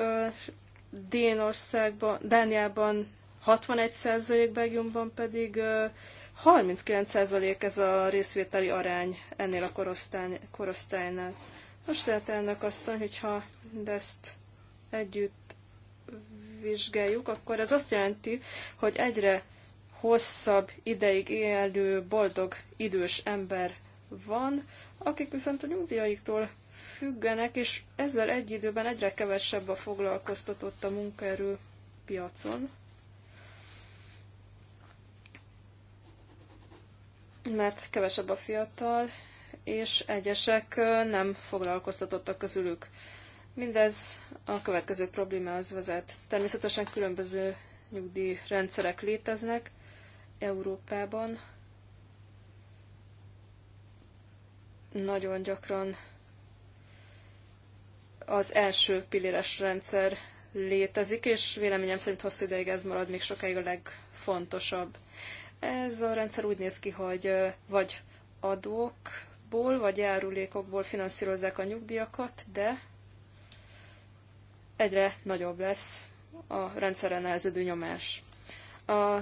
Dénországban, Dániában 61%, Belgiumban pedig 39% ez a részvételi arány ennél a korosztály, korosztálynál. Most tehát elnök asszony, hogyha ezt együtt vizsgáljuk, akkor ez azt jelenti, hogy egyre hosszabb ideig élő, boldog, idős ember van, akik viszont a nyugdíjaiktól függenek, és ezzel egy időben egyre kevesebb a foglalkoztatott a munkaerő piacon. Mert kevesebb a fiatal, és egyesek nem foglalkoztatottak közülük. Mindez a következő problémához vezet. Természetesen különböző nyugdíjrendszerek léteznek Európában. Nagyon gyakran az első pilléres rendszer létezik, és véleményem szerint hosszú ideig ez marad még sokáig a legfontosabb. Ez a rendszer úgy néz ki, hogy vagy adókból, vagy járulékokból finanszírozzák a nyugdíjakat, de egyre nagyobb lesz a rendszeren elződő nyomás. A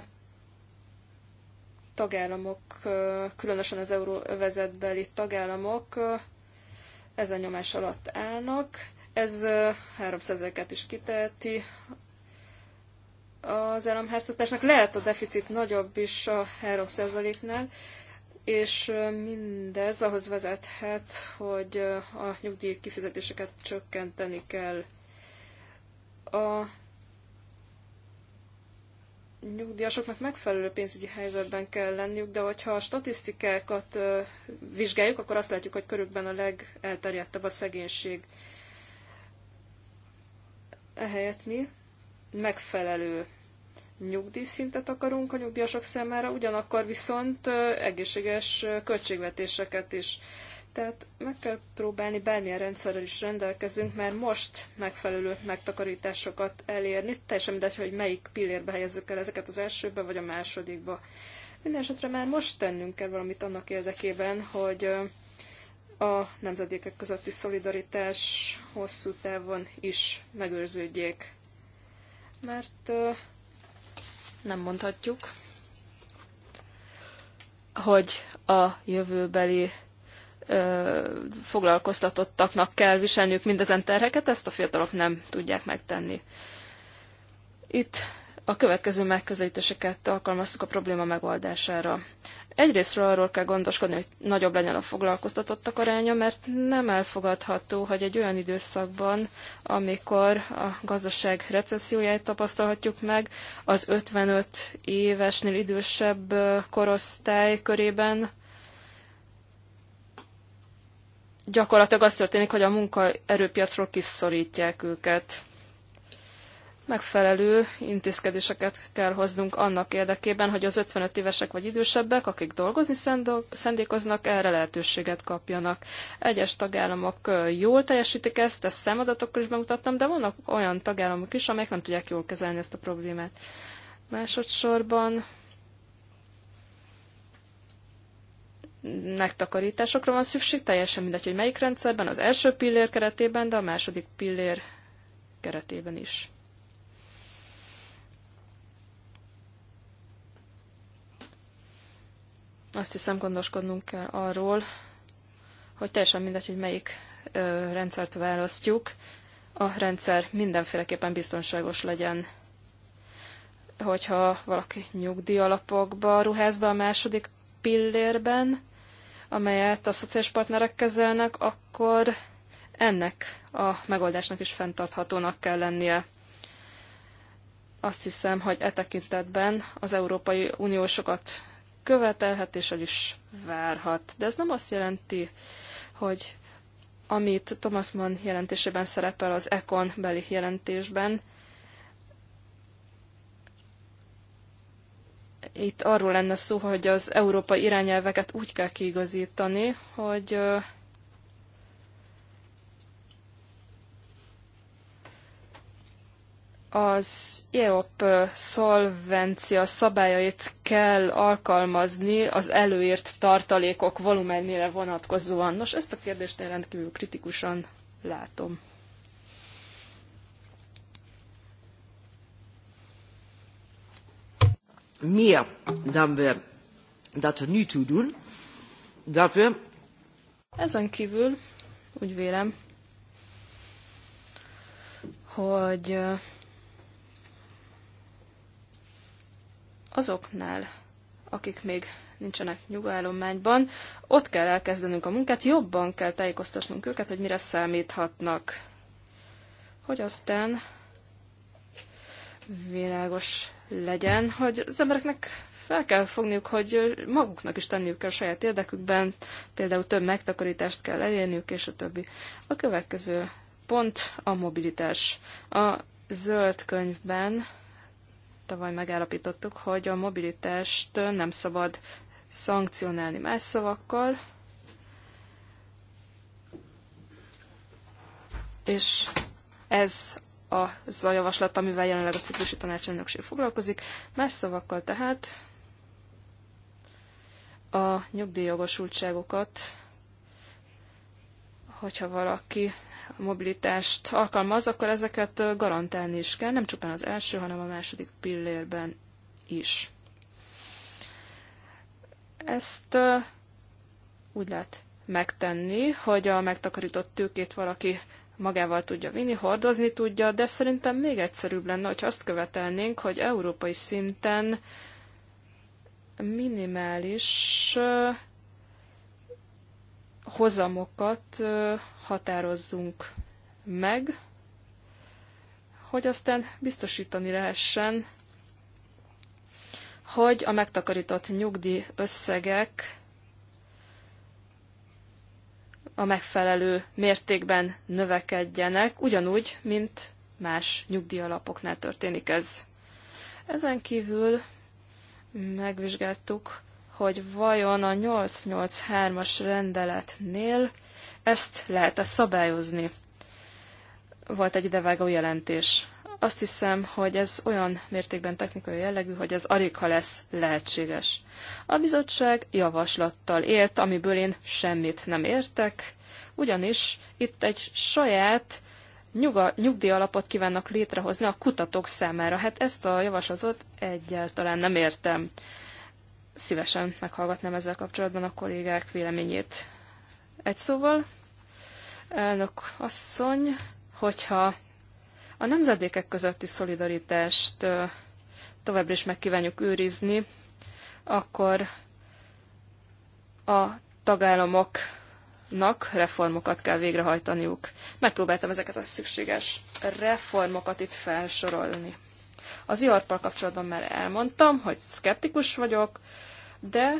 tagállamok, különösen az euróvezetbeli tagállamok ezen nyomás alatt állnak. Ez 300 ezeket is kiteheti az államháztatásnak. Lehet a deficit nagyobb is a 3%-nál, és mindez ahhoz vezethet, hogy a nyugdíj kifizetéseket csökkenteni kell. A nyugdíjasoknak megfelelő pénzügyi helyzetben kell lenniük, de hogyha a statisztikákat vizsgáljuk, akkor azt látjuk, hogy körükben a legelterjedtebb a szegénység. Ehelyett mi megfelelő nyugdíjszintet akarunk a nyugdíjasok számára, ugyanakkor viszont egészséges költségvetéseket is. Tehát meg kell próbálni bármilyen rendszerrel is rendelkezünk, mert most megfelelő megtakarításokat elérni, teljesen mindegy, hogy melyik pillérbe helyezzük el ezeket az elsőbe vagy a másodikba. Mindenesetre már most tennünk kell valamit annak érdekében, hogy a nemzedékek közötti szolidaritás hosszú távon is megőrződjék. Mert nem mondhatjuk, hogy a jövőbeli foglalkoztatottaknak kell viselniük mindezen terheket, ezt a fiatalok nem tudják megtenni. Itt a következő megközelítéseket alkalmaztuk a probléma megoldására. Egyrésztről arról kell gondoskodni, hogy nagyobb legyen a foglalkoztatottak aránya, mert nem elfogadható, hogy egy olyan időszakban, amikor a gazdaság recesszióját tapasztalhatjuk meg, az 55 évesnél idősebb korosztály körében gyakorlatilag az történik, hogy a munkaerőpiacról kiszorítják őket. Megfelelő intézkedéseket kell hoznunk annak érdekében, hogy az 55 évesek vagy idősebbek, akik dolgozni szendékoznak, erre lehetőséget kapjanak. Egyes tagállamok jól teljesítik ezt, ezt számadatokkal is bemutattam, de vannak olyan tagállamok is, amelyek nem tudják jól kezelni ezt a problémát. Másodszorban megtakarításokra van szükség, teljesen mindegy, hogy melyik rendszerben, az első pillér keretében, de a második pillér keretében is. Azt hiszem, gondoskodnunk kell arról, hogy teljesen mindegy, hogy melyik ö, rendszert választjuk, a rendszer mindenféleképpen biztonságos legyen hogyha valaki nyugdíjalapokba ruház be a második pillérben, amelyet a szociális partnerek kezelnek, akkor ennek a megoldásnak is fenntarthatónak kell lennie. Azt hiszem, hogy e tekintetben az Európai Unió sokat követelhet és el is várhat. De ez nem azt jelenti, hogy amit Thomas Mann jelentésében szerepel az Econ beli jelentésben, itt arról lenne szó, hogy az európai irányelveket úgy kell kiigazítani, hogy az EOP szolvencia szabályait kell alkalmazni az előírt tartalékok volumenére vonatkozóan. Nos, ezt a kérdést én rendkívül kritikusan látom. meer dan we dat er nu toe doen, dat we... Ezen kívül úgy vélem, hogy azoknál, akik még nincsenek nyugállományban, ott kell elkezdenünk a munkát, jobban kell tájékoztatnunk őket, hogy mire számíthatnak. Hogy aztán világos legyen, hogy az embereknek fel kell fogniuk, hogy maguknak is tenniük kell a saját érdekükben, például több megtakarítást kell elérniük, és a többi. A következő pont a mobilitás. A zöld könyvben tavaly megállapítottuk, hogy a mobilitást nem szabad szankcionálni más szavakkal, és ez az a javaslat, amivel jelenleg a ciprusi tanácselnökség foglalkozik. Más szavakkal tehát a nyugdíjjogosultságokat, hogyha valaki mobilitást alkalmaz, akkor ezeket garantálni is kell, nem csupán az első, hanem a második pillérben is. Ezt úgy lehet megtenni, hogy a megtakarított tőkét valaki magával tudja vinni, hordozni tudja, de szerintem még egyszerűbb lenne, hogy azt követelnénk, hogy európai szinten minimális hozamokat határozzunk meg, hogy aztán biztosítani lehessen, hogy a megtakarított nyugdíj összegek a megfelelő mértékben növekedjenek, ugyanúgy, mint más nyugdíjalapoknál történik ez. Ezen kívül megvizsgáltuk, hogy vajon a 883-as rendeletnél ezt lehet-e szabályozni. Volt egy idevágó jelentés azt hiszem, hogy ez olyan mértékben technikai jellegű, hogy ez alig ha lesz lehetséges. A bizottság javaslattal élt, amiből én semmit nem értek, ugyanis itt egy saját nyuga, nyugdíjalapot kívánnak létrehozni a kutatók számára. Hát ezt a javaslatot egyáltalán nem értem. Szívesen meghallgatnám ezzel kapcsolatban a kollégák véleményét. Egy szóval, elnök asszony, hogyha a nemzedékek közötti szolidaritást továbbra is meg őrizni, akkor a tagállamoknak reformokat kell végrehajtaniuk. Megpróbáltam ezeket a szükséges reformokat itt felsorolni. Az iarpal kapcsolatban már elmondtam, hogy szkeptikus vagyok, de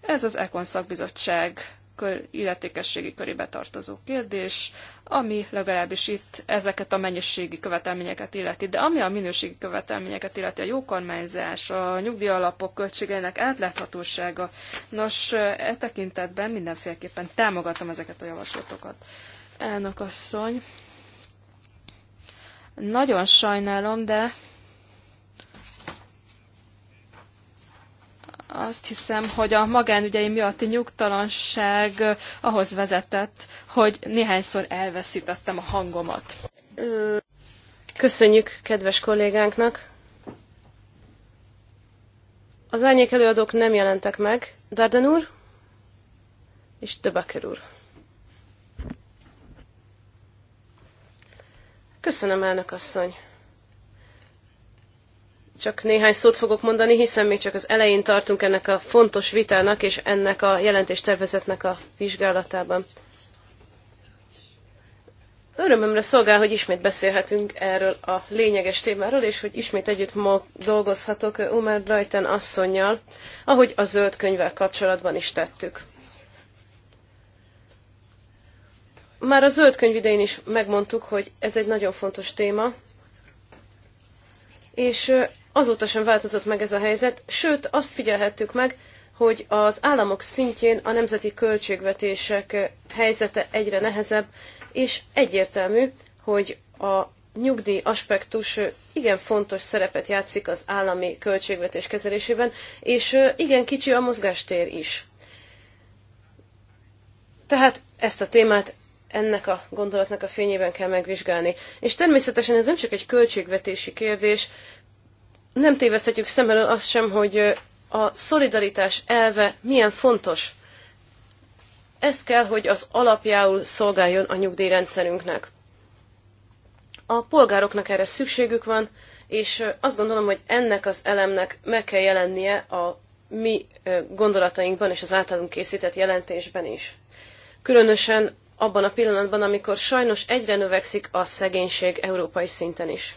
ez az Ekon szakbizottság kör, illetékességi körébe tartozó kérdés, ami legalábbis itt ezeket a mennyiségi követelményeket illeti. De ami a minőségi követelményeket illeti, a jókormányzás, a nyugdíjalapok költségeinek átláthatósága, nos, e tekintetben mindenféleképpen támogatom ezeket a javaslatokat. Elnök asszony, nagyon sajnálom, de azt hiszem, hogy a magánügyei miatti nyugtalanság ahhoz vezetett, hogy néhányszor elveszítettem a hangomat. Köszönjük kedves kollégánknak! Az árnyék előadók nem jelentek meg. Darden úr és Döbeker úr. Köszönöm, elnök asszony! Csak néhány szót fogok mondani, hiszen még csak az elején tartunk ennek a fontos vitának és ennek a jelentéstervezetnek a vizsgálatában. Örömömre szolgál, hogy ismét beszélhetünk erről a lényeges témáról, és hogy ismét együtt ma dolgozhatok Umar Rajten asszonynal, ahogy a zöld könyvvel kapcsolatban is tettük. Már a zöld könyv idején is megmondtuk, hogy ez egy nagyon fontos téma, és azóta sem változott meg ez a helyzet, sőt azt figyelhettük meg, hogy az államok szintjén a nemzeti költségvetések helyzete egyre nehezebb, és egyértelmű, hogy a nyugdíj aspektus igen fontos szerepet játszik az állami költségvetés kezelésében, és igen kicsi a mozgástér is. Tehát ezt a témát ennek a gondolatnak a fényében kell megvizsgálni. És természetesen ez nem csak egy költségvetési kérdés, nem téveszthetjük szem elől azt sem, hogy a szolidaritás elve milyen fontos. Ez kell, hogy az alapjául szolgáljon a nyugdíjrendszerünknek. A polgároknak erre szükségük van, és azt gondolom, hogy ennek az elemnek meg kell jelennie a mi gondolatainkban és az általunk készített jelentésben is. Különösen abban a pillanatban, amikor sajnos egyre növekszik a szegénység európai szinten is.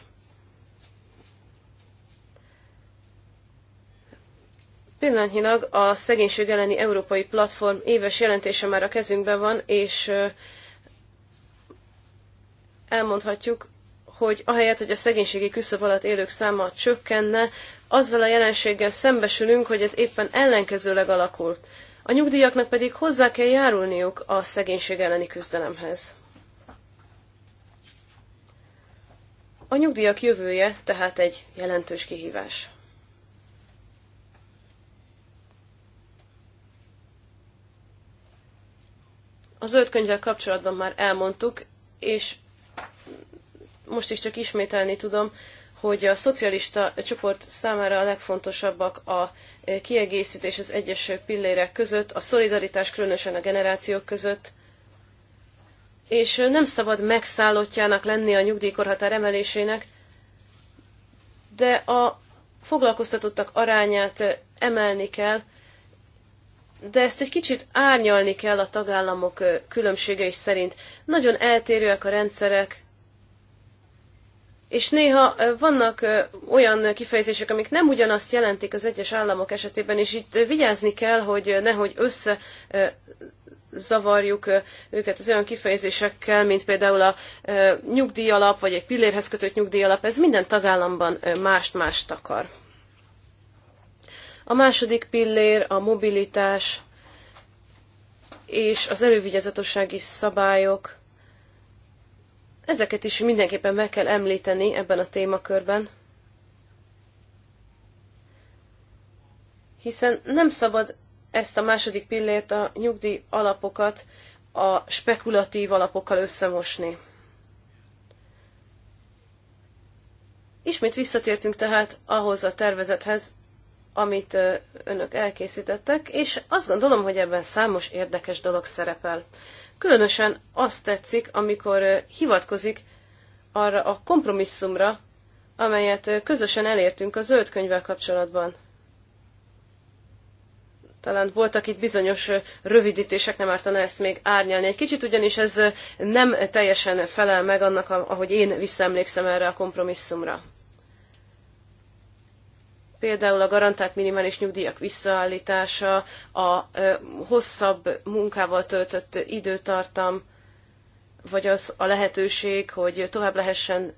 Pillanatnyilag a szegénység elleni európai platform éves jelentése már a kezünkben van, és elmondhatjuk, hogy ahelyett, hogy a szegénységi küszöb alatt élők száma csökkenne, azzal a jelenséggel szembesülünk, hogy ez éppen ellenkezőleg alakul. A nyugdíjaknak pedig hozzá kell járulniuk a szegénység elleni küzdelemhez. A nyugdíjak jövője tehát egy jelentős kihívás. A zöld könyvvel kapcsolatban már elmondtuk, és most is csak ismételni tudom, hogy a szocialista csoport számára a legfontosabbak a kiegészítés az egyes pillérek között, a szolidaritás különösen a generációk között, és nem szabad megszállottjának lenni a nyugdíjkorhatár emelésének, de a foglalkoztatottak arányát emelni kell, de ezt egy kicsit árnyalni kell a tagállamok különbségei szerint. Nagyon eltérőek a rendszerek, és néha vannak olyan kifejezések, amik nem ugyanazt jelentik az egyes államok esetében, és itt vigyázni kell, hogy nehogy össze zavarjuk őket az olyan kifejezésekkel, mint például a nyugdíjalap, vagy egy pillérhez kötött nyugdíjalap, ez minden tagállamban mást-mást akar. A második pillér a mobilitás és az elővigyázatossági szabályok. Ezeket is mindenképpen meg kell említeni ebben a témakörben. Hiszen nem szabad ezt a második pillért, a nyugdíj alapokat a spekulatív alapokkal összemosni. Ismét visszatértünk tehát ahhoz a tervezethez, amit önök elkészítettek, és azt gondolom, hogy ebben számos érdekes dolog szerepel. Különösen azt tetszik, amikor hivatkozik arra a kompromisszumra, amelyet közösen elértünk a zöld könyvvel kapcsolatban. Talán voltak itt bizonyos rövidítések, nem ártana ezt még árnyalni egy kicsit, ugyanis ez nem teljesen felel meg annak, ahogy én visszaemlékszem erre a kompromisszumra például a garantált minimális nyugdíjak visszaállítása, a hosszabb munkával töltött időtartam, vagy az a lehetőség, hogy tovább lehessen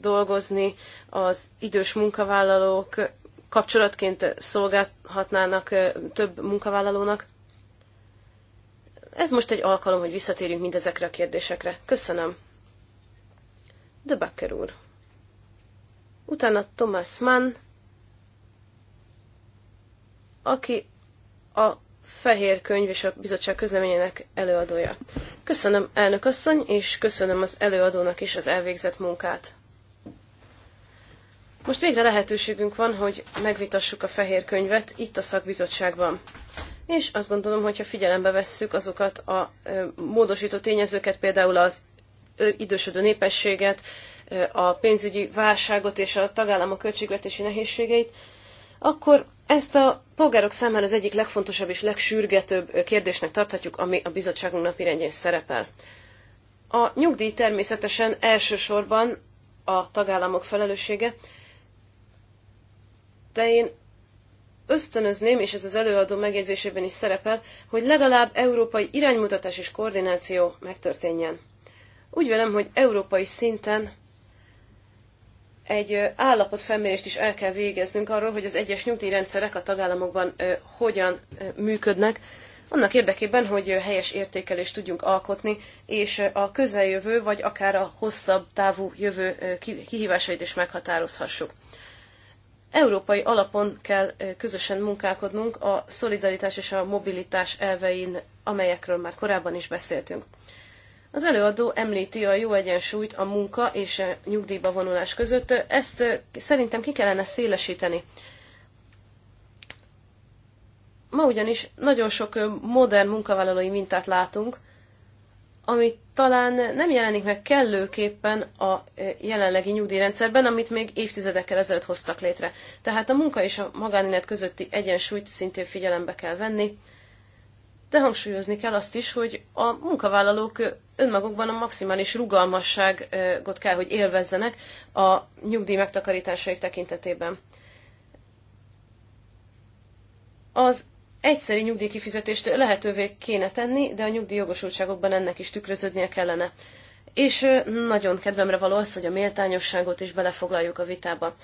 dolgozni, az idős munkavállalók kapcsolatként szolgálhatnának több munkavállalónak. Ez most egy alkalom, hogy visszatérjünk mindezekre a kérdésekre. Köszönöm. De Becker úr. Utána Thomas Mann, aki a Fehér Könyv és a Bizottság közleményének előadója. Köszönöm elnök asszony, és köszönöm az előadónak is az elvégzett munkát. Most végre lehetőségünk van, hogy megvitassuk a fehér könyvet itt a szakbizottságban. És azt gondolom, hogyha figyelembe vesszük azokat a módosító tényezőket, például az idősödő népességet, a pénzügyi válságot és a tagállamok költségvetési nehézségeit, akkor ezt a polgárok számára az egyik legfontosabb és legsürgetőbb kérdésnek tarthatjuk, ami a bizottságunk napirendjén szerepel. A nyugdíj természetesen elsősorban a tagállamok felelőssége, de én ösztönözném, és ez az előadó megjegyzésében is szerepel, hogy legalább európai iránymutatás és koordináció megtörténjen. Úgy velem, hogy európai szinten egy állapotfelmérést is el kell végeznünk arról, hogy az egyes nyugdíjrendszerek a tagállamokban hogyan működnek, annak érdekében, hogy helyes értékelést tudjunk alkotni, és a közeljövő, vagy akár a hosszabb távú jövő kihívásait is meghatározhassuk. Európai alapon kell közösen munkálkodnunk a szolidaritás és a mobilitás elvein, amelyekről már korábban is beszéltünk. Az előadó említi a jó egyensúlyt a munka és a nyugdíjba vonulás között. Ezt szerintem ki kellene szélesíteni. Ma ugyanis nagyon sok modern munkavállalói mintát látunk, ami talán nem jelenik meg kellőképpen a jelenlegi nyugdíjrendszerben, amit még évtizedekkel ezelőtt hoztak létre. Tehát a munka és a magánélet közötti egyensúlyt szintén figyelembe kell venni, de hangsúlyozni kell azt is, hogy a munkavállalók önmagukban a maximális rugalmasságot kell, hogy élvezzenek a nyugdíj megtakarításaik tekintetében. Az egyszeri nyugdíjkifizetést lehetővé kéne tenni, de a nyugdíjjogosultságokban ennek is tükröződnie kellene. És nagyon kedvemre való az, hogy a méltányosságot is belefoglaljuk a vitába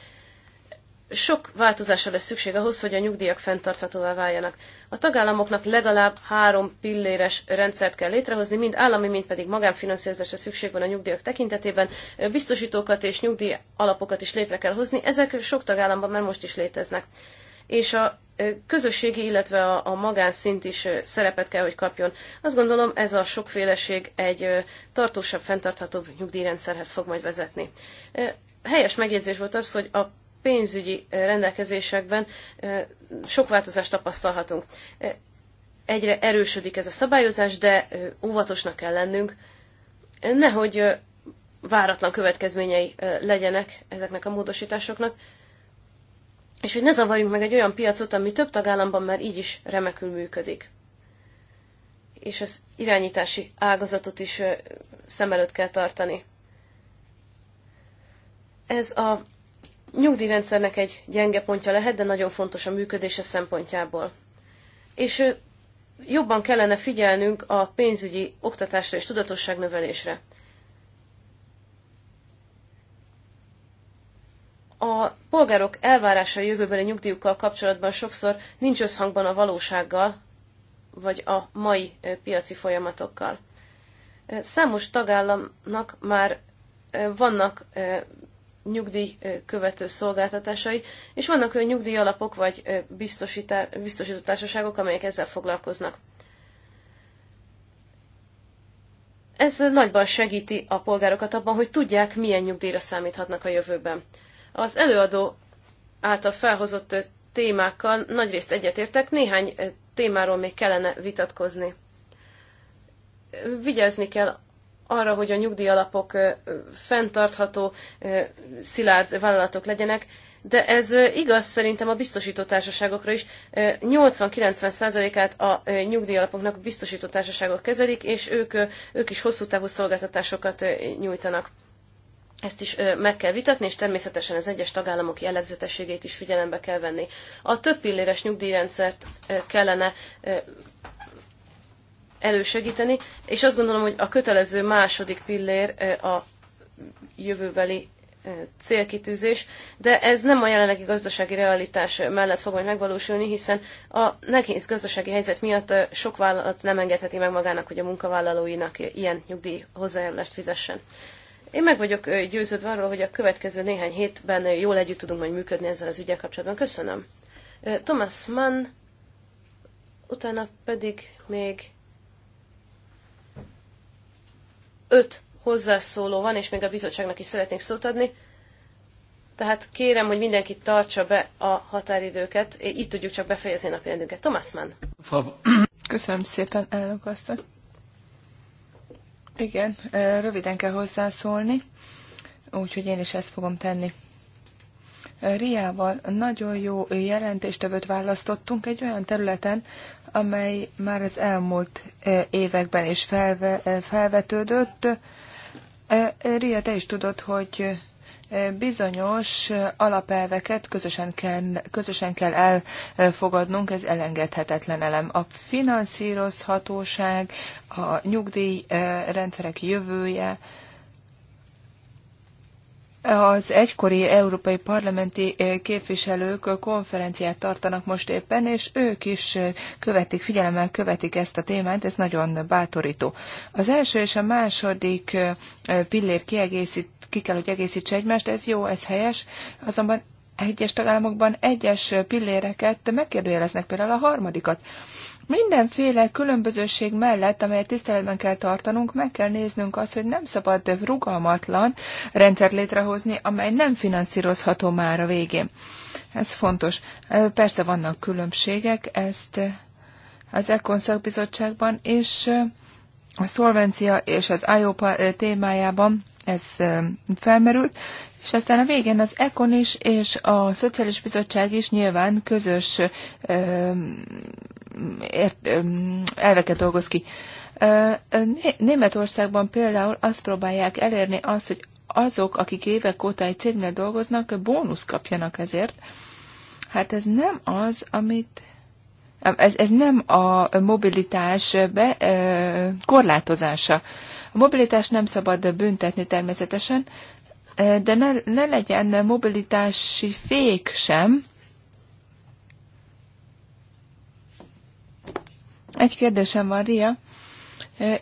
sok változásra lesz szükség ahhoz, hogy a nyugdíjak fenntarthatóvá váljanak. A tagállamoknak legalább három pilléres rendszert kell létrehozni, mind állami, mind pedig magánfinanszírozásra szükség van a nyugdíjak tekintetében. Biztosítókat és nyugdíj alapokat is létre kell hozni, ezek sok tagállamban már most is léteznek. És a közösségi, illetve a, a magánszint is szerepet kell, hogy kapjon. Azt gondolom, ez a sokféleség egy tartósabb, fenntarthatóbb nyugdíjrendszerhez fog majd vezetni helyes megjegyzés volt az, hogy a pénzügyi rendelkezésekben sok változást tapasztalhatunk. Egyre erősödik ez a szabályozás, de óvatosnak kell lennünk, nehogy váratlan következményei legyenek ezeknek a módosításoknak, és hogy ne zavarjunk meg egy olyan piacot, ami több tagállamban már így is remekül működik. És az irányítási ágazatot is szem előtt kell tartani. Ez a nyugdíjrendszernek egy gyenge pontja lehet, de nagyon fontos a működése szempontjából. És jobban kellene figyelnünk a pénzügyi oktatásra és tudatosságnövelésre. A polgárok elvárása a jövőbeli nyugdíjukkal kapcsolatban sokszor nincs összhangban a valósággal, vagy a mai piaci folyamatokkal. Számos tagállamnak már vannak nyugdíj követő szolgáltatásai, és vannak olyan nyugdíj alapok vagy biztosító társaságok, amelyek ezzel foglalkoznak. Ez nagyban segíti a polgárokat abban, hogy tudják, milyen nyugdíjra számíthatnak a jövőben. Az előadó által felhozott témákkal nagyrészt egyetértek, néhány témáról még kellene vitatkozni. Vigyázni kell arra, hogy a nyugdíjalapok fenntartható, szilárd vállalatok legyenek, de ez igaz szerintem a biztosító társaságokra is. 80-90%-át a nyugdíjalapoknak biztosító társaságok kezelik, és ők, ők is hosszú távú szolgáltatásokat nyújtanak. Ezt is meg kell vitatni, és természetesen az egyes tagállamok jellegzetességét is figyelembe kell venni. A több pilléres nyugdíjrendszert kellene elősegíteni, és azt gondolom, hogy a kötelező második pillér a jövőbeli célkitűzés, de ez nem a jelenlegi gazdasági realitás mellett fog majd megvalósulni, hiszen a nehéz gazdasági helyzet miatt sok vállalat nem engedheti meg magának, hogy a munkavállalóinak ilyen nyugdíj hozzájárulást fizessen. Én meg vagyok győződve arról, hogy a következő néhány hétben jól együtt tudunk majd működni ezzel az ügyel kapcsolatban. Köszönöm. Thomas Mann, utána pedig még öt hozzászóló van, és még a bizottságnak is szeretnék szót adni. Tehát kérem, hogy mindenki tartsa be a határidőket, így tudjuk csak befejezni a napirendünket. Thomas Mann. Köszönöm szépen, elnök asszony. Igen, röviden kell hozzászólni, úgyhogy én is ezt fogom tenni. Riával nagyon jó jelentéstevőt választottunk egy olyan területen, amely már az elmúlt eh, években is felve, eh, felvetődött. Eh, Ria, te is tudod, hogy bizonyos alapelveket közösen kell, közösen kell elfogadnunk, ez elengedhetetlen elem. A finanszírozhatóság, a nyugdíjrendszerek jövője, az egykori európai parlamenti eh, képviselők konferenciát tartanak most éppen, és ők is eh, követik, figyelemmel követik ezt a témát, ez nagyon bátorító. Az első és a második eh, pillér kiegészít, ki kell, hogy egészítse egymást, ez jó, ez helyes, azonban egyes tagállamokban egyes pilléreket megkérdőjeleznek például a harmadikat. Mindenféle különbözőség mellett, amelyet tiszteletben kell tartanunk, meg kell néznünk azt, hogy nem szabad rugalmatlan rendszer létrehozni, amely nem finanszírozható már a végén. Ez fontos. Persze vannak különbségek, ezt az Ekon szakbizottságban, és a szolvencia és az IOPA témájában ez felmerült, és aztán a végén az ECON is és a Szociális Bizottság is nyilván közös elveket dolgoz ki. Németországban például azt próbálják elérni azt, hogy azok, akik évek óta egy cégnél dolgoznak, bónusz kapjanak ezért. Hát ez nem az, amit ez, ez nem a mobilitás be, korlátozása. A mobilitás nem szabad büntetni természetesen, de ne, ne legyen mobilitási fék sem, Egy kérdésem van, Ria.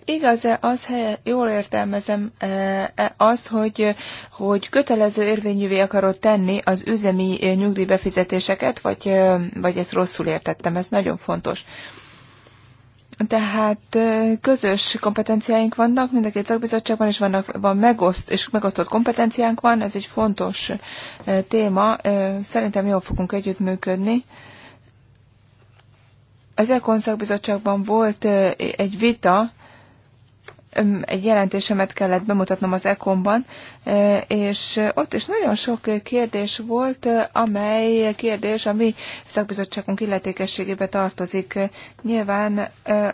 Igaz-e az, jól értelmezem -e azt, hogy, hogy kötelező érvényűvé akarod tenni az üzemi nyugdíjbefizetéseket, vagy, vagy ezt rosszul értettem? Ez nagyon fontos. Tehát közös kompetenciáink vannak, mind a két szakbizottságban is vannak, van megoszt, és megosztott kompetenciánk van, ez egy fontos téma. Szerintem jól fogunk együttműködni. Az Ekon volt egy vita, egy jelentésemet kellett bemutatnom az Ekonban, és ott is nagyon sok kérdés volt, amely kérdés a mi szakbizottságunk illetékességébe tartozik. Nyilván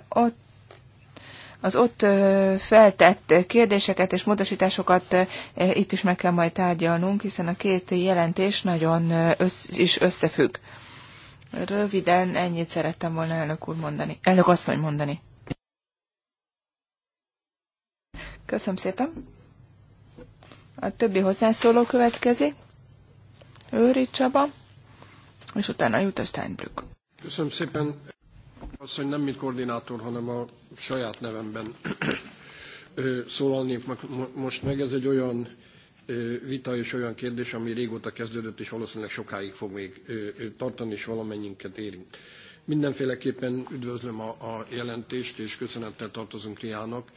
ott az ott feltett kérdéseket és módosításokat itt is meg kell majd tárgyalnunk, hiszen a két jelentés nagyon össz, is összefügg. Röviden ennyit szerettem volna elnök úr mondani. Elnök asszony mondani. Köszönöm szépen. A többi hozzászóló következik. Őri Csaba, és utána jut a Steinbrück. Köszönöm szépen. Azt, hogy nem mint koordinátor, hanem a saját nevemben szólalnék most meg. Ez egy olyan vita és olyan kérdés, ami régóta kezdődött, és valószínűleg sokáig fog még tartani, és valamennyinket érint. Mindenféleképpen üdvözlöm a, a jelentést, és köszönettel tartozunk Liának.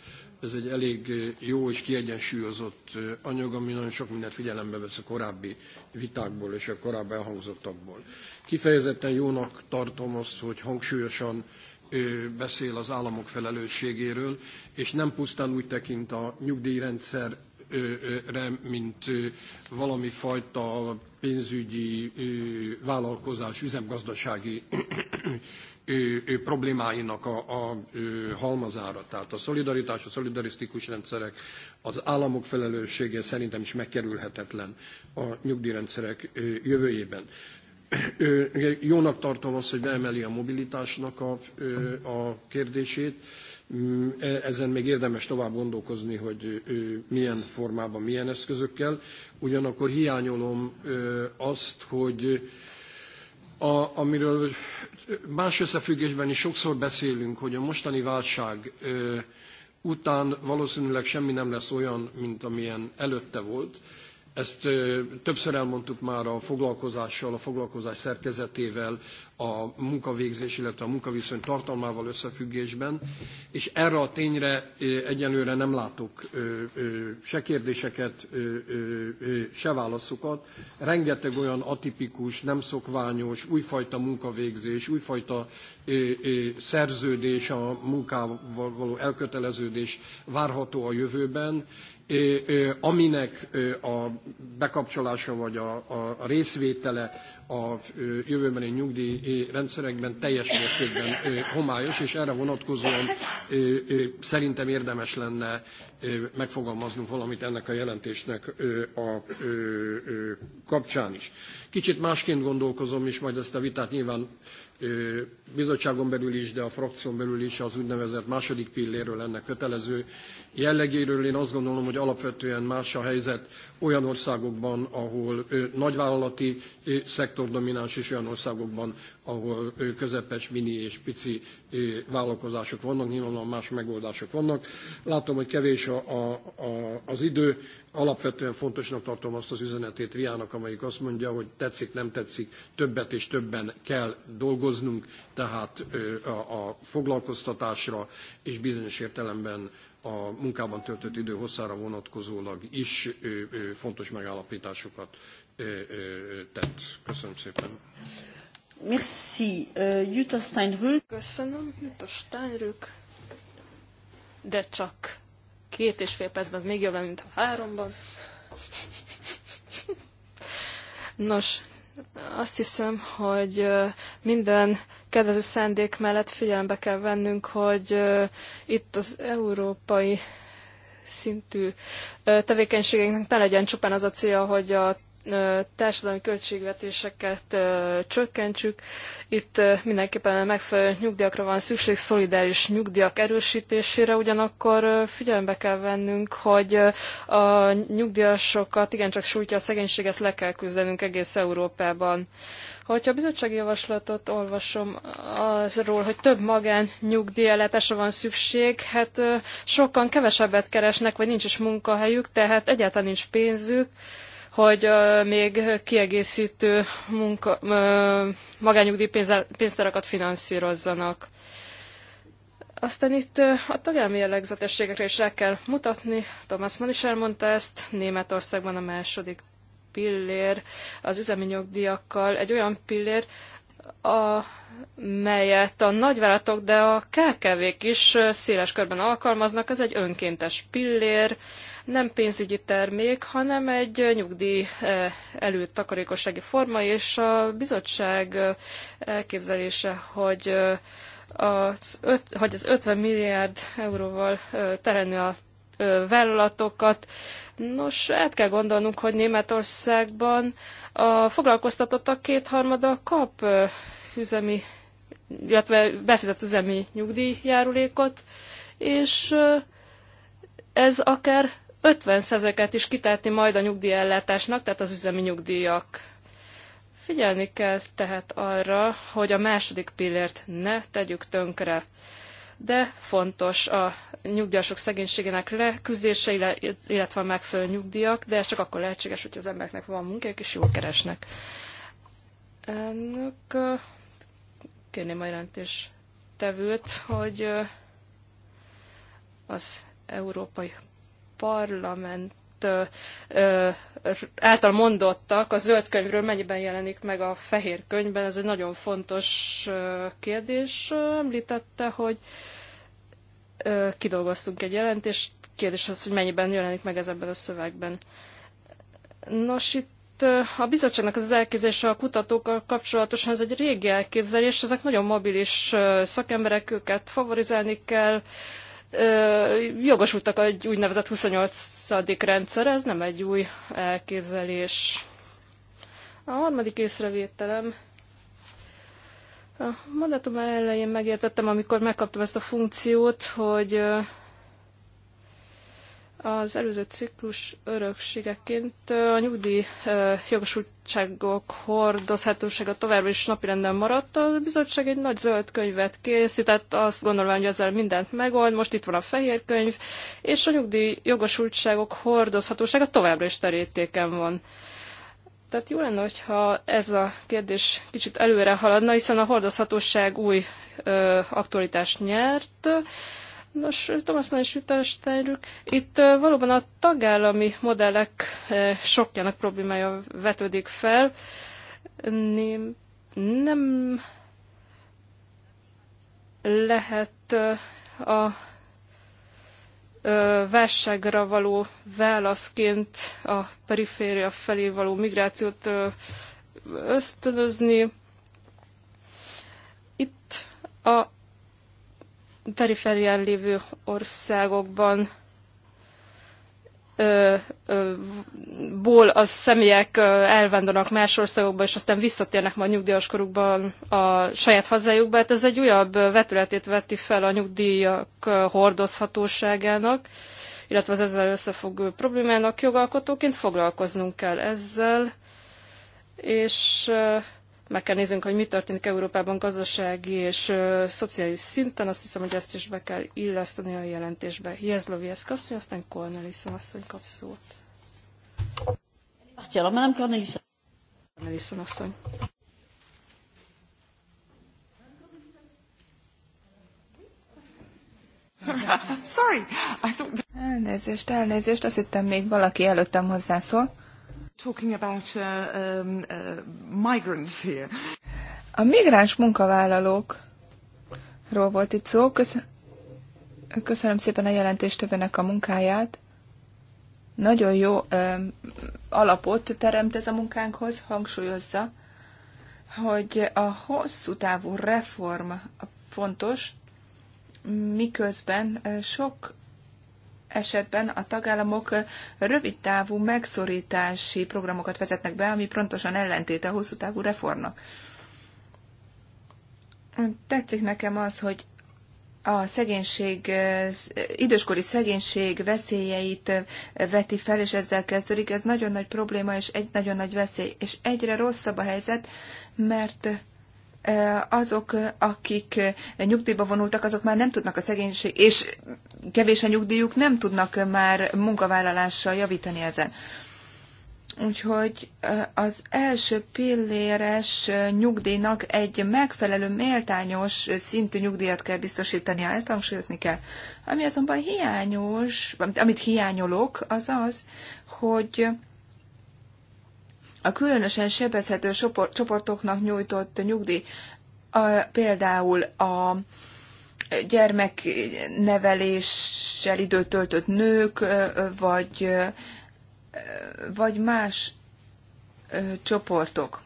Ez egy elég jó és kiegyensúlyozott anyag, ami nagyon sok mindent figyelembe vesz a korábbi vitákból és a korábbi elhangzottakból. Kifejezetten jónak tartom azt, hogy hangsúlyosan beszél az államok felelősségéről, és nem pusztán úgy tekint a nyugdíjrendszer mint valami fajta pénzügyi vállalkozás üzemgazdasági problémáinak a, a halmazára. Tehát a szolidaritás, a szolidarisztikus rendszerek, az államok felelőssége szerintem is megkerülhetetlen a nyugdíjrendszerek jövőjében. Jónak tartom azt, hogy beemeli a mobilitásnak a, a kérdését Hm, e- ezen még érdemes tovább gondolkozni, hogy milyen formában, milyen eszközökkel. Ugyanakkor hiányolom azt, hogy a, amiről más összefüggésben is sokszor beszélünk, hogy a mostani válság után valószínűleg semmi nem lesz olyan, mint amilyen előtte volt ezt többször elmondtuk már a foglalkozással, a foglalkozás szerkezetével, a munkavégzés, illetve a munkaviszony tartalmával összefüggésben, és erre a tényre egyelőre nem látok se kérdéseket, se válaszokat. Rengeteg olyan atipikus, nem szokványos, újfajta munkavégzés, újfajta szerződés, a munkával való elköteleződés várható a jövőben, aminek a bekapcsolása vagy a, a részvétele a jövőbeni nyugdíjrendszerekben teljes mértékben homályos, és erre vonatkozóan szerintem érdemes lenne megfogalmaznunk valamit ennek a jelentésnek a kapcsán is. Kicsit másként gondolkozom, és majd ezt a vitát nyilván bizottságon belül is, de a frakción belül is az úgynevezett második pilléről, ennek kötelező jellegéről. Én azt gondolom, hogy alapvetően más a helyzet olyan országokban, ahol nagyvállalati szektordomináns, és olyan országokban, ahol közepes, mini és pici vállalkozások vannak, nyilvánvalóan más megoldások vannak. Látom, hogy kevés a, a, a, az idő, Alapvetően fontosnak tartom azt az üzenetét Riának, amelyik azt mondja, hogy tetszik, nem tetszik, többet és többen kell dolgoznunk, tehát a foglalkoztatásra és bizonyos értelemben a munkában töltött idő hosszára vonatkozólag is fontos megállapításokat tett. Köszönöm szépen. Merci. Jutta Steinrück. Köszönöm, Jutta Steinrück. De csak két és fél percben az még jobb, mint a háromban. Nos, azt hiszem, hogy minden kedvező szándék mellett figyelembe kell vennünk, hogy itt az európai szintű tevékenységeknek ne legyen csupán az a célja, hogy a társadalmi költségvetéseket csökkentsük. Itt mindenképpen megfelelő nyugdíjakra van szükség, szolidáris nyugdíjak erősítésére, ugyanakkor figyelembe kell vennünk, hogy a nyugdíjasokat igencsak sújtja a szegénység, ezt le kell küzdenünk egész Európában. Hogyha a bizottsági javaslatot olvasom arról, hogy több magán nyugdíjellátásra van szükség, hát sokan kevesebbet keresnek, vagy nincs is munkahelyük, tehát egyáltalán nincs pénzük, hogy még kiegészítő munka, magányugdíjpénztárakat finanszírozzanak. Aztán itt a tagállami jellegzetességekre is el kell mutatni. Thomas Mann is elmondta ezt, Németországban a második pillér az üzemi nyugdíjakkal egy olyan pillér, a, melyet a nagyvállalatok, de a KKV-k is széles körben alkalmaznak. Ez egy önkéntes pillér, nem pénzügyi termék, hanem egy eh, nyugdíj eh, előtt takarékossági forma, és a bizottság eh, elképzelése, hogy az öt, hogy az 50 milliárd euróval terelni a vállalatokat. Nos, át kell gondolnunk, hogy Németországban a foglalkoztatottak kétharmada kap üzemi, illetve befizet üzemi nyugdíjjárulékot, és ez akár 50%-át is kitárni majd a nyugdíjellátásnak, tehát az üzemi nyugdíjak. Figyelni kell tehát arra, hogy a második pillért ne tegyük tönkre. De fontos a nyugdíjasok szegénységének leküzdése, illetve a megfelelő nyugdíjak, de ez csak akkor lehetséges, hogy az embereknek van munkájuk és jól keresnek. Ennek kérném a jelentéstevőt, hogy az Európai Parlament által mondottak, a zöld könyvről mennyiben jelenik meg a fehér könyvben, ez egy nagyon fontos kérdés. Említette, hogy kidolgoztunk egy jelentést, kérdés az, hogy mennyiben jelenik meg ez ebben a szövegben. Nos, itt a bizottságnak az elképzelése a kutatókkal kapcsolatosan, ez egy régi elképzelés, ezek nagyon mobilis szakemberek, őket favorizálni kell, jogosultak egy úgynevezett 28. rendszer, ez nem egy új elképzelés. A harmadik észrevételem. A mandátum elején megértettem, amikor megkaptam ezt a funkciót, hogy az előző ciklus örökségeként a nyugdíj jogosultságok hordozhatósága továbbra is napirenden maradt. A bizottság egy nagy zöld könyvet készített, azt gondolom, hogy ezzel mindent megold. Most itt van a fehér könyv, és a nyugdíj jogosultságok hordozhatósága továbbra is terítéken van. Tehát jó lenne, hogyha ez a kérdés kicsit előre haladna, hiszen a hordozhatóság új ö, aktualitást nyert. Ö, Nos, Thomas Mann és Jutta Steinrück, itt valóban a tagállami modellek sokjának problémája vetődik fel. Nem, nem lehet a válságra való válaszként a periféria felé való migrációt ösztönözni. Itt a periférián lévő országokban ö, ö, ból a személyek elvándornak más országokba, és aztán visszatérnek majd nyugdíjas korukban a saját hazájukba. Hát ez egy újabb vetületét veti fel a nyugdíjak hordozhatóságának, illetve az ezzel összefüggő problémának jogalkotóként foglalkoznunk kell ezzel, és meg kell néznünk, hogy mi történik Európában gazdasági és ö, szociális szinten. Azt hiszem, hogy ezt is be kell illeszteni a jelentésbe. ezt kasszony, aztán Cornelissen asszony kap szót. Cornelissen asszony. Sorry, I don't... Elnézést, elnézést, azt hittem még valaki előttem hozzászól talking about uh, um, uh, migrants here. A migráns munkavállalókról volt itt szó. Köszönöm szépen a jelentéstevőnek a munkáját. Nagyon jó um, alapot teremt ez a munkánkhoz, hangsúlyozza, hogy a hosszú távú reform fontos, miközben uh, sok esetben a tagállamok rövid távú megszorítási programokat vezetnek be, ami pontosan ellentéte a hosszú távú reformnak. Tetszik nekem az, hogy a szegénység, időskori szegénység veszélyeit veti fel, és ezzel kezdődik. Ez nagyon nagy probléma, és egy nagyon nagy veszély. És egyre rosszabb a helyzet, mert azok, akik nyugdíjba vonultak, azok már nem tudnak a szegénység, és kevés a nyugdíjuk, nem tudnak már munkavállalással javítani ezen. Úgyhogy az első pilléres nyugdíjnak egy megfelelő méltányos szintű nyugdíjat kell biztosítania, ezt hangsúlyozni kell. Ami azonban hiányos, amit hiányolok, az az, hogy a különösen sebezhető csoportoknak nyújtott nyugdíj, a, például a gyermekneveléssel időt töltött nők, vagy, vagy más csoportok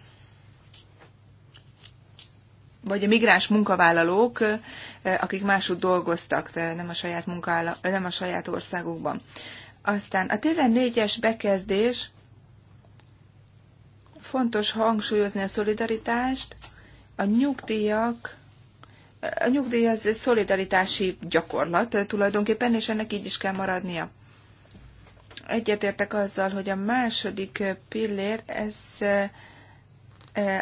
vagy a migráns munkavállalók, akik máshogy dolgoztak, de nem a saját, munkála, nem a saját országukban. Aztán a 14-es bekezdés Fontos hangsúlyozni a szolidaritást, a nyugdíjak, a nyugdíj az szolidaritási gyakorlat tulajdonképpen, és ennek így is kell maradnia. Egyetértek azzal, hogy a második pillér, ez eh,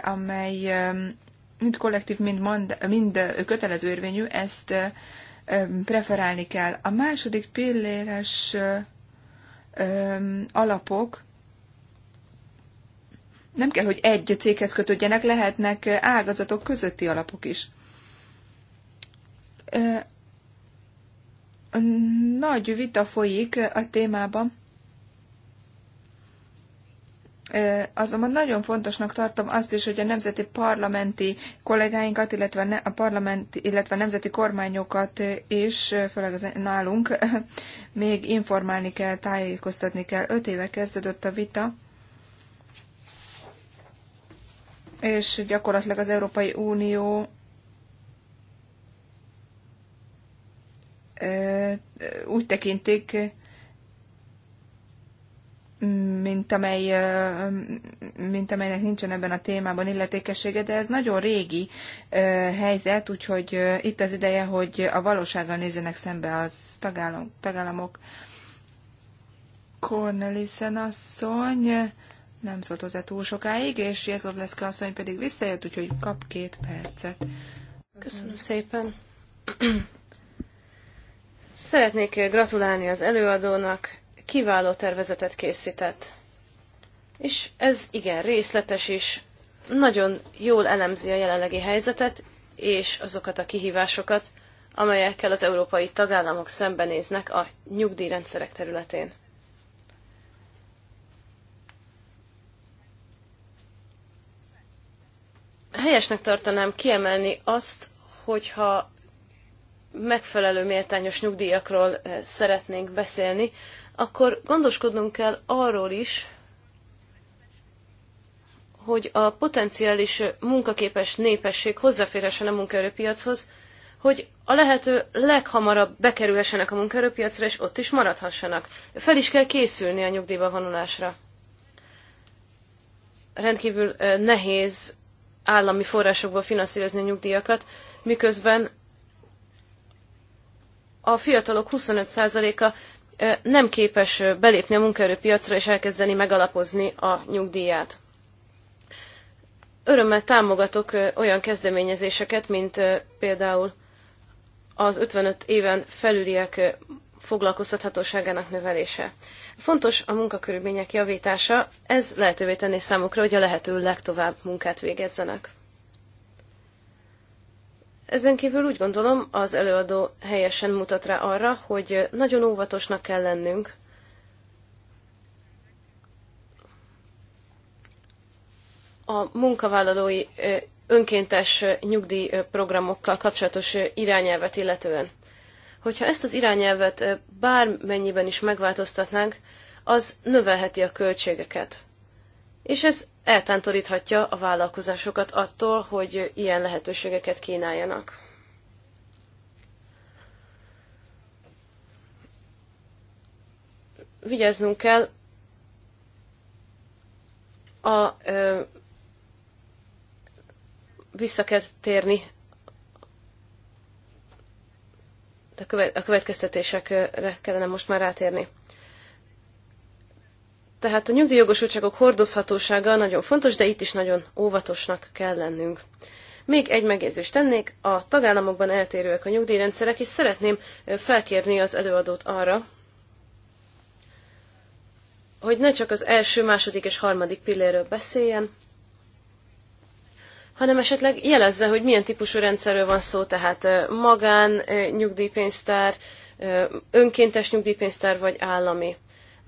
amely eh, mind kollektív, mind, mond, mind kötelező érvényű, ezt eh, preferálni kell. A második pilléres alapok nem kell, hogy egy céghez kötődjenek, lehetnek ágazatok közötti alapok is. Nagy vita folyik a témában. Azonban nagyon fontosnak tartom azt is, hogy a nemzeti parlamenti kollégáinkat, illetve a parlament, illetve a nemzeti kormányokat is, főleg az nálunk, még informálni kell, tájékoztatni kell. Öt éve kezdődött a vita és gyakorlatilag az Európai Unió úgy tekintik, mint, amely, mint amelynek nincsen ebben a témában illetékessége, de ez nagyon régi helyzet, úgyhogy itt az ideje, hogy a valósággal nézzenek szembe az tagállamok. Cornelissen asszony, nem szólt hozzá túl sokáig, és Jezlov lesz asszony pedig visszajött, úgyhogy kap két percet. Köszönöm szépen. Szeretnék gratulálni az előadónak, kiváló tervezetet készített. És ez igen részletes is, nagyon jól elemzi a jelenlegi helyzetet és azokat a kihívásokat, amelyekkel az európai tagállamok szembenéznek a nyugdíjrendszerek területén. helyesnek tartanám kiemelni azt, hogyha megfelelő méltányos nyugdíjakról eh, szeretnénk beszélni, akkor gondoskodnunk kell arról is, hogy a potenciális munkaképes népesség hozzáférhessen a munkaerőpiachoz, hogy a lehető leghamarabb bekerülhessenek a munkaerőpiacra, és ott is maradhassanak. Fel is kell készülni a nyugdíjba vonulásra. Rendkívül eh, nehéz állami forrásokból finanszírozni a nyugdíjakat, miközben a fiatalok 25%-a nem képes belépni a munkaerőpiacra és elkezdeni megalapozni a nyugdíját. Örömmel támogatok olyan kezdeményezéseket, mint például az 55 éven felüliek foglalkoztathatóságának növelése. Fontos a munkakörülmények javítása, ez lehetővé tenné számukra, hogy a lehető legtovább munkát végezzenek. Ezen kívül úgy gondolom, az előadó helyesen mutat rá arra, hogy nagyon óvatosnak kell lennünk, a munkavállalói önkéntes nyugdíjprogramokkal kapcsolatos irányelvet illetően. Hogyha ezt az irányelvet bármennyiben is megváltoztatnánk, az növelheti a költségeket. És ez eltántoríthatja a vállalkozásokat attól, hogy ilyen lehetőségeket kínáljanak. Vigyáznunk kell a ö, vissza kell térni a következtetésekre kellene most már rátérni. Tehát a nyugdíjjogosultságok hordozhatósága nagyon fontos, de itt is nagyon óvatosnak kell lennünk. Még egy megjegyzést tennék, a tagállamokban eltérőek a nyugdíjrendszerek, és szeretném felkérni az előadót arra, hogy ne csak az első, második és harmadik pilléről beszéljen, hanem esetleg jelezze, hogy milyen típusú rendszerről van szó, tehát magán nyugdíjpénztár, önkéntes nyugdíjpénztár vagy állami.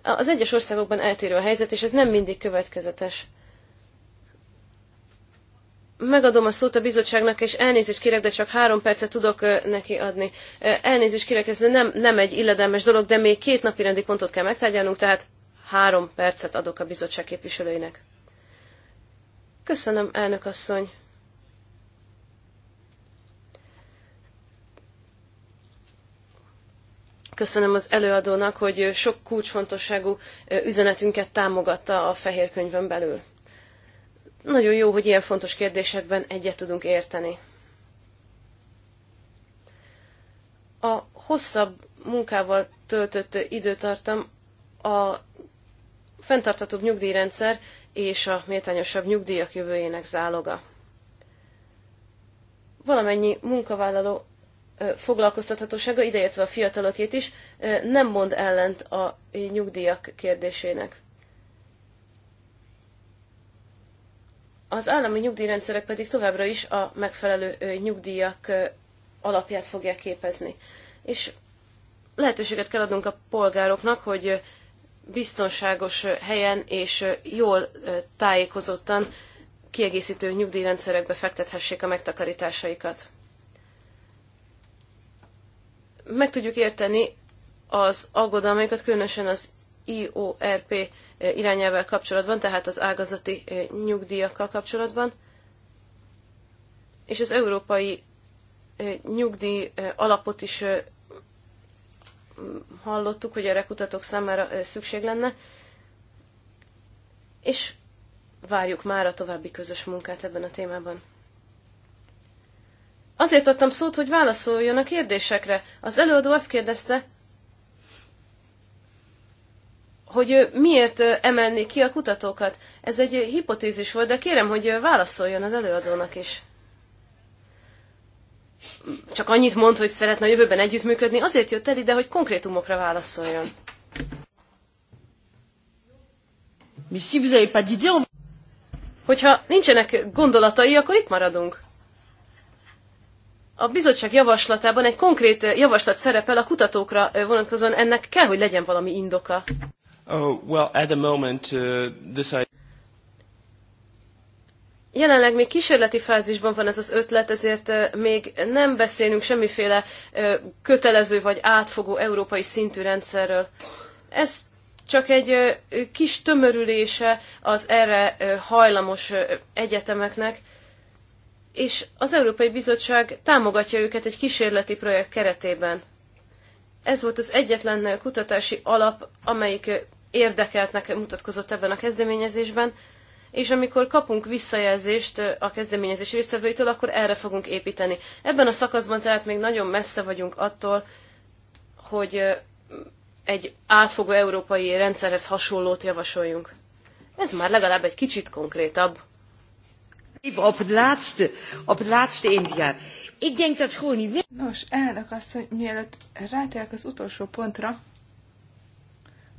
Az egyes országokban eltérő a helyzet, és ez nem mindig következetes. Megadom a szót a bizottságnak, és elnézést kérek, de csak három percet tudok neki adni. Elnézést kérek, ez nem, nem egy illedelmes dolog, de még két napi rendi pontot kell megtárgyalnunk, tehát három percet adok a bizottság képviselőinek. Köszönöm, elnök asszony. Köszönöm az előadónak, hogy sok kulcsfontosságú üzenetünket támogatta a fehér könyvön belül. Nagyon jó, hogy ilyen fontos kérdésekben egyet tudunk érteni. A hosszabb munkával töltött időtartam a fenntartatóbb nyugdíjrendszer és a méltányosabb nyugdíjak jövőjének záloga. Valamennyi munkavállaló foglalkoztathatósága, ideértve a fiatalokét is, nem mond ellent a nyugdíjak kérdésének. Az állami nyugdíjrendszerek pedig továbbra is a megfelelő nyugdíjak alapját fogják képezni. És lehetőséget kell adnunk a polgároknak, hogy biztonságos helyen és jól tájékozottan kiegészítő nyugdíjrendszerekbe fektethessék a megtakarításaikat meg tudjuk érteni az aggodalmaikat, különösen az IORP eh, irányával kapcsolatban, tehát az ágazati eh, nyugdíjakkal kapcsolatban. És az európai eh, nyugdíj alapot is hallottuk, hogy erre kutatók számára szükség lenne, és várjuk már a további közös munkát ebben a témában. Azért adtam szót, hogy válaszoljon a kérdésekre. Az előadó azt kérdezte, hogy miért emelni ki a kutatókat. Ez egy hipotézis volt, de kérem, hogy válaszoljon az előadónak is. Csak annyit mond, hogy szeretne a jövőben együttműködni, azért jött el ide, hogy konkrétumokra válaszoljon. Hogyha nincsenek gondolatai, akkor itt maradunk a bizottság javaslatában egy konkrét javaslat szerepel a kutatókra vonatkozóan, ennek kell, hogy legyen valami indoka. Oh, well, at the moment, uh, this I... Jelenleg még kísérleti fázisban van ez az ötlet, ezért uh, még nem beszélünk semmiféle uh, kötelező vagy átfogó európai szintű rendszerről. Ez csak egy uh, kis tömörülése az erre hajlamos egyetemeknek, és az Európai Bizottság támogatja őket egy kísérleti projekt keretében. Ez volt az egyetlen kutatási alap, amelyik érdekeltnek mutatkozott ebben a kezdeményezésben, és amikor kapunk visszajelzést a kezdeményezés résztvevőitől, akkor erre fogunk építeni. Ebben a szakaszban tehát még nagyon messze vagyunk attól, hogy egy átfogó európai rendszerhez hasonlót javasoljunk. Ez már legalább egy kicsit konkrétabb. Even op het laatste, op het laatste ingaan. Ik denk dat gewoon niet... Nos, elnök asszony, mielőtt rátérek az utolsó pontra,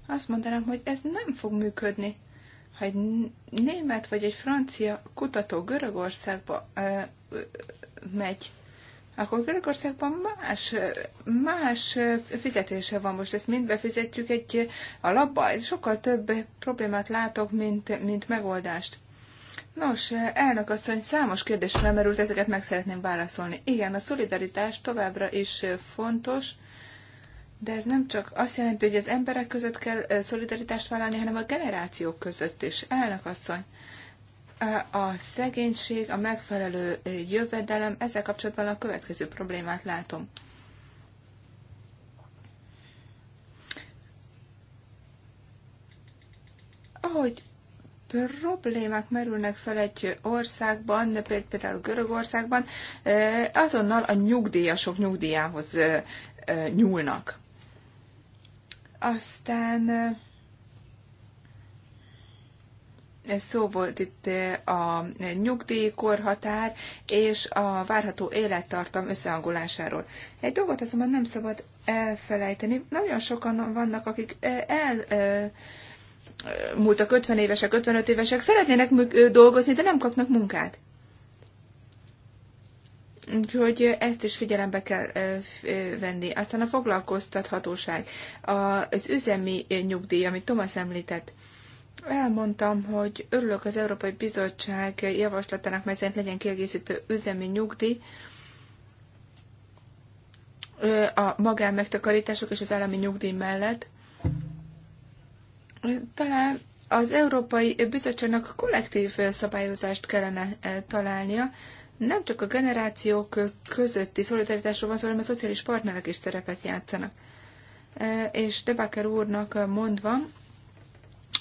azt mondanám, hogy ez nem fog működni. Ha egy német vagy egy francia kutató Görögországba ö, ö, megy, akkor Görögországban más, más fizetése van. Most ezt mind befizetjük egy alapba. Ez sokkal több problémát látok, mint, mint megoldást. Nos, elnök asszony, számos kérdés felmerült, ezeket meg szeretném válaszolni. Igen, a szolidaritás továbbra is fontos, de ez nem csak azt jelenti, hogy az emberek között kell eh, szolidaritást vállalni, hanem a generációk között is. Elnök asszony, eh, a szegénység, a megfelelő eh, jövedelem, ezzel kapcsolatban a következő problémát látom. Ahogy problémák merülnek fel egy országban, például Görögországban, azonnal a nyugdíjasok nyugdíjához nyúlnak. Aztán szó volt itt a nyugdíjkorhatár és a várható élettartam összehangolásáról. Egy dolgot azonban nem szabad elfelejteni. Nagyon sokan vannak, akik el, el múltak 50 évesek, 55 évesek szeretnének dolgozni, de nem kapnak munkát. Úgyhogy ezt is figyelembe kell venni. Aztán a foglalkoztathatóság, az üzemi nyugdíj, amit Thomas említett. Elmondtam, hogy örülök az Európai Bizottság javaslatának, mert szerint legyen kiegészítő üzemi nyugdíj, a magánmegtakarítások és az állami nyugdíj mellett. Talán az Európai Bizottságnak kollektív szabályozást kellene e, találnia, nem csak a generációk közötti szolidaritásról van szó, hanem a szociális partnerek is szerepet játszanak. E, és Debaker úrnak mondva,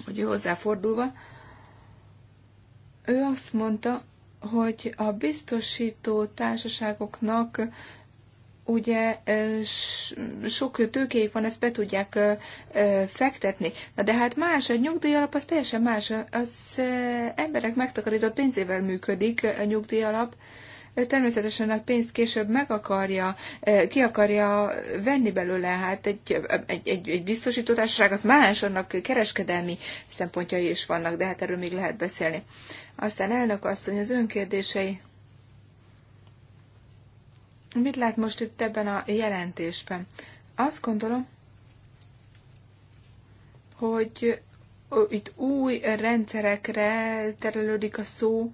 hogy ő hozzáfordulva, ő azt mondta, hogy a biztosító társaságoknak ugye sok tőkéjük van, ezt be tudják fektetni. Na de hát más, a nyugdíjalap az teljesen más. Az emberek megtakarított pénzével működik a nyugdíjalap. Természetesen a pénzt később meg akarja, ki akarja venni belőle, hát egy, egy, egy, egy biztosítótársaság az más, annak kereskedelmi szempontjai is vannak, de hát erről még lehet beszélni. Aztán elnök asszony az önkérdései. Mit lát most itt ebben a jelentésben? Azt gondolom, hogy itt új rendszerekre terelődik a szó,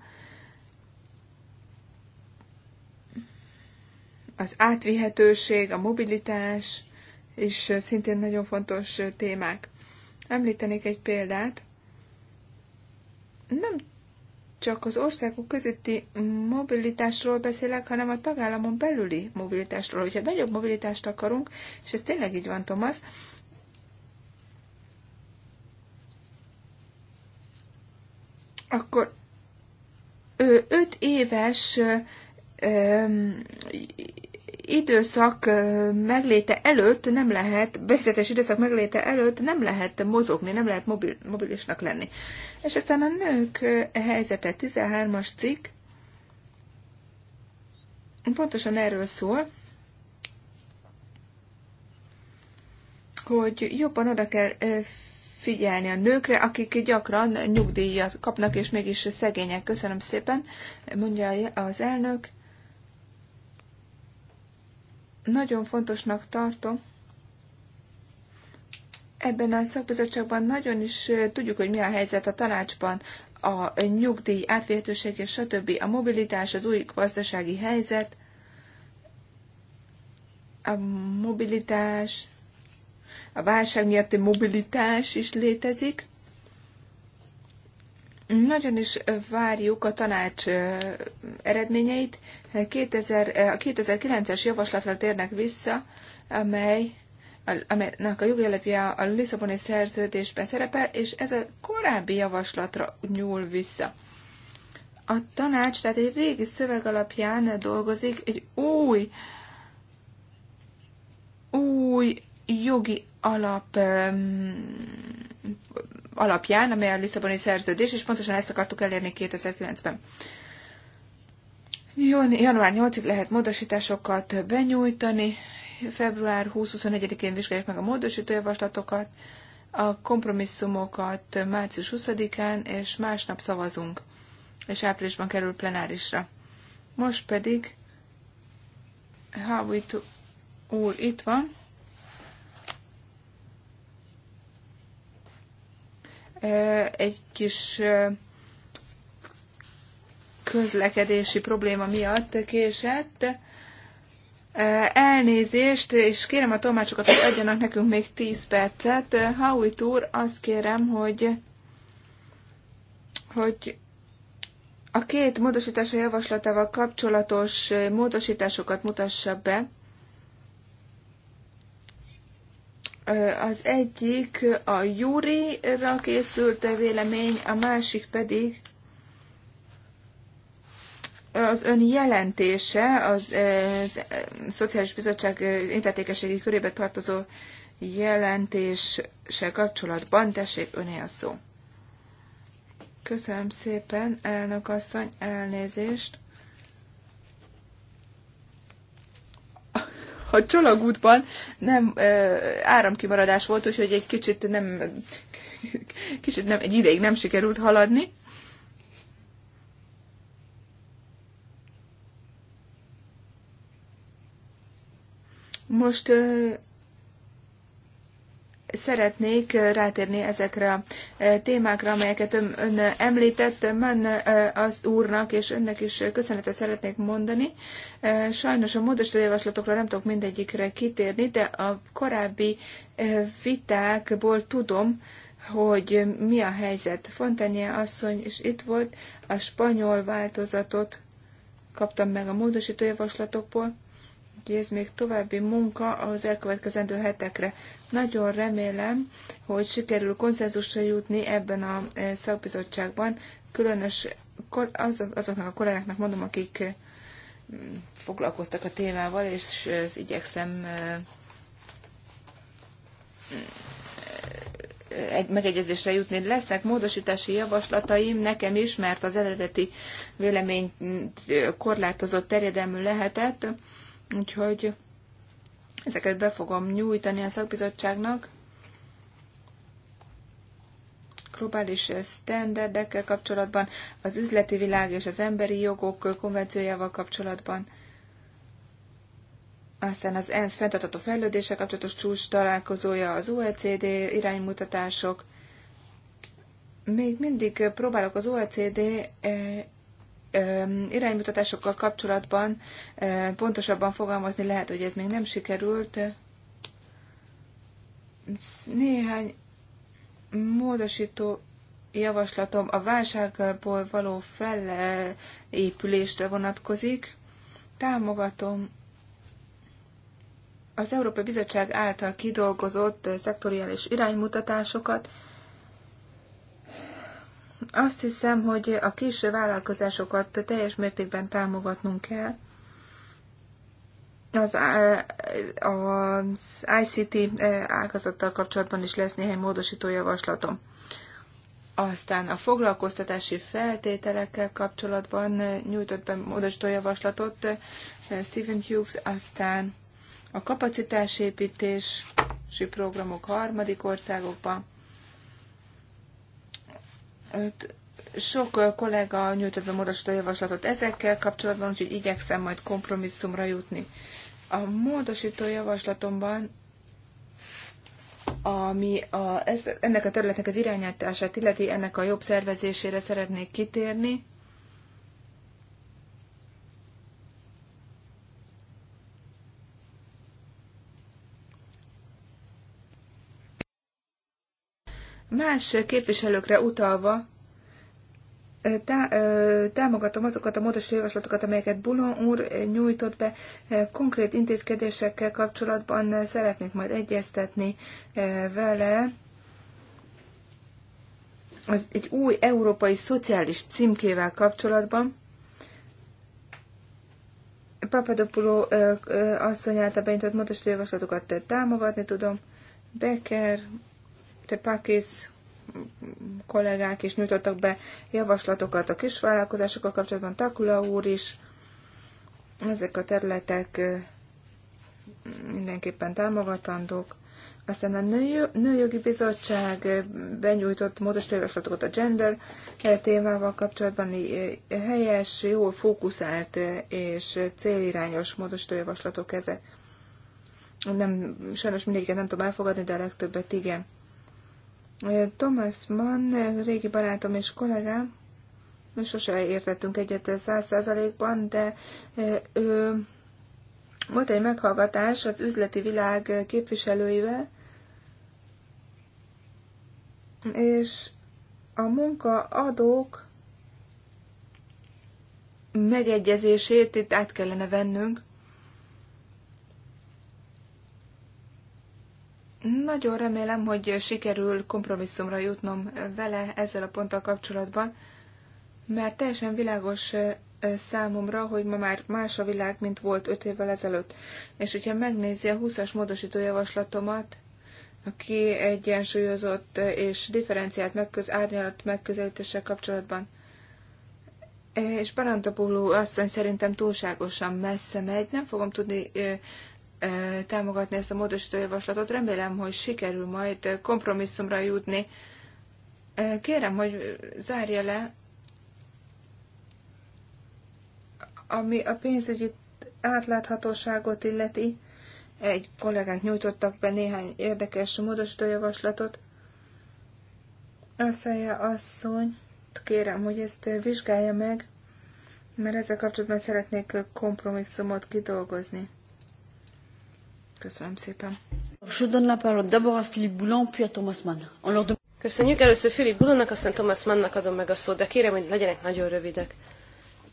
az átvihetőség, a mobilitás is szintén nagyon fontos témák. Említenék egy példát. Nem csak az országok közötti mobilitásról beszélek, hanem a tagállamon belüli mobilitásról. Hogyha nagyobb mobilitást akarunk, és ez tényleg így van, Tomasz, akkor öt éves időszak megléte előtt nem lehet, befizetés időszak megléte előtt nem lehet mozogni, nem lehet mobil, mobilisnak lenni. És aztán a nők helyzete 13-as cikk pontosan erről szól, hogy jobban oda kell figyelni a nőkre, akik gyakran nyugdíjat kapnak, és mégis szegények. Köszönöm szépen, mondja az elnök. Nagyon fontosnak tartom, ebben a szakbizottságban nagyon is tudjuk, hogy mi a helyzet a tanácsban, a nyugdíj, átvihetőség és stb. A mobilitás, az új gazdasági helyzet, a mobilitás, a válság miatti mobilitás is létezik. Nagyon is várjuk a tanács eredményeit. 2000, a 2009-es javaslatra térnek vissza, amely amelynek a jogi alapja a Lisszaboni szerződésben szerepel, és ez a korábbi javaslatra nyúl vissza. A tanács tehát egy régi szöveg alapján dolgozik, egy új, új jogi alap alapján, amely a Lisszaboni szerződés, és pontosan ezt akartuk elérni 2009-ben. Január 8-ig lehet módosításokat benyújtani, február 20-21-én vizsgálják meg a módosító javaslatokat, a kompromisszumokat március 20-án, és másnap szavazunk, és áprilisban kerül plenárisra. Most pedig Howitt úr itt van, egy kis közlekedési probléma miatt késett. Elnézést, és kérem a tolmácsokat, hogy adjanak nekünk még 10 percet. ha új túr, azt kérem, hogy, hogy a két módosítása javaslatával kapcsolatos módosításokat mutassa be. Az egyik a Júri-ra készült vélemény, a másik pedig az ön jelentése, az, eh, az eh, Szociális Bizottság értékességi eh, körébe tartozó jelentéssel kapcsolatban. Tessék, öné a szó. Köszönöm szépen, elnök asszony, elnézést. a csalagútban nem ö, áramkimaradás volt, úgyhogy egy kicsit nem, kicsit nem, egy ideig nem sikerült haladni. Most ö, Szeretnék rátérni ezekre a témákra, amelyeket ön említett. Mann az úrnak és önnek is köszönetet szeretnék mondani. Sajnos a módosító javaslatokra nem tudok mindegyikre kitérni, de a korábbi vitákból tudom, hogy mi a helyzet. Fontanya asszony is itt volt, a spanyol változatot kaptam meg a módosító javaslatokból, ez még további munka az elkövetkezendő hetekre. Nagyon remélem, hogy sikerül konszenzusra jutni ebben a e, szakbizottságban, különös azoknak a kollégáknak mondom, akik e, foglalkoztak a témával, és igyekszem e, megegyezésre jutni. Lesznek módosítási javaslataim nekem is, mert az eredeti vélemény korlátozott terjedelmű lehetett, úgyhogy Ezeket be fogom nyújtani a szakbizottságnak. Globális standardekkel kapcsolatban, az üzleti világ és az emberi jogok konvenciójával kapcsolatban, aztán az ENSZ fenntartató fejlődése kapcsolatos csúcs találkozója, az OECD iránymutatások. Még mindig próbálok az OECD eh, iránymutatásokkal kapcsolatban pontosabban fogalmazni lehet, hogy ez még nem sikerült. Néhány módosító javaslatom a válságból való felépülésre vonatkozik. Támogatom az Európai Bizottság által kidolgozott szektoriális iránymutatásokat, azt hiszem, hogy a kis vállalkozásokat teljes mértékben támogatnunk kell. Az, az ICT eh, ágazattal kapcsolatban is lesz néhány módosító javaslatom. Aztán a foglalkoztatási feltételekkel kapcsolatban eh, nyújtott be módosító javaslatot eh, Stephen Hughes, aztán a kapacitásépítési programok harmadik országokban, sok kollega nyújtott be módosító javaslatot ezekkel kapcsolatban, úgyhogy igyekszem majd kompromisszumra jutni. A módosító javaslatomban ami a, ez, ennek a területnek az irányítását illeti, ennek a jobb szervezésére szeretnék kitérni. Más képviselőkre utalva, tá, támogatom azokat a módosító javaslatokat, amelyeket Bulon úr nyújtott be. Konkrét intézkedésekkel kapcsolatban szeretnék majd egyeztetni vele. Az egy új európai szociális címkével kapcsolatban. Papadopoulou asszony által beintett módosító javaslatokat támogatni tudom. Becker tepakis, kollégák is nyújtottak be javaslatokat a kisvállalkozásokkal kapcsolatban, Takula úr is. Ezek a területek mindenképpen támogatandók. Aztán a Nőjogi Bizottság benyújtott módosítójavaslatokat a gender témával kapcsolatban, helyes, jól fókuszált és célirányos módosítójavaslatok ezek. Nem, sajnos mindegyiket nem tudom elfogadni, de a legtöbbet igen. Thomas Mann, régi barátom és kollégám, sose értettünk egyet száz százalékban, de e, ő, volt egy meghallgatás az üzleti világ képviselőivel, és a munkaadók megegyezését itt át kellene vennünk, Nagyon remélem, hogy sikerül kompromisszumra jutnom vele ezzel a ponttal kapcsolatban, mert teljesen világos számomra, hogy ma már más a világ, mint volt öt évvel ezelőtt. És hogyha megnézi a 20-as módosító javaslatomat, a kiegyensúlyozott és differenciált megköz, árnyalat megközelítéssel kapcsolatban, és Barantapuló asszony szerintem túlságosan messze megy, nem fogom tudni támogatni ezt a módosító javaslatot. Remélem, hogy sikerül majd kompromisszumra jutni. Kérem, hogy zárja le, ami a pénzügyi átláthatóságot illeti. Egy kollégák nyújtottak be néhány érdekes módosító javaslatot. Asszaja asszony, kérem, hogy ezt vizsgálja meg, mert ezzel kapcsolatban szeretnék kompromisszumot kidolgozni. Köszönöm szépen. Köszönjük. Először Philip Bulonnak, aztán Thomas Mannnak adom meg a szót, de kérem, hogy legyenek nagyon rövidek.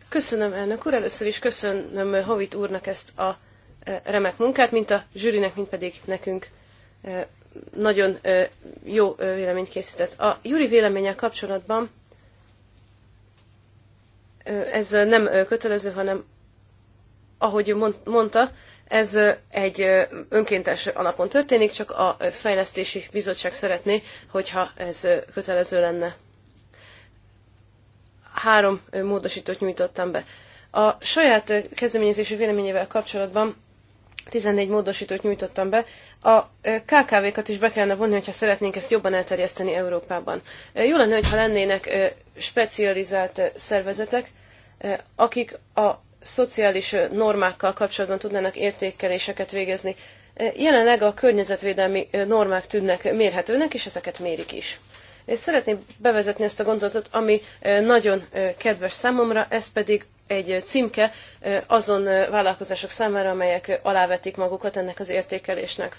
Köszönöm, elnök úr. Először is köszönöm Havit úrnak ezt a e, remek munkát, mint a zsűrinek, mint pedig nekünk e, nagyon e, jó véleményt készített. A Júri véleménye kapcsolatban ez nem kötelező, hanem ahogy mondta, ez egy önkéntes alapon történik, csak a fejlesztési bizottság szeretné, hogyha ez kötelező lenne. Három módosítót nyújtottam be. A saját kezdeményezésű véleményével kapcsolatban 14 módosítót nyújtottam be. A KKV-kat is be kellene vonni, hogyha szeretnénk ezt jobban elterjeszteni Európában. Jó lenne, hogyha lennének specializált szervezetek, akik a szociális normákkal kapcsolatban tudnának értékeléseket végezni. Jelenleg a környezetvédelmi normák tűnnek mérhetőnek, és ezeket mérik is. És szeretném bevezetni ezt a gondolatot, ami nagyon kedves számomra, ez pedig egy címke azon vállalkozások számára, amelyek alávetik magukat ennek az értékelésnek.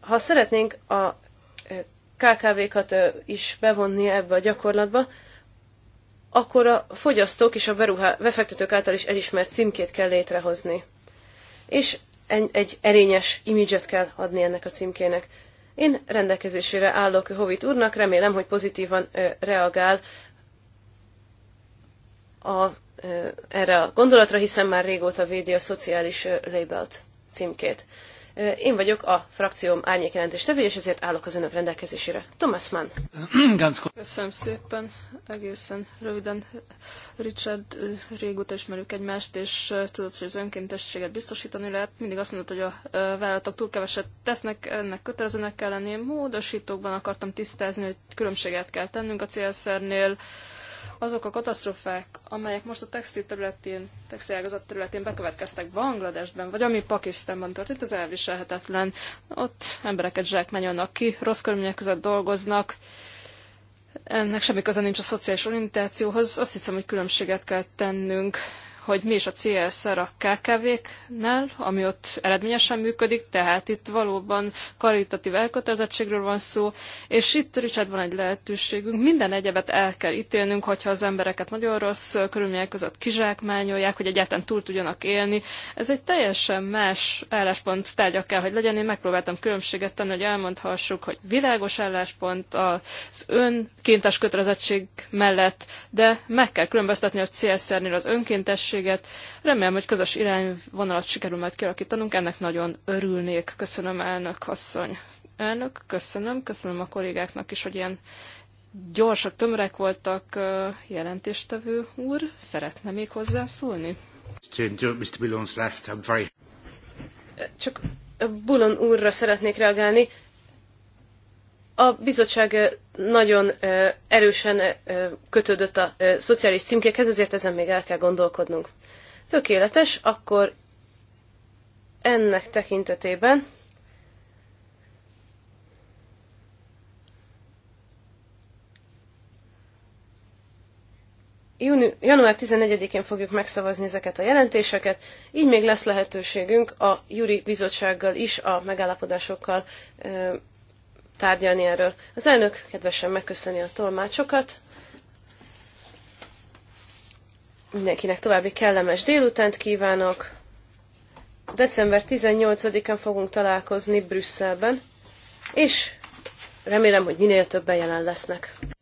Ha szeretnénk a KKV-kat is bevonni ebbe a gyakorlatba, akkor a fogyasztók és a beruhá, befektetők által is elismert címkét kell létrehozni. És egy erényes imidzset kell adni ennek a címkének. Én rendelkezésére állok Hovit úrnak, remélem, hogy pozitívan reagál a, erre a gondolatra, hiszen már régóta védi a szociális labelt címkét. Én vagyok a frakcióm árnyékjelentéstevő, és ezért állok az önök rendelkezésére. Thomas Mann. Köszönöm szépen, egészen röviden. Richard, régóta ismerjük egymást, és tudod, hogy az önkéntességet biztosítani lehet. Mindig azt mondod, hogy a vállalatok túl keveset tesznek, ennek kötelezőnek kell lenni. Módosítókban akartam tisztázni, hogy különbséget kell tennünk a CSR-nél azok a katasztrofák, amelyek most a textil területén, textilágazat területén bekövetkeztek Bangladesben, vagy ami Pakisztánban történt, az elviselhetetlen. Ott embereket zsákmányolnak ki, rossz körülmények között dolgoznak, ennek semmi köze nincs a szociális orientációhoz. Azt hiszem, hogy különbséget kell tennünk hogy mi is a CSR a KKV-knál, ami ott eredményesen működik, tehát itt valóban karitatív elkötelezettségről van szó, és itt Richard van egy lehetőségünk, minden egyebet el kell ítélnünk, hogyha az embereket nagyon rossz körülmények között kizsákmányolják, hogy egyáltalán túl tudjanak élni. Ez egy teljesen más álláspont tárgya kell, hogy legyen. Én megpróbáltam különbséget tenni, hogy elmondhassuk, hogy világos álláspont az önkéntes kötelezettség mellett, de meg kell különböztetni a CSR-nél az önkéntes lehetőséget. Remélem, hogy közös irányvonalat sikerül majd kialakítanunk, ennek nagyon örülnék. Köszönöm, elnök asszony. Elnök, köszönöm, köszönöm a kollégáknak is, hogy ilyen gyorsak, tömrek voltak. Jelentéstevő úr, szeretne még hozzászólni? Csak Bulon úrra szeretnék reagálni. A bizottság nagyon erősen kötődött a szociális címkékhez, ezért ezen még el kell gondolkodnunk. Tökéletes, akkor ennek tekintetében júni, január 14-én fogjuk megszavazni ezeket a jelentéseket, így még lesz lehetőségünk a Juri Bizottsággal is a megállapodásokkal tárgyalni erről. Az elnök kedvesen megköszöni a tolmácsokat. Mindenkinek további kellemes délutánt kívánok. December 18-án fogunk találkozni Brüsszelben, és remélem, hogy minél többen jelen lesznek.